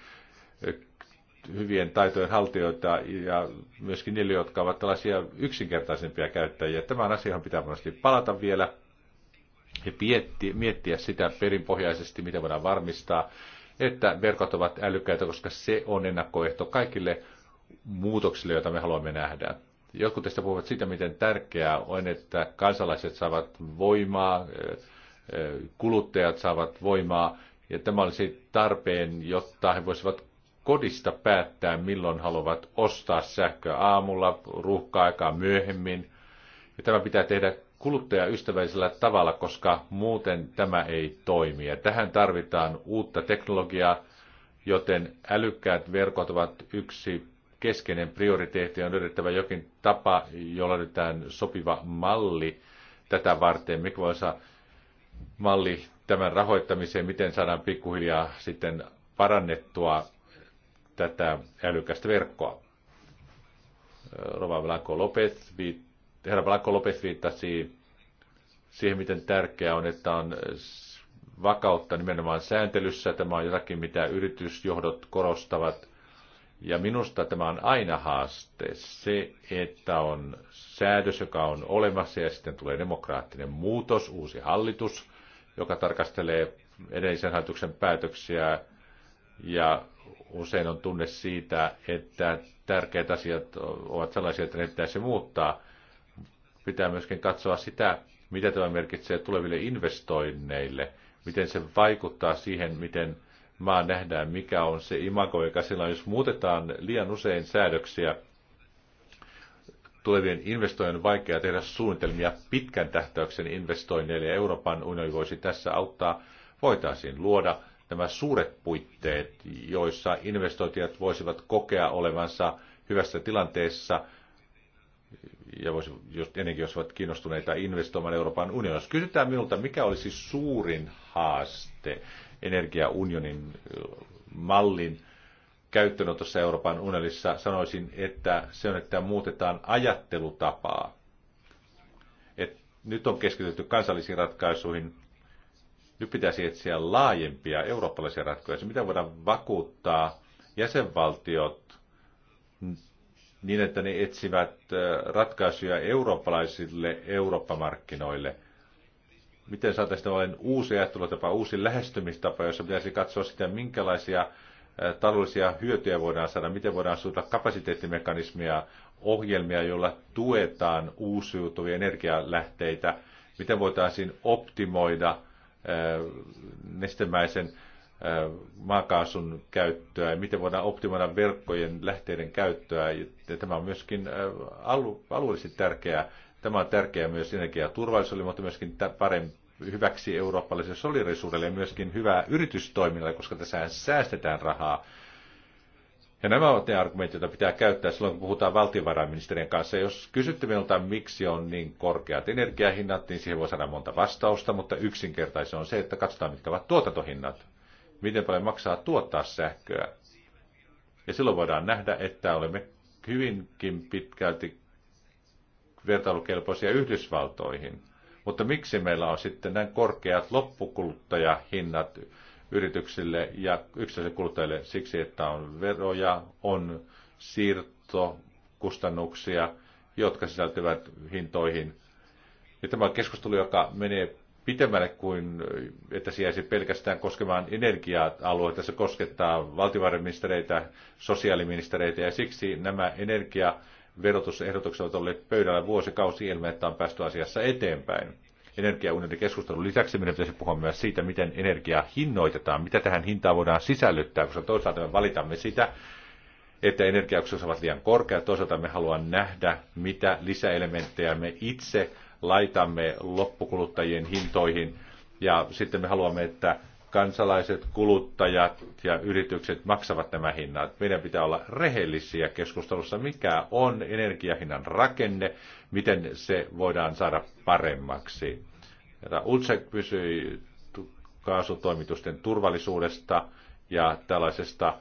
hyvien taitojen haltijoita ja myöskin niille, jotka ovat tällaisia yksinkertaisempia käyttäjiä. Tämän asiaan pitää varmasti palata vielä ja miettiä sitä perinpohjaisesti, miten voidaan varmistaa, että verkot ovat älykkäitä, koska se on ennakkoehto kaikille muutoksille, joita me haluamme nähdä. Jotkut teistä puhuvat siitä, miten tärkeää on, että kansalaiset saavat voimaa, eh, eh, kuluttajat saavat voimaa, ja tämä olisi tarpeen, jotta he voisivat kodista päättää, milloin haluavat ostaa sähköä aamulla, ruuhka-aikaa myöhemmin. Ja tämä pitää tehdä kuluttajaystävällisellä tavalla, koska muuten tämä ei toimi. Ja tähän tarvitaan uutta teknologiaa, joten älykkäät verkot ovat yksi keskeinen prioriteetti. On löydettävä jokin tapa, jolla löydetään sopiva malli tätä varten. Mikä voisi malli tämän rahoittamiseen, miten saadaan pikkuhiljaa sitten parannettua tätä älykästä verkkoa. Rova Blanco Lopez viittaa herra Blanco Lopes viittasi siihen, miten tärkeää on, että on vakautta nimenomaan sääntelyssä. Tämä on jotakin, mitä yritysjohdot korostavat. Ja minusta tämä on aina haaste. Se, että on säädös, joka on olemassa ja sitten tulee demokraattinen muutos, uusi hallitus, joka tarkastelee edellisen hallituksen päätöksiä ja usein on tunne siitä, että tärkeät asiat ovat sellaisia, että ne pitäisi muuttaa – pitää myöskin katsoa sitä, mitä tämä merkitsee tuleville investoinneille, miten se vaikuttaa siihen, miten maa nähdään, mikä on se imago, joka sillä on, jos muutetaan liian usein säädöksiä, tulevien investoinnin vaikea tehdä suunnitelmia pitkän tähtäyksen investoinneille, ja Euroopan unioni voisi tässä auttaa, voitaisiin luoda nämä suuret puitteet, joissa investointijat voisivat kokea olevansa hyvässä tilanteessa – ja voisi, jos, ennenkin jos ovat kiinnostuneita investoimaan Euroopan unionissa. Jos kysytään minulta, mikä olisi suurin haaste energiaunionin mallin käyttöönotossa Euroopan unionissa, sanoisin, että se on, että muutetaan ajattelutapaa. Et nyt on keskitytty kansallisiin ratkaisuihin, nyt pitäisi etsiä laajempia eurooppalaisia ratkaisuja, mitä voidaan vakuuttaa jäsenvaltiot niin, että ne etsivät ratkaisuja eurooppalaisille Eurooppamarkkinoille. Miten saataisiin tällainen uusi ajattelutapa, uusi lähestymistapa, jossa pitäisi katsoa sitä, minkälaisia taloudellisia hyötyjä voidaan saada, miten voidaan suunnata kapasiteettimekanismia, ohjelmia, joilla tuetaan uusiutuvia energialähteitä, miten voitaisiin optimoida nestemäisen maakaasun käyttöä ja miten voidaan optimoida verkkojen lähteiden käyttöä. Ja tämä on myöskin alueellisesti tärkeää. Tämä on tärkeää myös energiaturvallisuudelle, mutta myöskin parempi hyväksi eurooppalaiselle solidarisuudelle ja myöskin hyvää yritystoiminnalle, koska tässä säästetään rahaa. Ja nämä ovat ne argumentit, joita pitää käyttää silloin, kun puhutaan valtiovarainministeriön kanssa. Jos kysytte minulta, miksi on niin korkeat energiahinnat, niin siihen voi saada monta vastausta, mutta yksinkertaisen on se, että katsotaan, mitkä ovat tuotantohinnat miten paljon maksaa tuottaa sähköä. Ja silloin voidaan nähdä, että olemme hyvinkin pitkälti vertailukelpoisia Yhdysvaltoihin. Mutta miksi meillä on sitten näin korkeat loppukuluttajahinnat yrityksille ja yksityisille kuluttajille siksi, että on veroja, on siirtokustannuksia, jotka sisältyvät hintoihin. Ja tämä on keskustelu, joka menee pitemmälle kuin, että se jäisi pelkästään koskemaan energia-alueita. Se koskettaa valtiovarainministereitä, sosiaaliministereitä ja siksi nämä energiaverotusehdotukset ovat olleet pöydällä vuosikausi ilman, että on päästy asiassa eteenpäin. Energiaunionin keskustelun lisäksi meidän pitäisi puhua myös siitä, miten energiaa hinnoitetaan, mitä tähän hintaan voidaan sisällyttää, koska toisaalta me valitamme sitä, että energiaukset ovat liian korkeat, toisaalta me haluamme nähdä, mitä lisäelementtejä me itse laitamme loppukuluttajien hintoihin. Ja sitten me haluamme, että kansalaiset, kuluttajat ja yritykset maksavat nämä hinnat. Meidän pitää olla rehellisiä keskustelussa, mikä on energiahinnan rakenne, miten se voidaan saada paremmaksi. Utsek pysyi kaasutoimitusten turvallisuudesta ja tällaisesta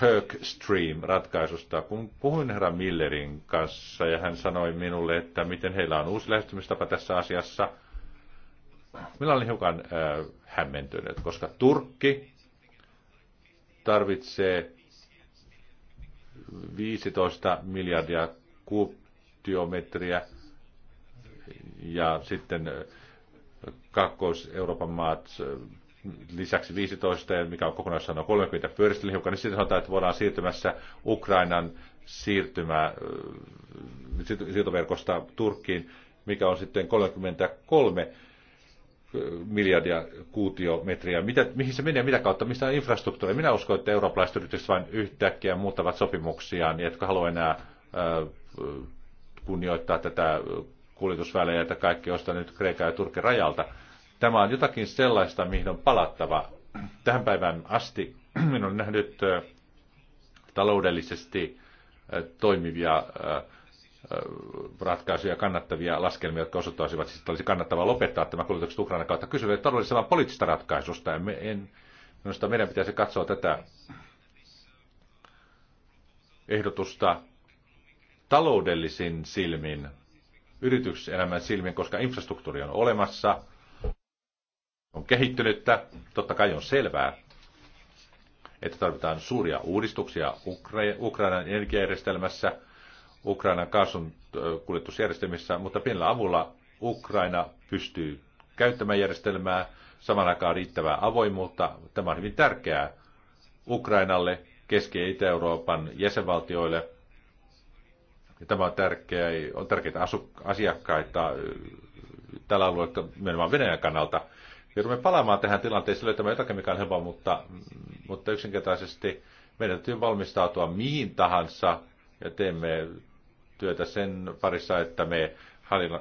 Turk Stream-ratkaisusta, kun puhuin herra Millerin kanssa ja hän sanoi minulle, että miten heillä on uusi lähestymistapa tässä asiassa, minä olin hiukan äh, hämmentynyt, koska Turkki tarvitsee 15 miljardia kuutiometriä ja sitten Kakkois-Euroopan maat lisäksi 15, mikä on kokonaisuudessaan noin 30 pyöristely hiukan, niin sitten sanotaan, että voidaan siirtymässä Ukrainan siirtymä siirtoverkosta Turkkiin, mikä on sitten 33 miljardia kuutiometriä. Mitä, mihin se menee, mitä kautta, mistä on infrastruktuuri? Minä uskon, että eurooppalaiset yritykset vain yhtäkkiä muuttavat sopimuksiaan, jotka haluaa enää kunnioittaa tätä kuljetusvälejä, että kaikki ostaa nyt Kreikan ja Turkin rajalta. Tämä on jotakin sellaista, mihin on palattava. Tähän päivään asti Minun on nähnyt taloudellisesti toimivia ratkaisuja, kannattavia laskelmia, jotka osoittaisivat, että olisi kannattavaa lopettaa tämä kuljetukset Ukraina kautta. Kysyvät että todellisella poliittista ratkaisusta. Ja me, en, minusta meidän pitäisi katsoa tätä ehdotusta taloudellisin silmin, yrityselämän silmin, koska infrastruktuuri on olemassa – on kehittynyttä. Totta kai on selvää, että tarvitaan suuria uudistuksia Ukra- Ukrainan energiajärjestelmässä, Ukrainan kaasun kuljetusjärjestelmissä, mutta pienellä avulla Ukraina pystyy käyttämään järjestelmää, saman aikaan riittävää avoimuutta. Tämä on hyvin tärkeää Ukrainalle, Keski- ja Itä-Euroopan jäsenvaltioille. Ja tämä on, tärkeää, on tärkeää asiakkaita tällä alueella nimenomaan Venäjän kannalta – joudumme palaamaan tähän tilanteeseen löytämään jotakin, mikä on hyvä, mutta, mutta yksinkertaisesti meidän täytyy valmistautua mihin tahansa ja teemme työtä sen parissa, että me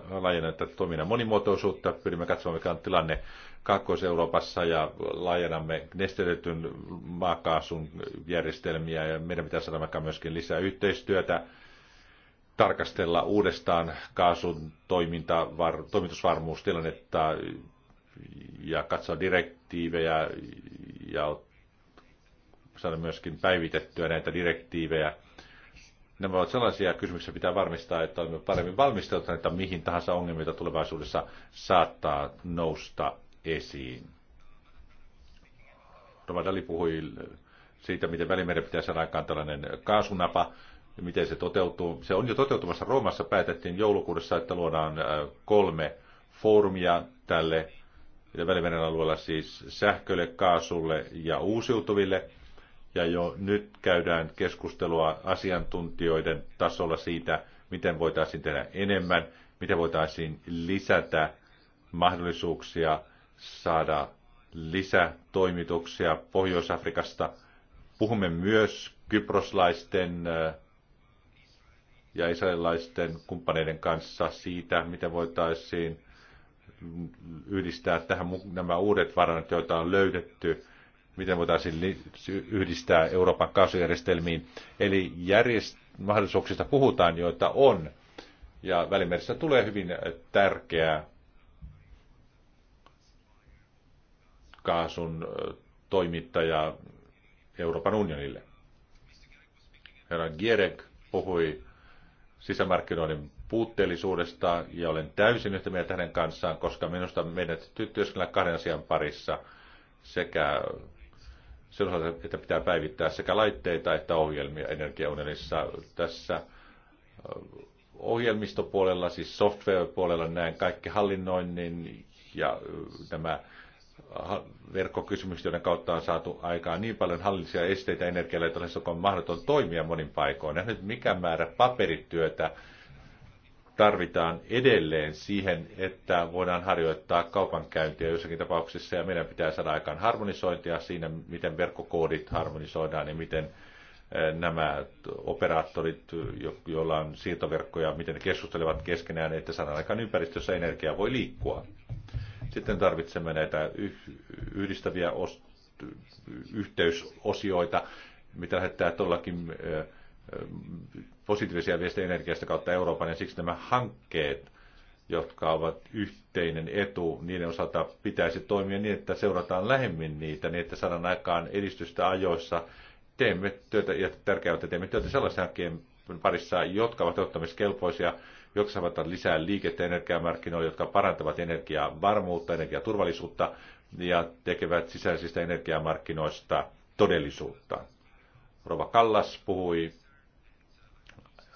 laajennamme tätä toiminnan monimuotoisuutta, pyrimme katsomaan, mikä on tilanne Kaakkois-Euroopassa ja laajennamme nesteytetyn maakaasun järjestelmiä ja meidän pitää saada myöskin lisää yhteistyötä tarkastella uudestaan kaasun toiminta, var, toimitusvarmuustilannetta, ja katsoa direktiivejä ja saada myöskin päivitettyä näitä direktiivejä. Nämä ovat sellaisia kysymyksiä, pitää varmistaa, että olemme paremmin valmistautuneita mihin tahansa ongelmia, tulevaisuudessa saattaa nousta esiin. Dali puhui siitä, miten Välimeren pitää saada aikaan tällainen kaasunapa, ja miten se toteutuu. Se on jo toteutumassa. Roomassa päätettiin joulukuudessa, että luodaan äh, kolme foorumia tälle Välimeren alueella siis sähkölle, kaasulle ja uusiutuville. Ja jo nyt käydään keskustelua asiantuntijoiden tasolla siitä, miten voitaisiin tehdä enemmän, miten voitaisiin lisätä mahdollisuuksia saada lisätoimituksia Pohjois-Afrikasta. Puhumme myös kyproslaisten äh, ja israelilaisten kumppaneiden kanssa siitä, miten voitaisiin yhdistää tähän nämä uudet varannot, joita on löydetty, miten voitaisiin yhdistää Euroopan kaasujärjestelmiin. Eli järjest- mahdollisuuksista puhutaan, joita on, ja Välimerissä tulee hyvin tärkeää kaasun toimittaja Euroopan unionille. Herra Gierek puhui sisämarkkinoiden puutteellisuudesta ja olen täysin yhtä mieltä hänen kanssaan, koska minusta meidän täytyy työskennellä kahden asian parissa sekä sen osalta, että pitää päivittää sekä laitteita että ohjelmia energiaunelissa. Tässä ohjelmistopuolella, siis software-puolella näen kaikki hallinnoinnin ja nämä verkkokysymykset, joiden kautta on saatu aikaan niin paljon hallillisia esteitä energialle, että on mahdoton toimia monin paikoin. Ja nyt mikä määrä paperityötä tarvitaan edelleen siihen, että voidaan harjoittaa kaupankäyntiä jossakin tapauksessa ja meidän pitää saada aikaan harmonisointia siinä, miten verkkokoodit harmonisoidaan ja miten eh, nämä operaattorit, joilla on siirtoverkkoja, miten ne keskustelevat keskenään, että saadaan aikaan ympäristössä energiaa voi liikkua. Sitten tarvitsemme näitä yhdistäviä yhteysosioita, mitä lähettää tuollakin eh, eh, positiivisia viestejä energiasta kautta Euroopan, ja siksi nämä hankkeet, jotka ovat yhteinen etu, niiden osalta pitäisi toimia niin, että seurataan lähemmin niitä, niin että saadaan aikaan edistystä ajoissa. Teemme työtä, ja tärkeää että teemme työtä sellaisen hankkeen parissa, jotka ovat ottamiskelpoisia, jotka saavat lisää liikettä energiamarkkinoille, jotka parantavat energiaa varmuutta, energiaturvallisuutta ja tekevät sisäisistä energiamarkkinoista todellisuutta. Rova Kallas puhui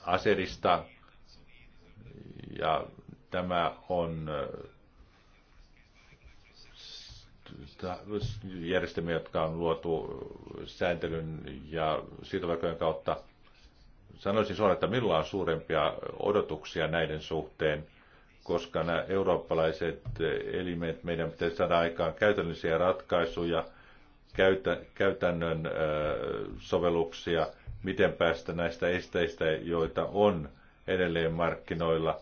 aserista. Ja tämä on äh, järjestelmä, jotka on luotu sääntelyn ja siirtoverkkojen kautta. Sanoisin suoraan, että minulla on suurempia odotuksia näiden suhteen, koska nämä eurooppalaiset elimet, meidän pitäisi saada aikaan käytännöllisiä ratkaisuja, käytännön äh, sovelluksia – miten päästä näistä esteistä, joita on edelleen markkinoilla.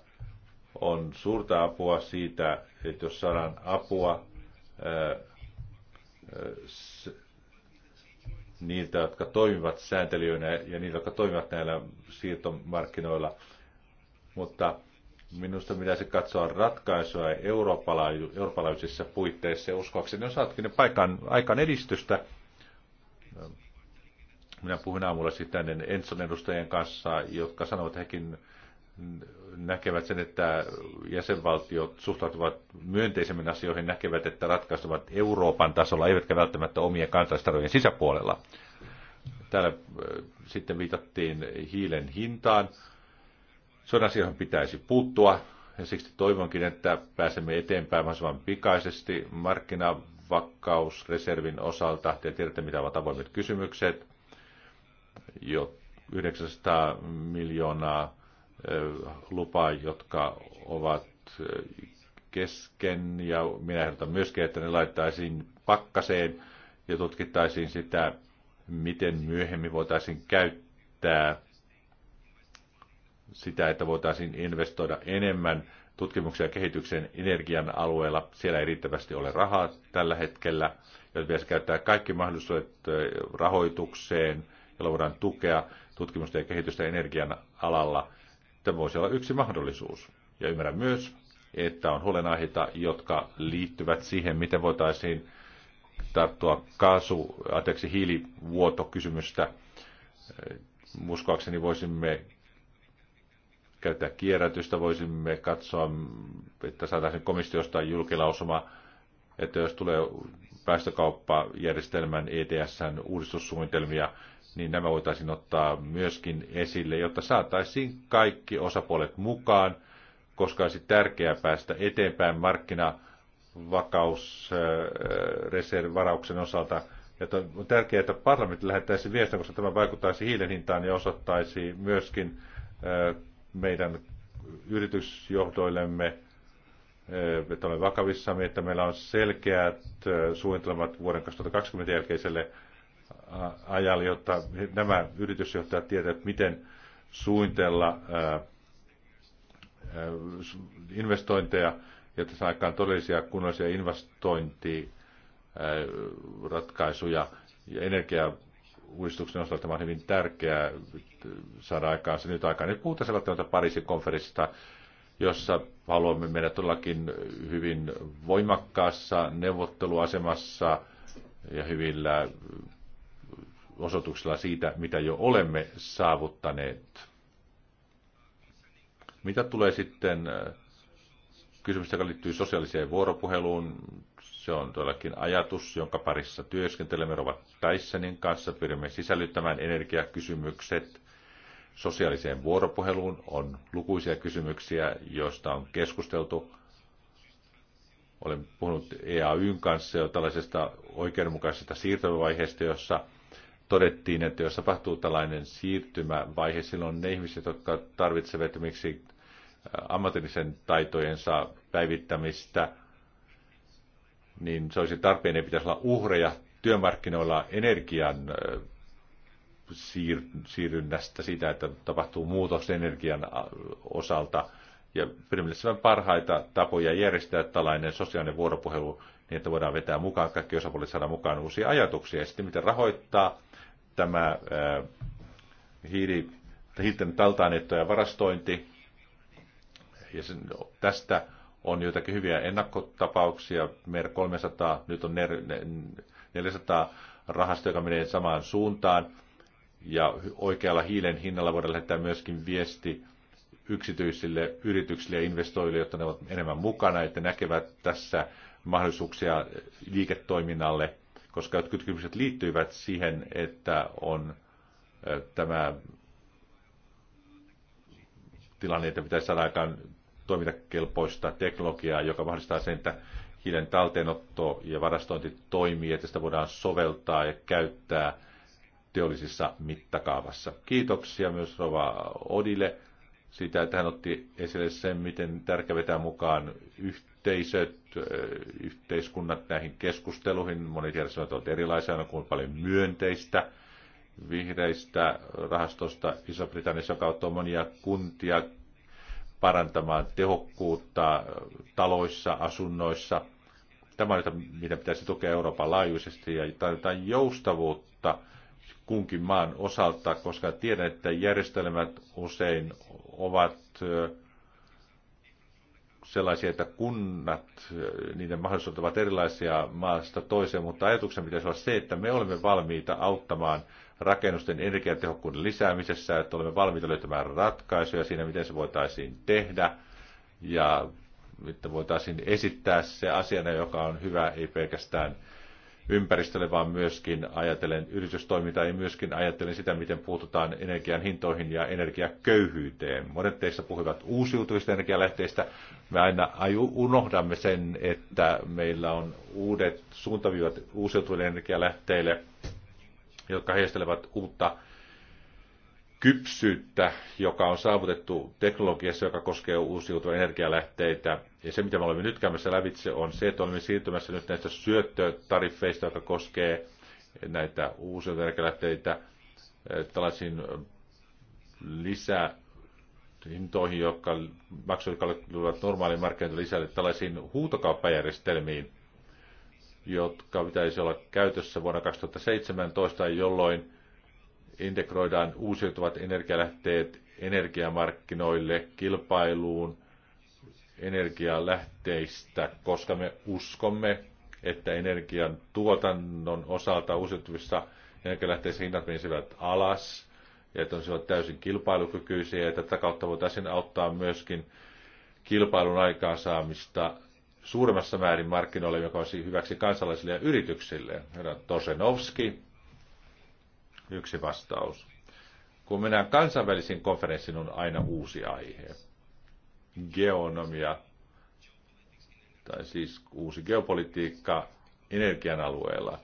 On suurta apua siitä, että jos saadaan apua niiltä, jotka toimivat sääntelijöinä ja niiltä, jotka toimivat näillä siirtomarkkinoilla. Mutta minusta pitäisi katsoa ratkaisua eurooppalaisissa puitteissa. Uskoakseni osaatkin ne paikan, aikaan edistystä minä puhuin aamulla sitten siis näiden Enson edustajien kanssa, jotka sanovat, että hekin näkevät sen, että jäsenvaltiot suhtautuvat myönteisemmin asioihin, näkevät, että ratkaistuvat Euroopan tasolla, eivätkä välttämättä omien kansallistarvojen sisäpuolella. Täällä äh, sitten viitattiin hiilen hintaan. Sen asioihin pitäisi puuttua, ja siksi toivonkin, että pääsemme eteenpäin mahdollisimman pikaisesti markkinavakkausreservin osalta. Te tiedätte, mitä ovat avoimet kysymykset jo 900 miljoonaa lupaa, jotka ovat kesken, ja minä ehdotan myöskin, että ne laittaisiin pakkaseen ja tutkittaisiin sitä, miten myöhemmin voitaisiin käyttää sitä, että voitaisiin investoida enemmän tutkimuksen ja kehityksen energian alueella. Siellä ei riittävästi ole rahaa tällä hetkellä, joten pitäisi käyttää kaikki mahdollisuudet rahoitukseen – jolla voidaan tukea tutkimusta ja kehitystä energian alalla. Tämä voisi olla yksi mahdollisuus. Ja ymmärrän myös, että on huolenaiheita, jotka liittyvät siihen, miten voitaisiin tarttua kaasu, anteeksi, hiilivuotokysymystä. Uskoakseni voisimme käyttää kierrätystä, voisimme katsoa, että saataisiin komissiosta julkilausuma, että jos tulee päästökauppajärjestelmän ETSn uudistussuunnitelmia, niin nämä voitaisiin ottaa myöskin esille, jotta saataisiin kaikki osapuolet mukaan, koska olisi tärkeää päästä eteenpäin markkinavakausvarauksen osalta. Ja on tärkeää, että parlamentti lähettäisi viestin, koska tämä vaikuttaisi hiilen hintaan ja osoittaisi myöskin meidän yritysjohdoillemme, että olemme vakavissamme, että meillä on selkeät suunnitelmat vuoden 2020 jälkeiselle ajalla, jotta nämä yritysjohtajat tietävät, miten suunnitella investointeja, jotta saa aikaan todellisia kunnollisia investointiratkaisuja. Ja energiauudistuksen osalta tämä on hyvin tärkeää saada aikaan se nyt aikaan. Nyt puhutaan sellaista Pariisin konferenssista, jossa haluamme mennä todellakin hyvin voimakkaassa neuvotteluasemassa ja hyvillä osoituksella siitä, mitä jo olemme saavuttaneet. Mitä tulee sitten äh, kysymys, joka liittyy sosiaaliseen vuoropuheluun, se on todellakin ajatus, jonka parissa työskentelemme Rovat Tysonin kanssa. Pyrimme sisällyttämään energiakysymykset sosiaaliseen vuoropuheluun. On lukuisia kysymyksiä, joista on keskusteltu. Olen puhunut EAYn kanssa jo tällaisesta oikeudenmukaisesta siirtymävaiheesta, jossa – todettiin, että jos tapahtuu tällainen siirtymävaihe, silloin ne ihmiset, jotka tarvitsevat esimerkiksi äh, ammatillisen taitojensa päivittämistä, niin se olisi tarpeen, ne pitäisi olla uhreja työmarkkinoilla energian äh, siirrynnästä, sitä, että tapahtuu muutos energian äh, osalta. Ja pyrimme parhaita tapoja järjestää tällainen sosiaalinen vuoropuhelu niin, että voidaan vetää mukaan kaikki osapuolet, saada mukaan uusia ajatuksia. Ja sitten miten rahoittaa tämä hiilten taltaanetto ja varastointi. Ja sen, tästä on joitakin hyviä ennakkotapauksia. Meidän 300, nyt on 400 rahasto, joka menee samaan suuntaan. Ja oikealla hiilen hinnalla voidaan lähettää myöskin viesti yksityisille yrityksille ja investoijille, jotta ne ovat enemmän mukana, että näkevät tässä mahdollisuuksia liiketoiminnalle – koska jotkut kysymykset liittyivät siihen, että on tämä tilanne, että pitäisi saada aikaan toimintakelpoista teknologiaa, joka mahdollistaa sen, että hiilen talteenotto ja varastointi toimii, että sitä voidaan soveltaa ja käyttää teollisissa mittakaavassa. Kiitoksia myös Rova Odille siitä, että hän otti esille sen, miten tärkeä vetää mukaan yhteisöt Eh, yhteiskunnat näihin keskusteluihin. Monet järjestelmät ovat erilaisia, on kuin paljon myönteistä vihreistä rahastosta Iso-Britanniassa, joka on monia kuntia parantamaan tehokkuutta taloissa, asunnoissa. Tämä on mitä pitäisi tukea Euroopan laajuisesti ja tarvitaan joustavuutta kunkin maan osalta, koska tiedän, että järjestelmät usein ovat eh, sellaisia, että kunnat, niiden mahdollisuudet ovat erilaisia maasta toiseen, mutta ajatuksen pitäisi olla se, että me olemme valmiita auttamaan rakennusten energiatehokkuuden lisäämisessä, että olemme valmiita löytämään ratkaisuja siinä, miten se voitaisiin tehdä, ja että voitaisiin esittää se asiana, joka on hyvä, ei pelkästään ympäristölle, vaan myöskin ajatellen yritystoimintaa ja myöskin ajatellen sitä, miten puututaan energian hintoihin ja energiaköyhyyteen. Monet teistä puhuvat uusiutuvista energialähteistä. Me aina unohdamme sen, että meillä on uudet suuntaviivat uusiutuville energialähteille, jotka heistelevät uutta kypsyyttä, joka on saavutettu teknologiassa, joka koskee uusiutuvia energialähteitä ja se, mitä me olemme nyt käymässä lävitse, on se, että olemme siirtymässä nyt näistä syöttötariffeista, jotka koskee näitä uusia energialähteitä, eh, tällaisiin eh, lisää hintoihin, jotka maksuivat, jotka olivat normaaliin markkinoille lisälle, tällaisiin huutokauppajärjestelmiin, jotka pitäisi olla käytössä vuonna 2017, jolloin integroidaan uusiutuvat energialähteet energiamarkkinoille, kilpailuun, energialähteistä, koska me uskomme, että energian tuotannon osalta uusiutuvissa energialähteissä hinnat menisivät alas ja että olisivat täysin kilpailukykyisiä ja tätä kautta voitaisiin auttaa myöskin kilpailun aikaansaamista suuremmassa määrin markkinoille, joka olisi hyväksi kansalaisille ja yrityksille. Herra Tosenovski, yksi vastaus. Kun mennään kansainvälisiin konferenssiin, on aina uusi aihe geonomia, tai siis uusi geopolitiikka energian alueella.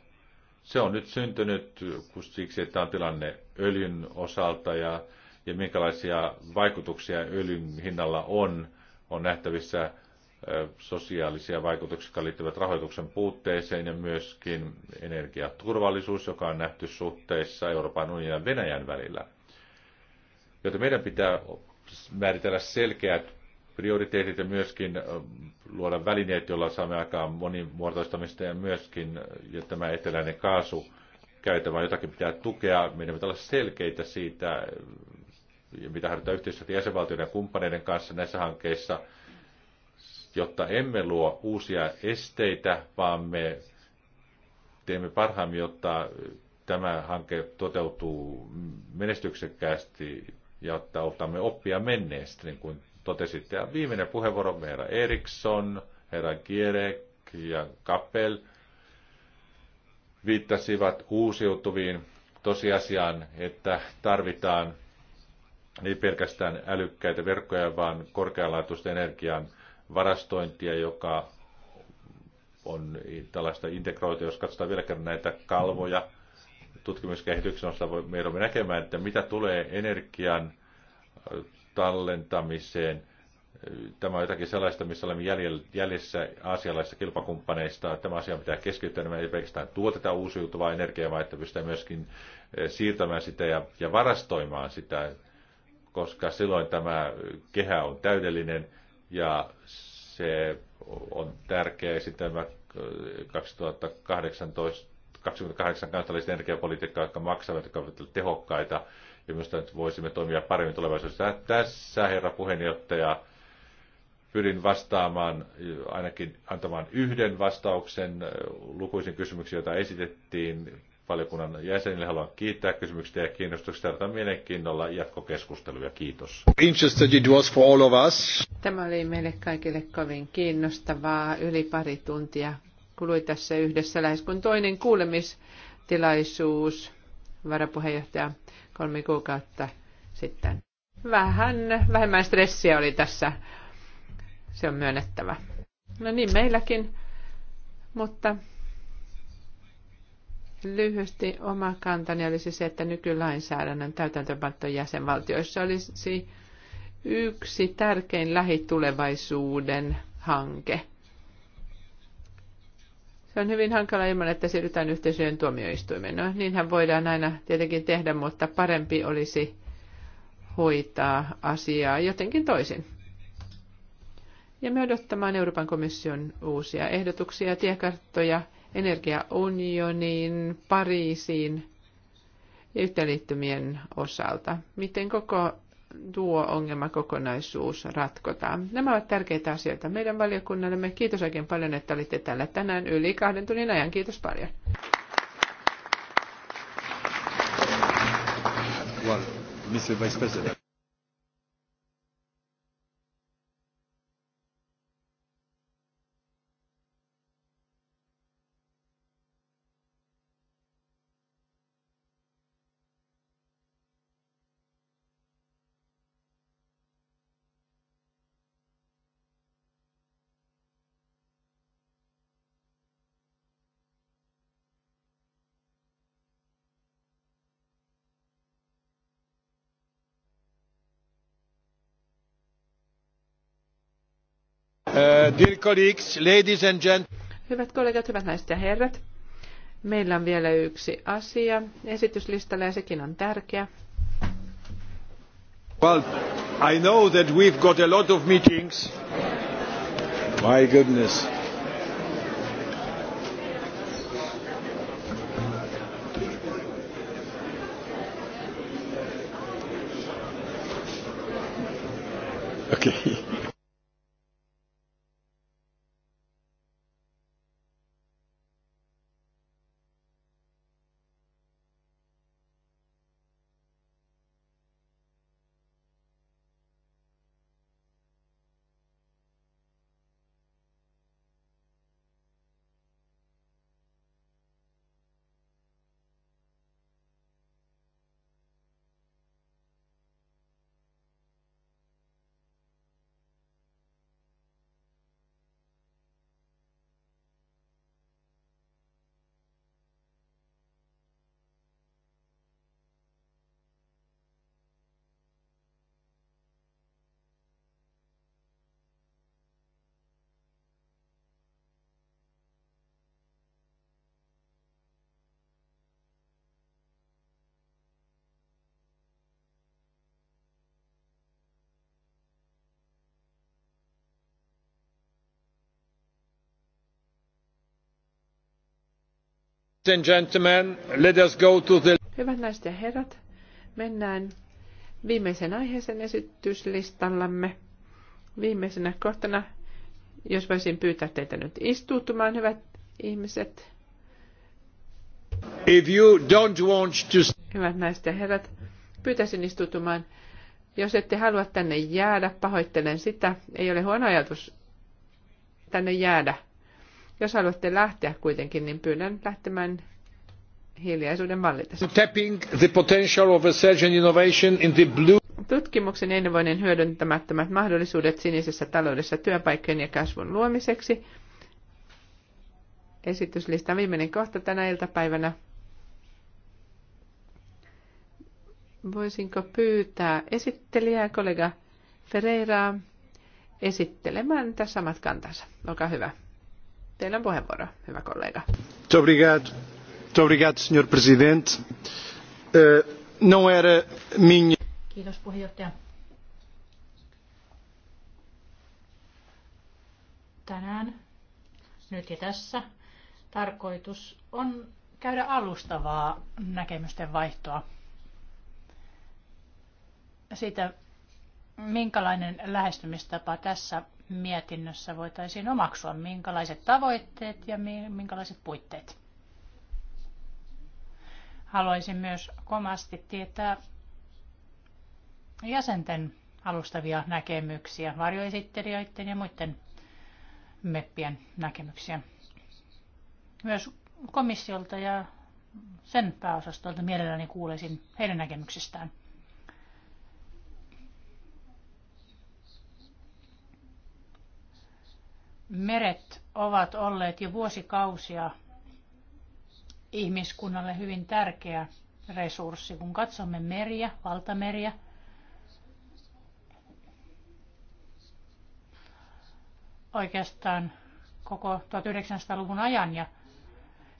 Se on nyt syntynyt siksi, että on tilanne öljyn osalta ja, ja minkälaisia vaikutuksia öljyn hinnalla on. On nähtävissä sosiaalisia vaikutuksia, jotka liittyvät rahoituksen puutteeseen ja myöskin energiaturvallisuus, joka on nähty suhteissa Euroopan unionin ja Venäjän välillä. Joten meidän pitää määritellä selkeät prioriteetit ja myöskin luoda välineet, joilla saamme aikaan monimuotoistamista ja myöskin ja tämä eteläinen kaasu käytävä jotakin pitää tukea. Meidän pitää olla selkeitä siitä, mitä harjoittaa yhteistyötä jäsenvaltioiden ja kumppaneiden kanssa näissä hankkeissa, jotta emme luo uusia esteitä, vaan me teemme parhaamme, jotta tämä hanke toteutuu menestyksekkäästi ja että otamme oppia menneestä, niin kuin totesitte. Ja viimeinen puheenvuoro herra Eriksson, herra Gierek ja Kappel viittasivat uusiutuviin tosiasiaan, että tarvitaan ei pelkästään älykkäitä verkkoja, vaan korkealaatuista energian varastointia, joka on tällaista integroitua. Jos katsotaan vielä kerran näitä kalvoja tutkimuskehityksen osalta, on näkemään, että mitä tulee energian tallentamiseen. Tämä on jotakin sellaista, missä olemme jäljessä aasialaisista kilpakumppaneista. Tämä asia pitää keskittyä, niin me ei pelkästään tuoteta uusiutuvaa energiaa, vaan että pystytään myöskin eh, siirtämään sitä ja, ja varastoimaan sitä, koska silloin tämä kehä on täydellinen ja se on tärkeä. Sitten 2018 28 kansallista energiapolitiikkaa, jotka maksavat, jotka ovat tehokkaita ja minusta nyt voisimme toimia paremmin tulevaisuudessa. Tässä, herra puheenjohtaja, pyrin vastaamaan, ainakin antamaan yhden vastauksen lukuisiin kysymyksiin, joita esitettiin valiokunnan jäsenille. Haluan kiittää kysymyksistä ja kiinnostuksista. Odotan mielenkiinnolla jatkokeskusteluja. Kiitos. it was for all of us. Tämä oli meille kaikille kovin kiinnostavaa. Yli pari tuntia kului tässä yhdessä lähes kuin toinen kuulemistilaisuus. Varapuheenjohtaja kolme kuukautta sitten. Vähän vähemmän stressiä oli tässä, se on myönnettävä. No niin, meilläkin, mutta lyhyesti oma kantani olisi siis se, että nykylainsäädännön täytäntöönpanto jäsenvaltioissa olisi yksi tärkein lähitulevaisuuden hanke – se on hyvin hankala ilman, että siirrytään yhteisöjen tuomioistuimeen. No, niinhän voidaan aina tietenkin tehdä, mutta parempi olisi hoitaa asiaa jotenkin toisin. Ja me odottamaan Euroopan komission uusia ehdotuksia, tiekarttoja, energiaunioniin, Pariisiin ja yhteenliittymien osalta. Miten koko tuo ongelmakokonaisuus ratkotaan. Nämä ovat tärkeitä asioita meidän valiokunnallemme. Kiitos oikein paljon, että olitte täällä tänään yli kahden tunnin ajan. Kiitos paljon. Well, Mr. Vice President. Uh, dear colleagues, ladies and gentlemen. Hyvät kollegat, hyvät naiset ja herrat. Meillä on vielä yksi asia esityslistalla ja sekin on tärkeä. Well, I know that we've got a lot of meetings. My goodness. Okay. Hyvät naiset ja herrat, mennään viimeisen aiheeseen esityslistallamme. Viimeisenä kohtana, jos voisin pyytää teitä nyt istuutumaan, hyvät ihmiset. If you don't want to... Hyvät naiset ja herrat, pyytäisin istuutumaan. Jos ette halua tänne jäädä, pahoittelen sitä. Ei ole huono ajatus tänne jäädä. Jos haluatte lähteä kuitenkin, niin pyydän lähtemään hiljaisuuden vallitessa. Tapping the potential of innovation in the blue Tutkimuksen ennenvoinen hyödyntämättömät mahdollisuudet sinisessä taloudessa työpaikkojen ja kasvun luomiseksi. Esityslistan viimeinen kohta tänä iltapäivänä. Voisinko pyytää esittelijää, kollega Ferreira esittelemään tässä samat kantansa. Olkaa hyvä. Teillä on puheenvuoro, hyvä kollega. Eh, Kiitos puheenjohtaja. Tänään, nyt ja tässä, tarkoitus on käydä alustavaa näkemysten vaihtoa siitä, minkälainen lähestymistapa tässä mietinnössä voitaisiin omaksua, minkälaiset tavoitteet ja minkälaiset puitteet. Haluaisin myös komasti tietää jäsenten alustavia näkemyksiä, varjoesittelijöiden ja muiden meppien näkemyksiä. Myös komissiolta ja sen pääosastolta mielelläni kuulisin heidän näkemyksistään. Meret ovat olleet jo vuosikausia ihmiskunnalle hyvin tärkeä resurssi. Kun katsomme meriä, valtameriä, oikeastaan koko 1900-luvun ajan ja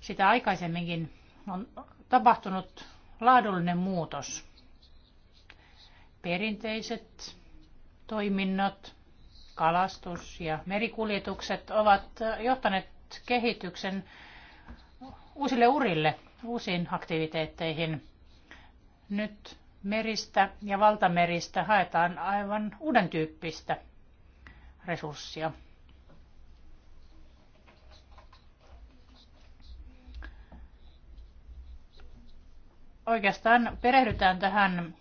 sitä aikaisemminkin on tapahtunut laadullinen muutos. Perinteiset toiminnot, kalastus ja merikuljetukset ovat johtaneet kehityksen uusille urille, uusiin aktiviteetteihin. Nyt meristä ja valtameristä haetaan aivan uuden tyyppistä resurssia. Oikeastaan perehdytään tähän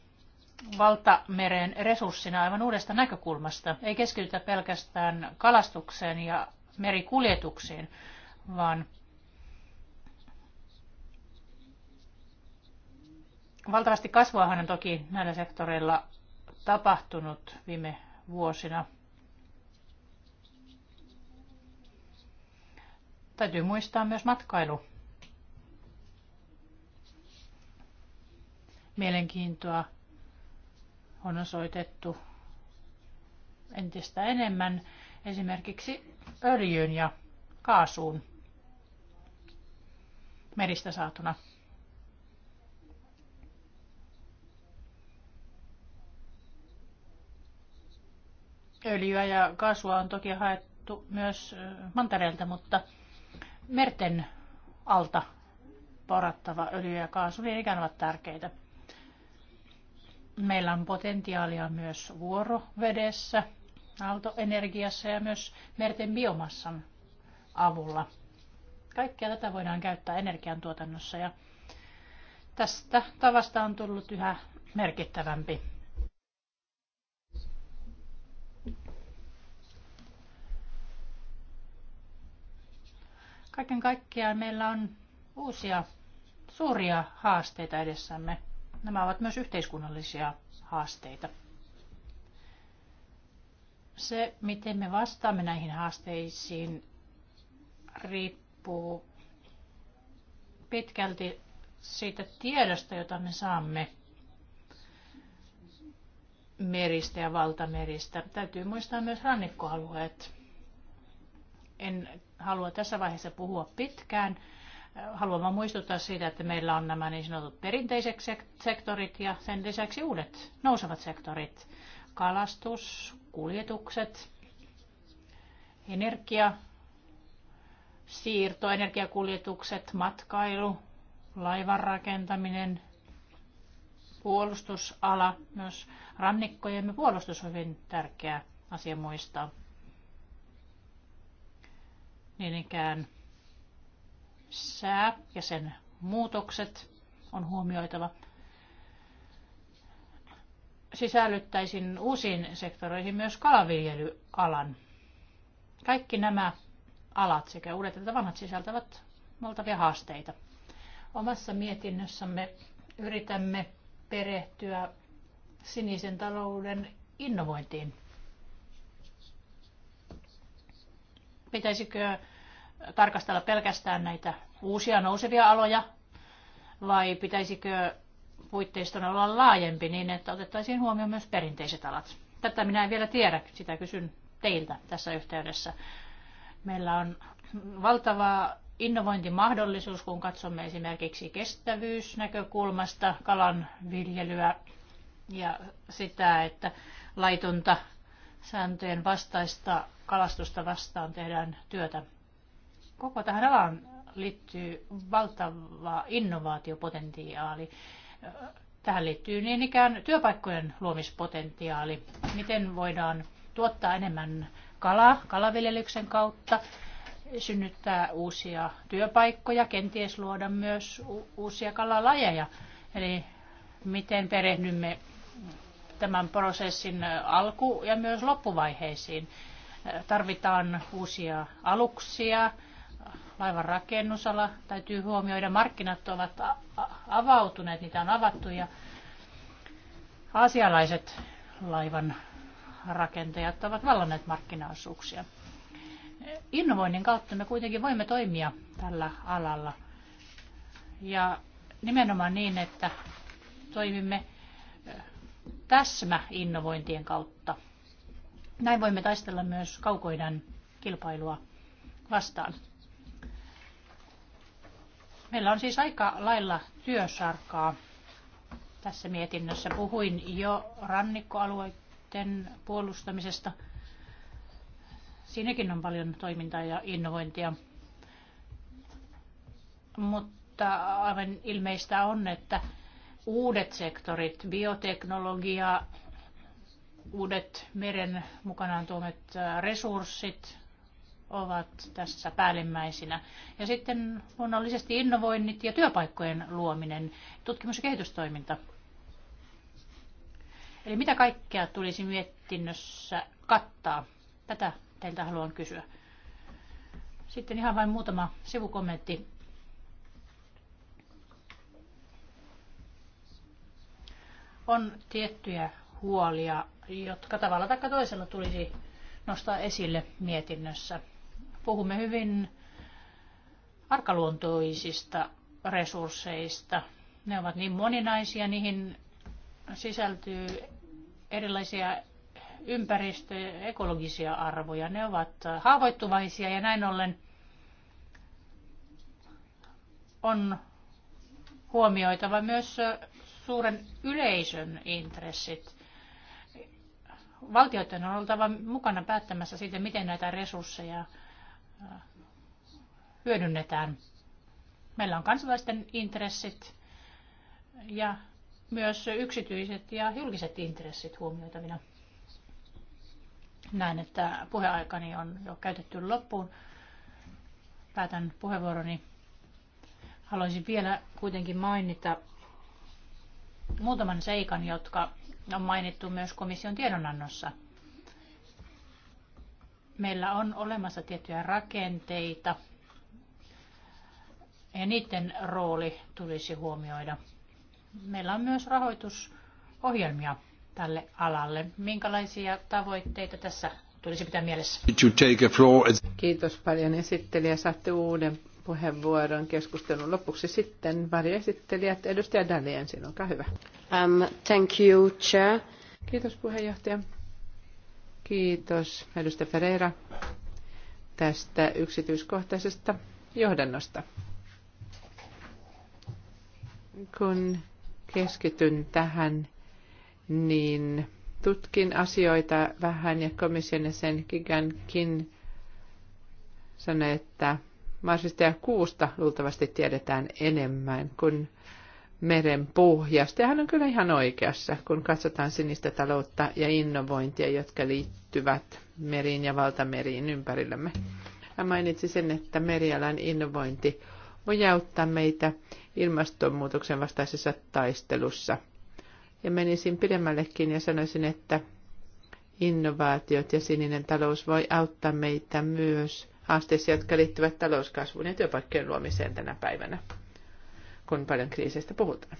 valtameren resurssina aivan uudesta näkökulmasta. Ei keskitytä pelkästään kalastukseen ja merikuljetuksiin, vaan valtavasti kasvuahan on toki näillä sektoreilla tapahtunut viime vuosina. Täytyy muistaa myös matkailu. Mielenkiintoa on osoitettu entistä enemmän esimerkiksi öljyyn ja kaasuun meristä saatuna. Öljyä ja kaasua on toki haettu myös mantereelta, mutta merten alta porattava öljy ja kaasu, niin ikään ovat tärkeitä. Meillä on potentiaalia myös vuorovedessä, aaltoenergiassa ja myös merten biomassan avulla. Kaikkea tätä voidaan käyttää energiantuotannossa ja tästä tavasta on tullut yhä merkittävämpi. Kaiken kaikkiaan meillä on uusia suuria haasteita edessämme. Nämä ovat myös yhteiskunnallisia haasteita. Se, miten me vastaamme näihin haasteisiin, riippuu pitkälti siitä tiedosta, jota me saamme meristä ja valtameristä. Täytyy muistaa myös rannikkoalueet. En halua tässä vaiheessa puhua pitkään haluamme muistuttaa siitä, että meillä on nämä niin sanotut perinteiset sektorit ja sen lisäksi uudet nousevat sektorit. Kalastus, kuljetukset, energia, siirto, energiakuljetukset, matkailu, laivan rakentaminen, puolustusala, myös rannikkojemme puolustus on hyvin tärkeä asia muistaa. Niin ikään sää ja sen muutokset on huomioitava. Sisällyttäisin uusiin sektoreihin myös kalaviljelyalan. Kaikki nämä alat sekä uudet että vanhat sisältävät valtavia haasteita. Omassa mietinnössämme yritämme perehtyä sinisen talouden innovointiin. Pitäisikö tarkastella pelkästään näitä uusia nousevia aloja, vai pitäisikö puitteiston olla laajempi niin, että otettaisiin huomioon myös perinteiset alat? Tätä minä en vielä tiedä, sitä kysyn teiltä tässä yhteydessä. Meillä on valtava innovointimahdollisuus, kun katsomme esimerkiksi kestävyysnäkökulmasta kalan viljelyä ja sitä, että laitonta sääntöjen vastaista kalastusta vastaan tehdään työtä Koko tähän alaan liittyy valtava innovaatiopotentiaali. Tähän liittyy niin ikään työpaikkojen luomispotentiaali. Miten voidaan tuottaa enemmän kalaa kalaviljelyksen kautta, synnyttää uusia työpaikkoja, kenties luoda myös uusia kalalajeja. Eli miten perehdymme tämän prosessin alku- ja myös loppuvaiheisiin. Tarvitaan uusia aluksia, laivan rakennusala täytyy huomioida. Markkinat ovat avautuneet, niitä on avattu ja asialaiset laivan rakentajat ovat vallanneet markkinaosuuksia. Innovoinnin kautta me kuitenkin voimme toimia tällä alalla. Ja nimenomaan niin, että toimimme täsmäinnovointien kautta. Näin voimme taistella myös kaukoidan kilpailua vastaan. Meillä on siis aika lailla työsarkaa. Tässä mietinnössä puhuin jo rannikkoalueiden puolustamisesta. Siinäkin on paljon toimintaa ja innovointia. Mutta aivan ilmeistä on, että uudet sektorit, bioteknologia, uudet meren mukanaan tuomet resurssit, ovat tässä päällimmäisinä. Ja sitten luonnollisesti innovoinnit ja työpaikkojen luominen, tutkimus- ja kehitystoiminta. Eli mitä kaikkea tulisi mietinnössä kattaa? Tätä teiltä haluan kysyä. Sitten ihan vain muutama sivukommentti. On tiettyjä huolia, jotka tavalla tai toisella tulisi nostaa esille mietinnössä. Puhumme hyvin arkaluontoisista resursseista. Ne ovat niin moninaisia, niihin sisältyy erilaisia ympäristö- ja ekologisia arvoja. Ne ovat haavoittuvaisia ja näin ollen on huomioitava myös suuren yleisön intressit. Valtioiden on oltava mukana päättämässä siitä, miten näitä resursseja Äh, hyödynnetään. Meillä on kansalaisten intressit ja myös yksityiset ja julkiset intressit huomioitavina. Näen, että puheaikani on jo käytetty loppuun. Päätän puheenvuoroni. Haluaisin vielä kuitenkin mainita muutaman seikan, jotka on mainittu myös komission tiedonannossa – meillä on olemassa tiettyjä rakenteita ja niiden rooli tulisi huomioida. Meillä on myös rahoitusohjelmia tälle alalle. Minkälaisia tavoitteita tässä tulisi pitää mielessä? Kiitos paljon esittelijä. Saatte uuden puheenvuoron keskustelun lopuksi sitten varjoesittelijät. Edustaja Dali ensin, olkaa hyvä. Um, thank you, Chair. Kiitos puheenjohtaja. Kiitos edustaja Ferreira tästä yksityiskohtaisesta johdannosta. Kun keskityn tähän, niin tutkin asioita vähän ja komission sen Kigankin sanoi, että Marsista ja kuusta luultavasti tiedetään enemmän kuin meren pohjasta. Ja hän on kyllä ihan oikeassa, kun katsotaan sinistä taloutta ja innovointia, jotka liittyvät liittyvät meriin ja valtameriin ympärillämme. Hän mainitsi sen, että merialan innovointi voi auttaa meitä ilmastonmuutoksen vastaisessa taistelussa. Ja menisin pidemmällekin ja sanoisin, että innovaatiot ja sininen talous voi auttaa meitä myös haasteissa, jotka liittyvät talouskasvuun ja työpaikkojen luomiseen tänä päivänä, kun paljon kriiseistä puhutaan.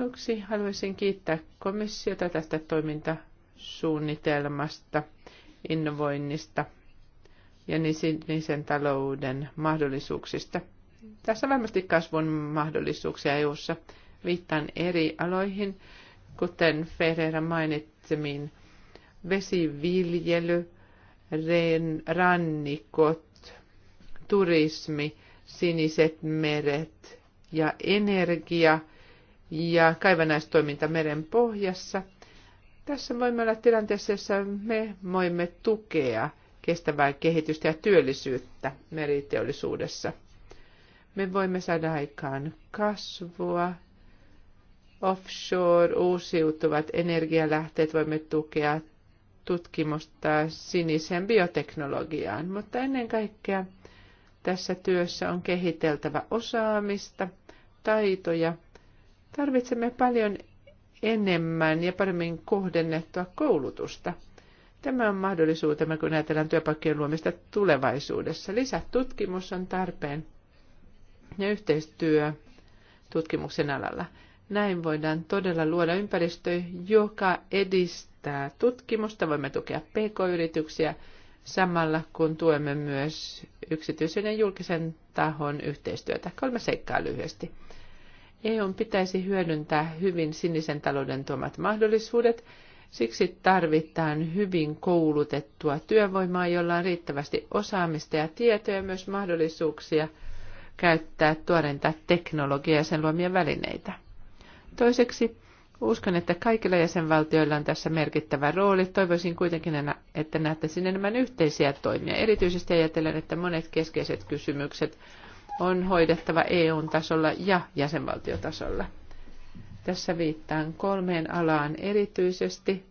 Aluksi haluaisin kiittää komissiota tästä toiminta suunnitelmasta, innovoinnista ja sinisen talouden mahdollisuuksista. Tässä on varmasti kasvun mahdollisuuksia EU-ssa. Viittaan eri aloihin, kuten Ferreira mainitsemiin vesiviljely, rannikot, turismi, siniset meret ja energia ja kaivannaistoiminta meren pohjassa – tässä voimme olla tilanteessa, jossa me voimme tukea kestävää kehitystä ja työllisyyttä meriteollisuudessa. Me voimme saada aikaan kasvua, offshore, uusiutuvat energialähteet, voimme tukea tutkimusta siniseen bioteknologiaan, mutta ennen kaikkea tässä työssä on kehiteltävä osaamista, taitoja. Tarvitsemme paljon enemmän ja paremmin kohdennettua koulutusta. Tämä on mahdollisuutemme, kun ajatellaan työpaikkojen luomista tulevaisuudessa. Lisätutkimus on tarpeen ja yhteistyö tutkimuksen alalla. Näin voidaan todella luoda ympäristö, joka edistää tutkimusta. Voimme tukea pk-yrityksiä samalla, kun tuemme myös yksityisen ja julkisen tahon yhteistyötä. Kolme seikkaa lyhyesti. EUn pitäisi hyödyntää hyvin sinisen talouden tuomat mahdollisuudet, siksi tarvitaan hyvin koulutettua työvoimaa, jolla on riittävästi osaamista ja tietoja ja myös mahdollisuuksia käyttää tuoreinta teknologiaa ja sen luomia välineitä. Toiseksi Uskon, että kaikilla jäsenvaltioilla on tässä merkittävä rooli. Toivoisin kuitenkin, että näette sinne enemmän yhteisiä toimia. Erityisesti ajatellen, että monet keskeiset kysymykset on hoidettava EU-tasolla ja jäsenvaltiotasolla. Tässä viittaan kolmeen alaan erityisesti.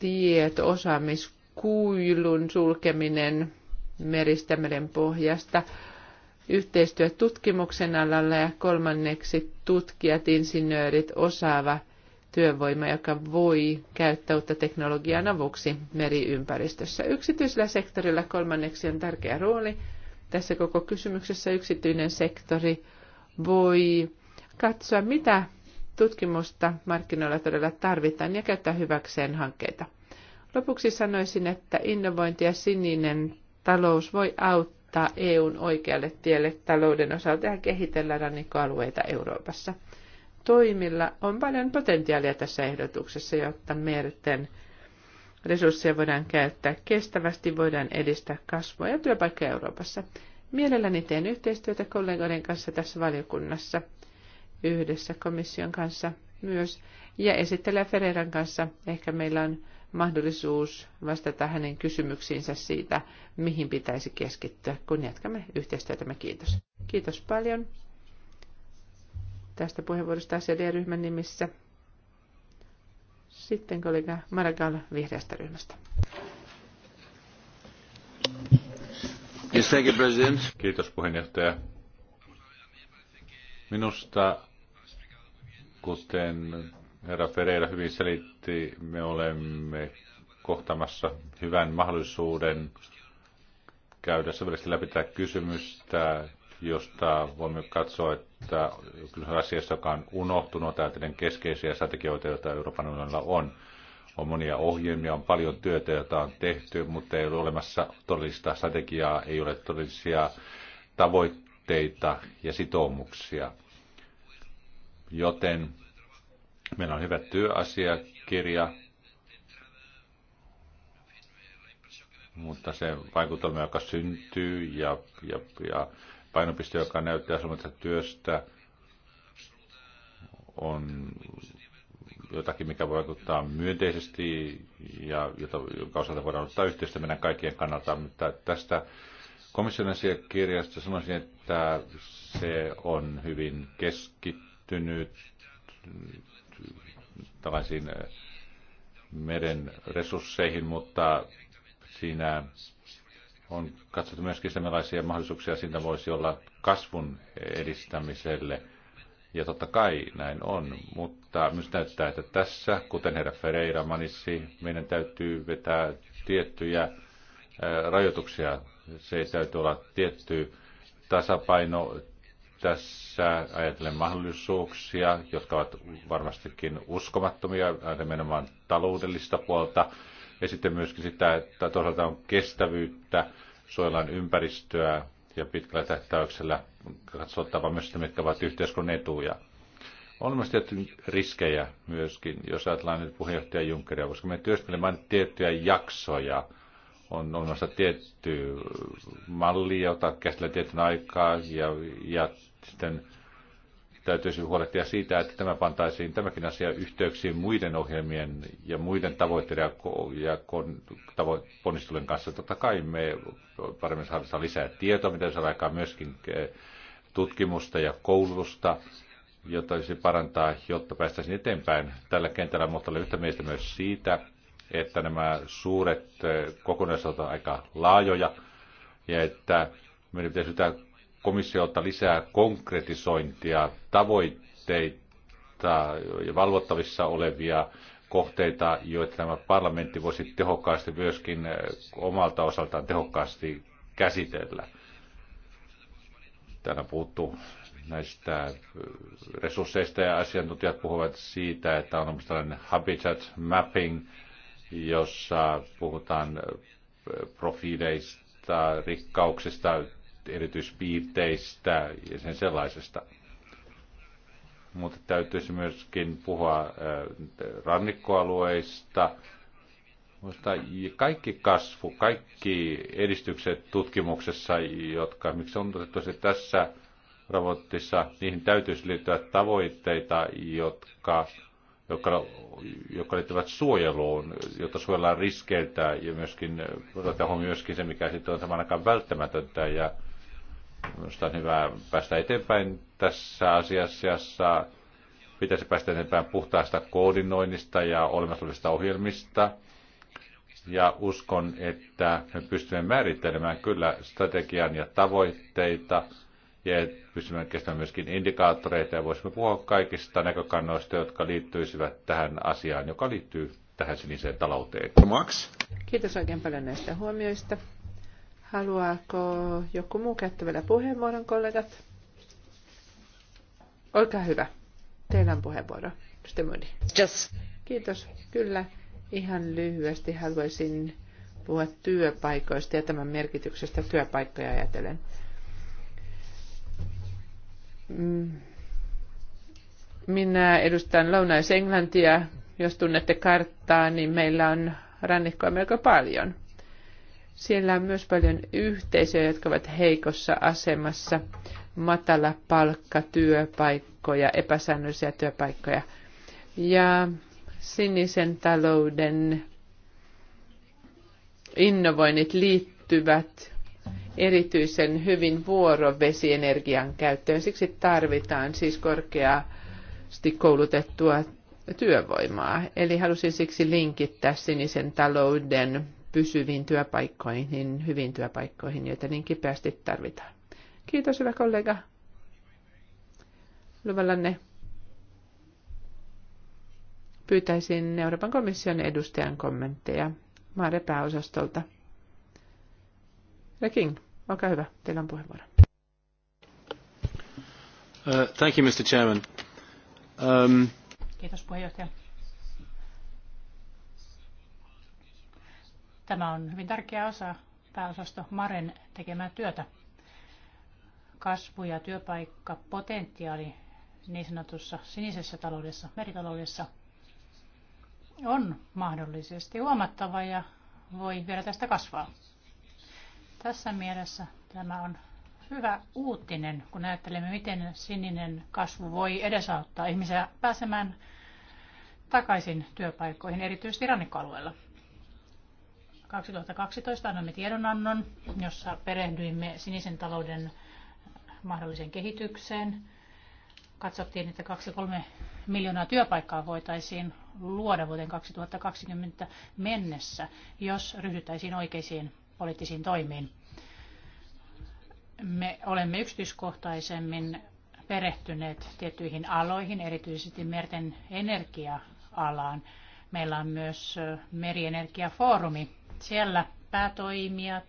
Tieto, osaamiskuilun sulkeminen meristämeren pohjasta, yhteistyö tutkimuksen alalla ja kolmanneksi tutkijat, insinöörit, osaava työvoima, joka voi käyttää uutta teknologian avuksi meriympäristössä. Yksityisellä sektorilla kolmanneksi on tärkeä rooli – tässä koko kysymyksessä yksityinen sektori voi katsoa, mitä tutkimusta markkinoilla todella tarvitaan ja käyttää hyväkseen hankkeita. Lopuksi sanoisin, että innovointi ja sininen talous voi auttaa EUn oikealle tielle talouden osalta ja kehitellä rannikkoalueita Euroopassa. Toimilla on paljon potentiaalia tässä ehdotuksessa, jotta merten Resursseja voidaan käyttää kestävästi, voidaan edistää kasvua ja työpaikkoja Euroopassa. Mielelläni teen yhteistyötä kollegoiden kanssa tässä valiokunnassa, yhdessä komission kanssa myös, ja esittelee Ferreran kanssa ehkä meillä on mahdollisuus vastata hänen kysymyksiinsä siitä, mihin pitäisi keskittyä, kun jatkamme yhteistyötämme. Kiitos. Kiitos paljon tästä puheenvuorosta asiaryhmän nimissä. Sitten kollega Maragall vihreästä ryhmästä. Kiitos puheenjohtaja. Minusta, kuten herra Ferreira hyvin selitti, me olemme kohtamassa hyvän mahdollisuuden käydä sovellisesti läpi tätä kysymystä josta voimme katsoa, että kyllä asiassa, joka on unohtunut, ajatellen keskeisiä strategioita, joita Euroopan unionilla on. On monia ohjelmia, on paljon työtä, jota on tehty, mutta ei ole olemassa todellista strategiaa, ei ole todellisia tavoitteita ja sitoumuksia. Joten meillä on hyvä työasiakirja, mutta se vaikutelma, joka syntyy ja, ja, ja painopiste, joka näyttää samalta työstä, on jotakin, mikä vaikuttaa myönteisesti ja jota, jonka osalta voidaan ottaa yhteistä meidän kaikkien kannalta. Mutta tästä komission asiakirjasta sanoisin, että se on hyvin keskittynyt tällaisiin meren resursseihin, mutta siinä on katsottu myöskin sellaisia mahdollisuuksia, siinä voisi olla kasvun edistämiselle. Ja totta kai näin on, mutta myös näyttää, että tässä, kuten herra Ferreira manissi, meidän täytyy vetää tiettyjä rajoituksia. Se ei täytyy olla tietty tasapaino tässä ajatellen mahdollisuuksia, jotka ovat varmastikin uskomattomia, nimenomaan taloudellista puolta, ja sitten myöskin sitä, että toisaalta on kestävyyttä, suojellaan ympäristöä ja pitkällä tähtäyksellä katsottava myös sitä, mitkä ovat yhteiskunnan etuja. On myös tietty riskejä myöskin, jos ajatellaan nyt puheenjohtaja Junckeria, koska me työskentelemme tiettyjä jaksoja. On olemassa tietty malli, jota käsitellään tietyn aikaa ja, ja sitten täytyisi siis huolehtia siitä, että tämä pantaisiin tämäkin asia yhteyksiin muiden ohjelmien ja muiden tavoitteiden ja, ja tavo- ponnistelujen kanssa. Totta kai me paremmin saadaan lisää tietoa, mitä saadaan aikaa myöskin eh, tutkimusta ja koulutusta, jota olisi parantaa, jotta päästäisiin eteenpäin tällä kentällä, mutta olen yhtä mieltä myös siitä, että nämä suuret eh, kokonaisuudet ovat aika laajoja ja että meidän pitäisi komissiolta lisää konkretisointia, tavoitteita ja valvottavissa olevia kohteita, joita tämä parlamentti voisi tehokkaasti myöskin eh, omalta osaltaan tehokkaasti käsitellä. Täällä on puhuttu näistä eh, resursseista ja asiantuntijat puhuvat siitä, että on olemassa tällainen habitat mapping, jossa puhutaan eh, profiileista, rikkauksista, erityispiirteistä ja sen sellaisesta. Mutta täytyisi myöskin puhua äh, rannikkoalueista. Mutta kaikki kasvu, kaikki edistykset tutkimuksessa, jotka miksi on otettu se tässä raportissa, niihin täytyisi liittyä tavoitteita, jotka jotka, jotka liittyvät suojeluun, jotta suojellaan riskeiltä ja myöskin otetaan huomioon myöskin se, mikä sitten on samaan aikaan välttämätöntä. Ja Minusta on hyvä päästä eteenpäin tässä asiassa. Pitäisi päästä eteenpäin puhtaasta koordinoinnista ja olemassa olevista ohjelmista. Ja uskon, että me pystymme määrittelemään kyllä strategian ja tavoitteita ja pystymme kestämään myöskin indikaattoreita ja voisimme puhua kaikista näkökannoista, jotka liittyisivät tähän asiaan, joka liittyy tähän siniseen talouteen. Max. Kiitos oikein paljon näistä huomioista. Haluaako joku muu vielä puheenvuoron, kollegat? Olkaa hyvä. Teillä on puheenvuoro. Yes. Kiitos. Kyllä. Ihan lyhyesti haluaisin puhua työpaikoista ja tämän merkityksestä työpaikkoja ajatellen. Mm. Minä edustan Lounais-Englantia. Jos tunnette karttaa, niin meillä on rannikkoa melko paljon – siellä on myös paljon yhteisöjä, jotka ovat heikossa asemassa, matala palkka, työpaikkoja, epäsäännöllisiä työpaikkoja. Ja sinisen talouden innovoinnit liittyvät erityisen hyvin vuorovesienergian käyttöön. Siksi tarvitaan siis korkeasti koulutettua työvoimaa. Eli halusin siksi linkittää sinisen talouden pysyviin työpaikkoihin, niin hyvin työpaikkoihin, joita niin kipeästi tarvitaan. Kiitos hyvä kollega luvallanne. Pyytäisin Euroopan komission edustajan kommentteja Maare pääosastolta. Reking, olkaa hyvä, teillä on puheenvuoro. Uh, thank you, Mr. Chairman. Um... Kiitos puheenjohtaja. Tämä on hyvin tärkeä osa pääosasto Maren tekemää työtä. Kasvu- ja työpaikkapotentiaali niin sanotussa sinisessä taloudessa, meritaloudessa, on mahdollisesti huomattava ja voi vielä tästä kasvaa. Tässä mielessä tämä on hyvä uutinen, kun ajattelemme, miten sininen kasvu voi edesauttaa ihmisiä pääsemään takaisin työpaikkoihin, erityisesti rannikkoalueella. 2012 annamme tiedonannon, jossa perehdyimme sinisen talouden mahdolliseen kehitykseen. Katsottiin, että 2-3 miljoonaa työpaikkaa voitaisiin luoda vuoteen 2020 mennessä, jos ryhdyttäisiin oikeisiin poliittisiin toimiin. Me olemme yksityiskohtaisemmin perehtyneet tiettyihin aloihin, erityisesti merten energia-alaan. Meillä on myös merienergiafoorumi, siellä päätoimijat,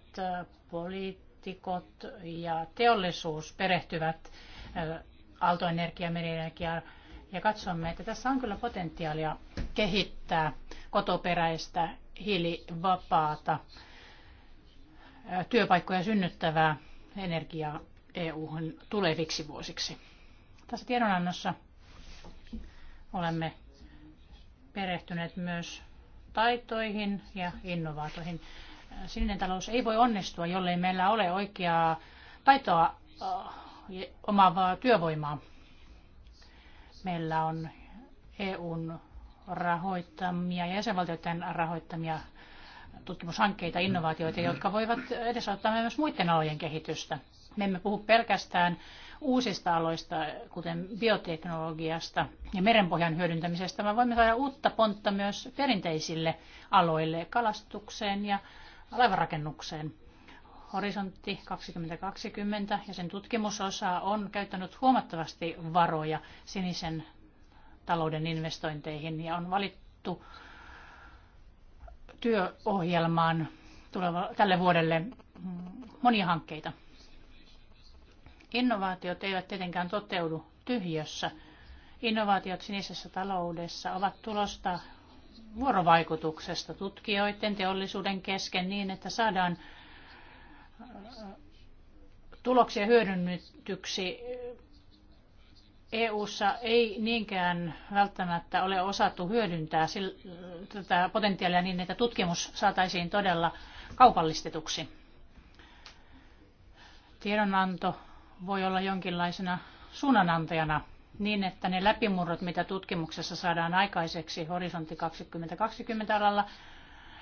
poliitikot ja teollisuus perehtyvät aaltoenergia, merienergiaan ja katsomme, että tässä on kyllä potentiaalia kehittää kotoperäistä hiilivapaata työpaikkoja synnyttävää energiaa EU-hun tuleviksi vuosiksi. Tässä tiedonannossa olemme perehtyneet myös taitoihin ja innovaatoihin. Sininen talous ei voi onnistua, jollei meillä ole oikeaa taitoa äh, omaavaa työvoimaa. Meillä on EUn rahoittamia ja jäsenvaltioiden rahoittamia tutkimushankkeita, innovaatioita, jotka voivat edesauttaa myös muiden alojen kehitystä. Me emme puhu pelkästään uusista aloista, kuten bioteknologiasta ja merenpohjan hyödyntämisestä, vaan voimme saada uutta pontta myös perinteisille aloille, kalastukseen ja laivarakennukseen. Horisontti 2020 ja sen tutkimusosa on käyttänyt huomattavasti varoja sinisen talouden investointeihin ja on valittu työohjelmaan tuleva, tälle vuodelle monia hankkeita. Innovaatiot eivät tietenkään toteudu tyhjössä. Innovaatiot sinisessä taloudessa ovat tulosta vuorovaikutuksesta tutkijoiden, teollisuuden kesken niin, että saadaan äh, tuloksia hyödynnetyksi EU:ssa ei niinkään välttämättä ole osattu hyödyntää tätä potentiaalia niin, että tutkimus saataisiin todella kaupallistetuksi. Tiedonanto voi olla jonkinlaisena suunnanantajana niin, että ne läpimurrot, mitä tutkimuksessa saadaan aikaiseksi horisontti 2020 alalla,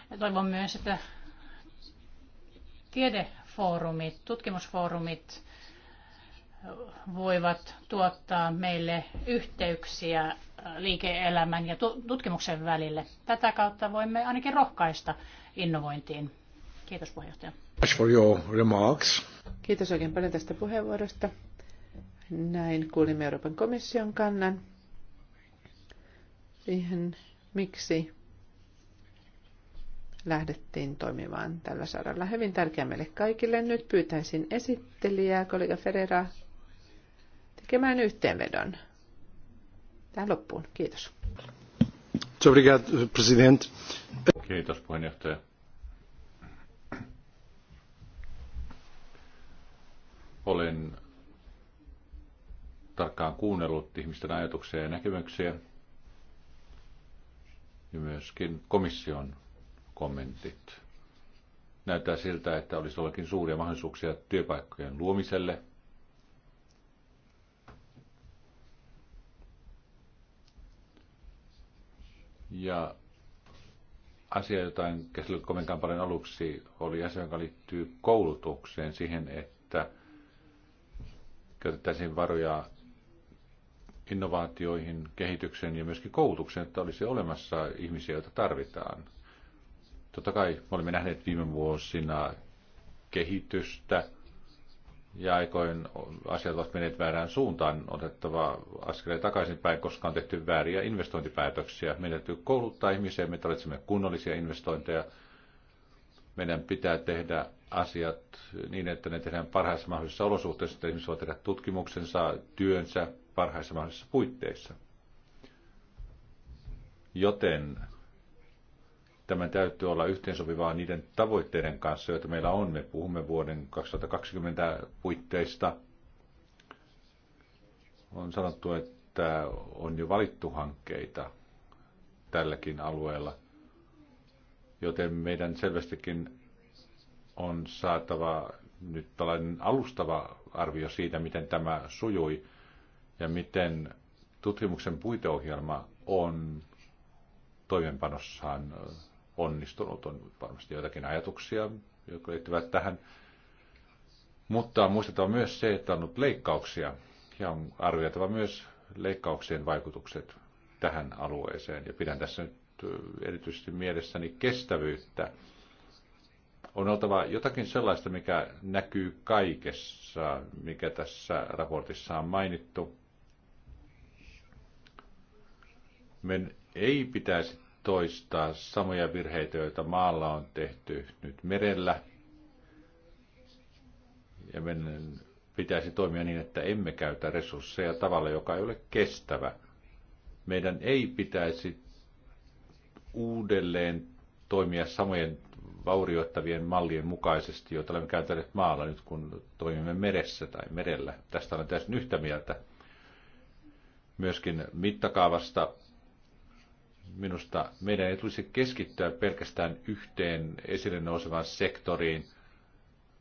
ja toivon myös, että tiedefoorumit, tutkimusfoorumit voivat tuottaa meille yhteyksiä liike-elämän ja tutkimuksen välille. Tätä kautta voimme ainakin rohkaista innovointiin. Kiitos puheenjohtaja. For your remarks. Kiitos oikein paljon tästä puheenvuorosta. Näin kuulimme Euroopan komission kannan siihen, miksi lähdettiin toimimaan tällä saralla. Hyvin tärkeä meille kaikille. Nyt pyytäisin esittelijää, kollega Ferreira, tekemään yhteenvedon. Tähän loppuun. Kiitos. Kiitos puheenjohtaja. tarkkaan kuunnellut ihmisten ajatuksia ja näkemyksiä ja myöskin komission kommentit. Näyttää siltä, että olisi ollakin suuria mahdollisuuksia työpaikkojen luomiselle. Ja asia, jota en käsitellyt kovinkaan paljon aluksi, oli asia, joka liittyy koulutukseen, siihen, että käytettäisiin varoja innovaatioihin, kehitykseen ja myöskin koulutukseen, että olisi olemassa ihmisiä, joita tarvitaan. Totta kai me olemme nähneet viime vuosina kehitystä ja aikoin asiat ovat menneet väärään suuntaan, otettava askeleen takaisinpäin, koska on tehty vääriä investointipäätöksiä. Meidän täytyy kouluttaa ihmisiä, me tarvitsemme kunnollisia investointeja. Meidän pitää tehdä asiat niin, että ne tehdään parhaissa mahdollisissa olosuhteissa, että ihmiset voivat tehdä tutkimuksensa, työnsä, parhaissa mahdollisissa puitteissa. Joten tämän täytyy olla yhteensopivaa niiden tavoitteiden kanssa, joita meillä on. Me puhumme vuoden 2020 puitteista. On sanottu, että on jo valittu hankkeita tälläkin alueella, joten meidän selvästikin on saatava nyt tällainen alustava arvio siitä, miten tämä sujui ja miten tutkimuksen puiteohjelma on toimenpanossaan onnistunut. On varmasti joitakin ajatuksia, jotka liittyvät tähän. Mutta on muistettava myös se, että on ollut leikkauksia ja on arvioitava myös leikkauksien vaikutukset tähän alueeseen. Ja pidän tässä nyt erityisesti mielessäni kestävyyttä. On oltava jotakin sellaista, mikä näkyy kaikessa, mikä tässä raportissa on mainittu. Meidän ei pitäisi toistaa samoja virheitä, joita maalla on tehty nyt merellä. Ja meidän pitäisi toimia niin, että emme käytä resursseja tavalla, joka ei ole kestävä. Meidän ei pitäisi uudelleen toimia samojen vaurioittavien mallien mukaisesti, joita olemme käyttäneet maalla nyt, kun toimimme meressä tai merellä. Tästä olen täysin yhtä mieltä. Myöskin mittakaavasta minusta meidän ei tulisi keskittyä pelkästään yhteen esille nousevaan sektoriin,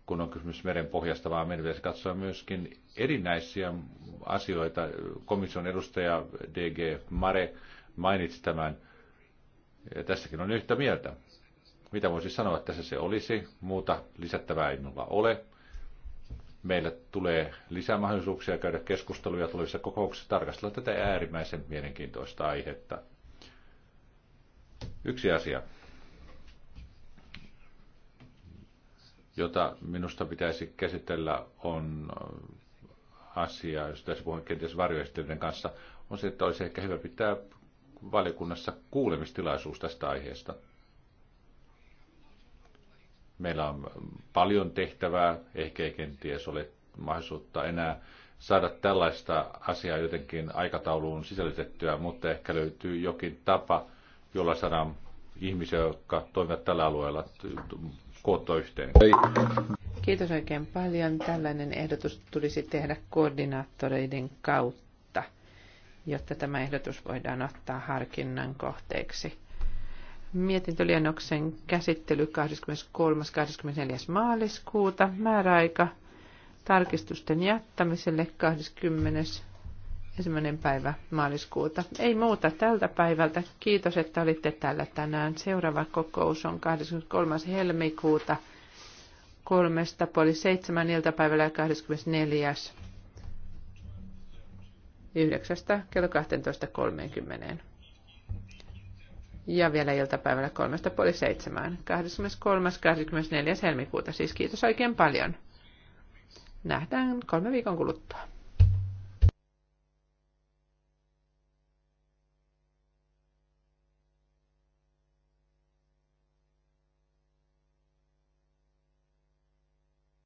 kun on kysymys merenpohjasta, vaan meidän pitäisi katsoa myöskin erinäisiä asioita. Komission edustaja DG Mare mainitsi tämän, ja tässäkin on yhtä mieltä. Mitä voisi sanoa, että tässä se olisi, muuta lisättävää ei minulla ole. Meillä tulee lisää mahdollisuuksia käydä keskusteluja tulevissa kokouksissa tarkastella tätä äärimmäisen mielenkiintoista aihetta. Yksi asia, jota minusta pitäisi käsitellä, on asia, josta tässä puhun kenties varjoesittelyiden kanssa, on se, että olisi ehkä hyvä pitää valiokunnassa kuulemistilaisuus tästä aiheesta. Meillä on paljon tehtävää, ehkä ei kenties ole mahdollisuutta enää saada tällaista asiaa jotenkin aikatauluun sisällytettyä, mutta ehkä löytyy jokin tapa – jolla saadaan ihmisiä, jotka toimivat tällä alueella, koottua yhteen. Kiitos oikein paljon. Tällainen ehdotus tulisi tehdä koordinaattoreiden kautta, jotta tämä ehdotus voidaan ottaa harkinnan kohteeksi. Mietintöliennoksen käsittely 23.–24. maaliskuuta, määräaika tarkistusten jättämiselle 20 ensimmäinen päivä maaliskuuta. Ei muuta tältä päivältä. Kiitos, että olitte täällä tänään. Seuraava kokous on 23. helmikuuta kolmesta puoli seitsemän iltapäivällä ja 24. 9. kello 12.30. Ja vielä iltapäivällä kolmesta puoli seitsemään. 23. 24. helmikuuta. Siis kiitos oikein paljon. Nähdään kolme viikon kuluttua.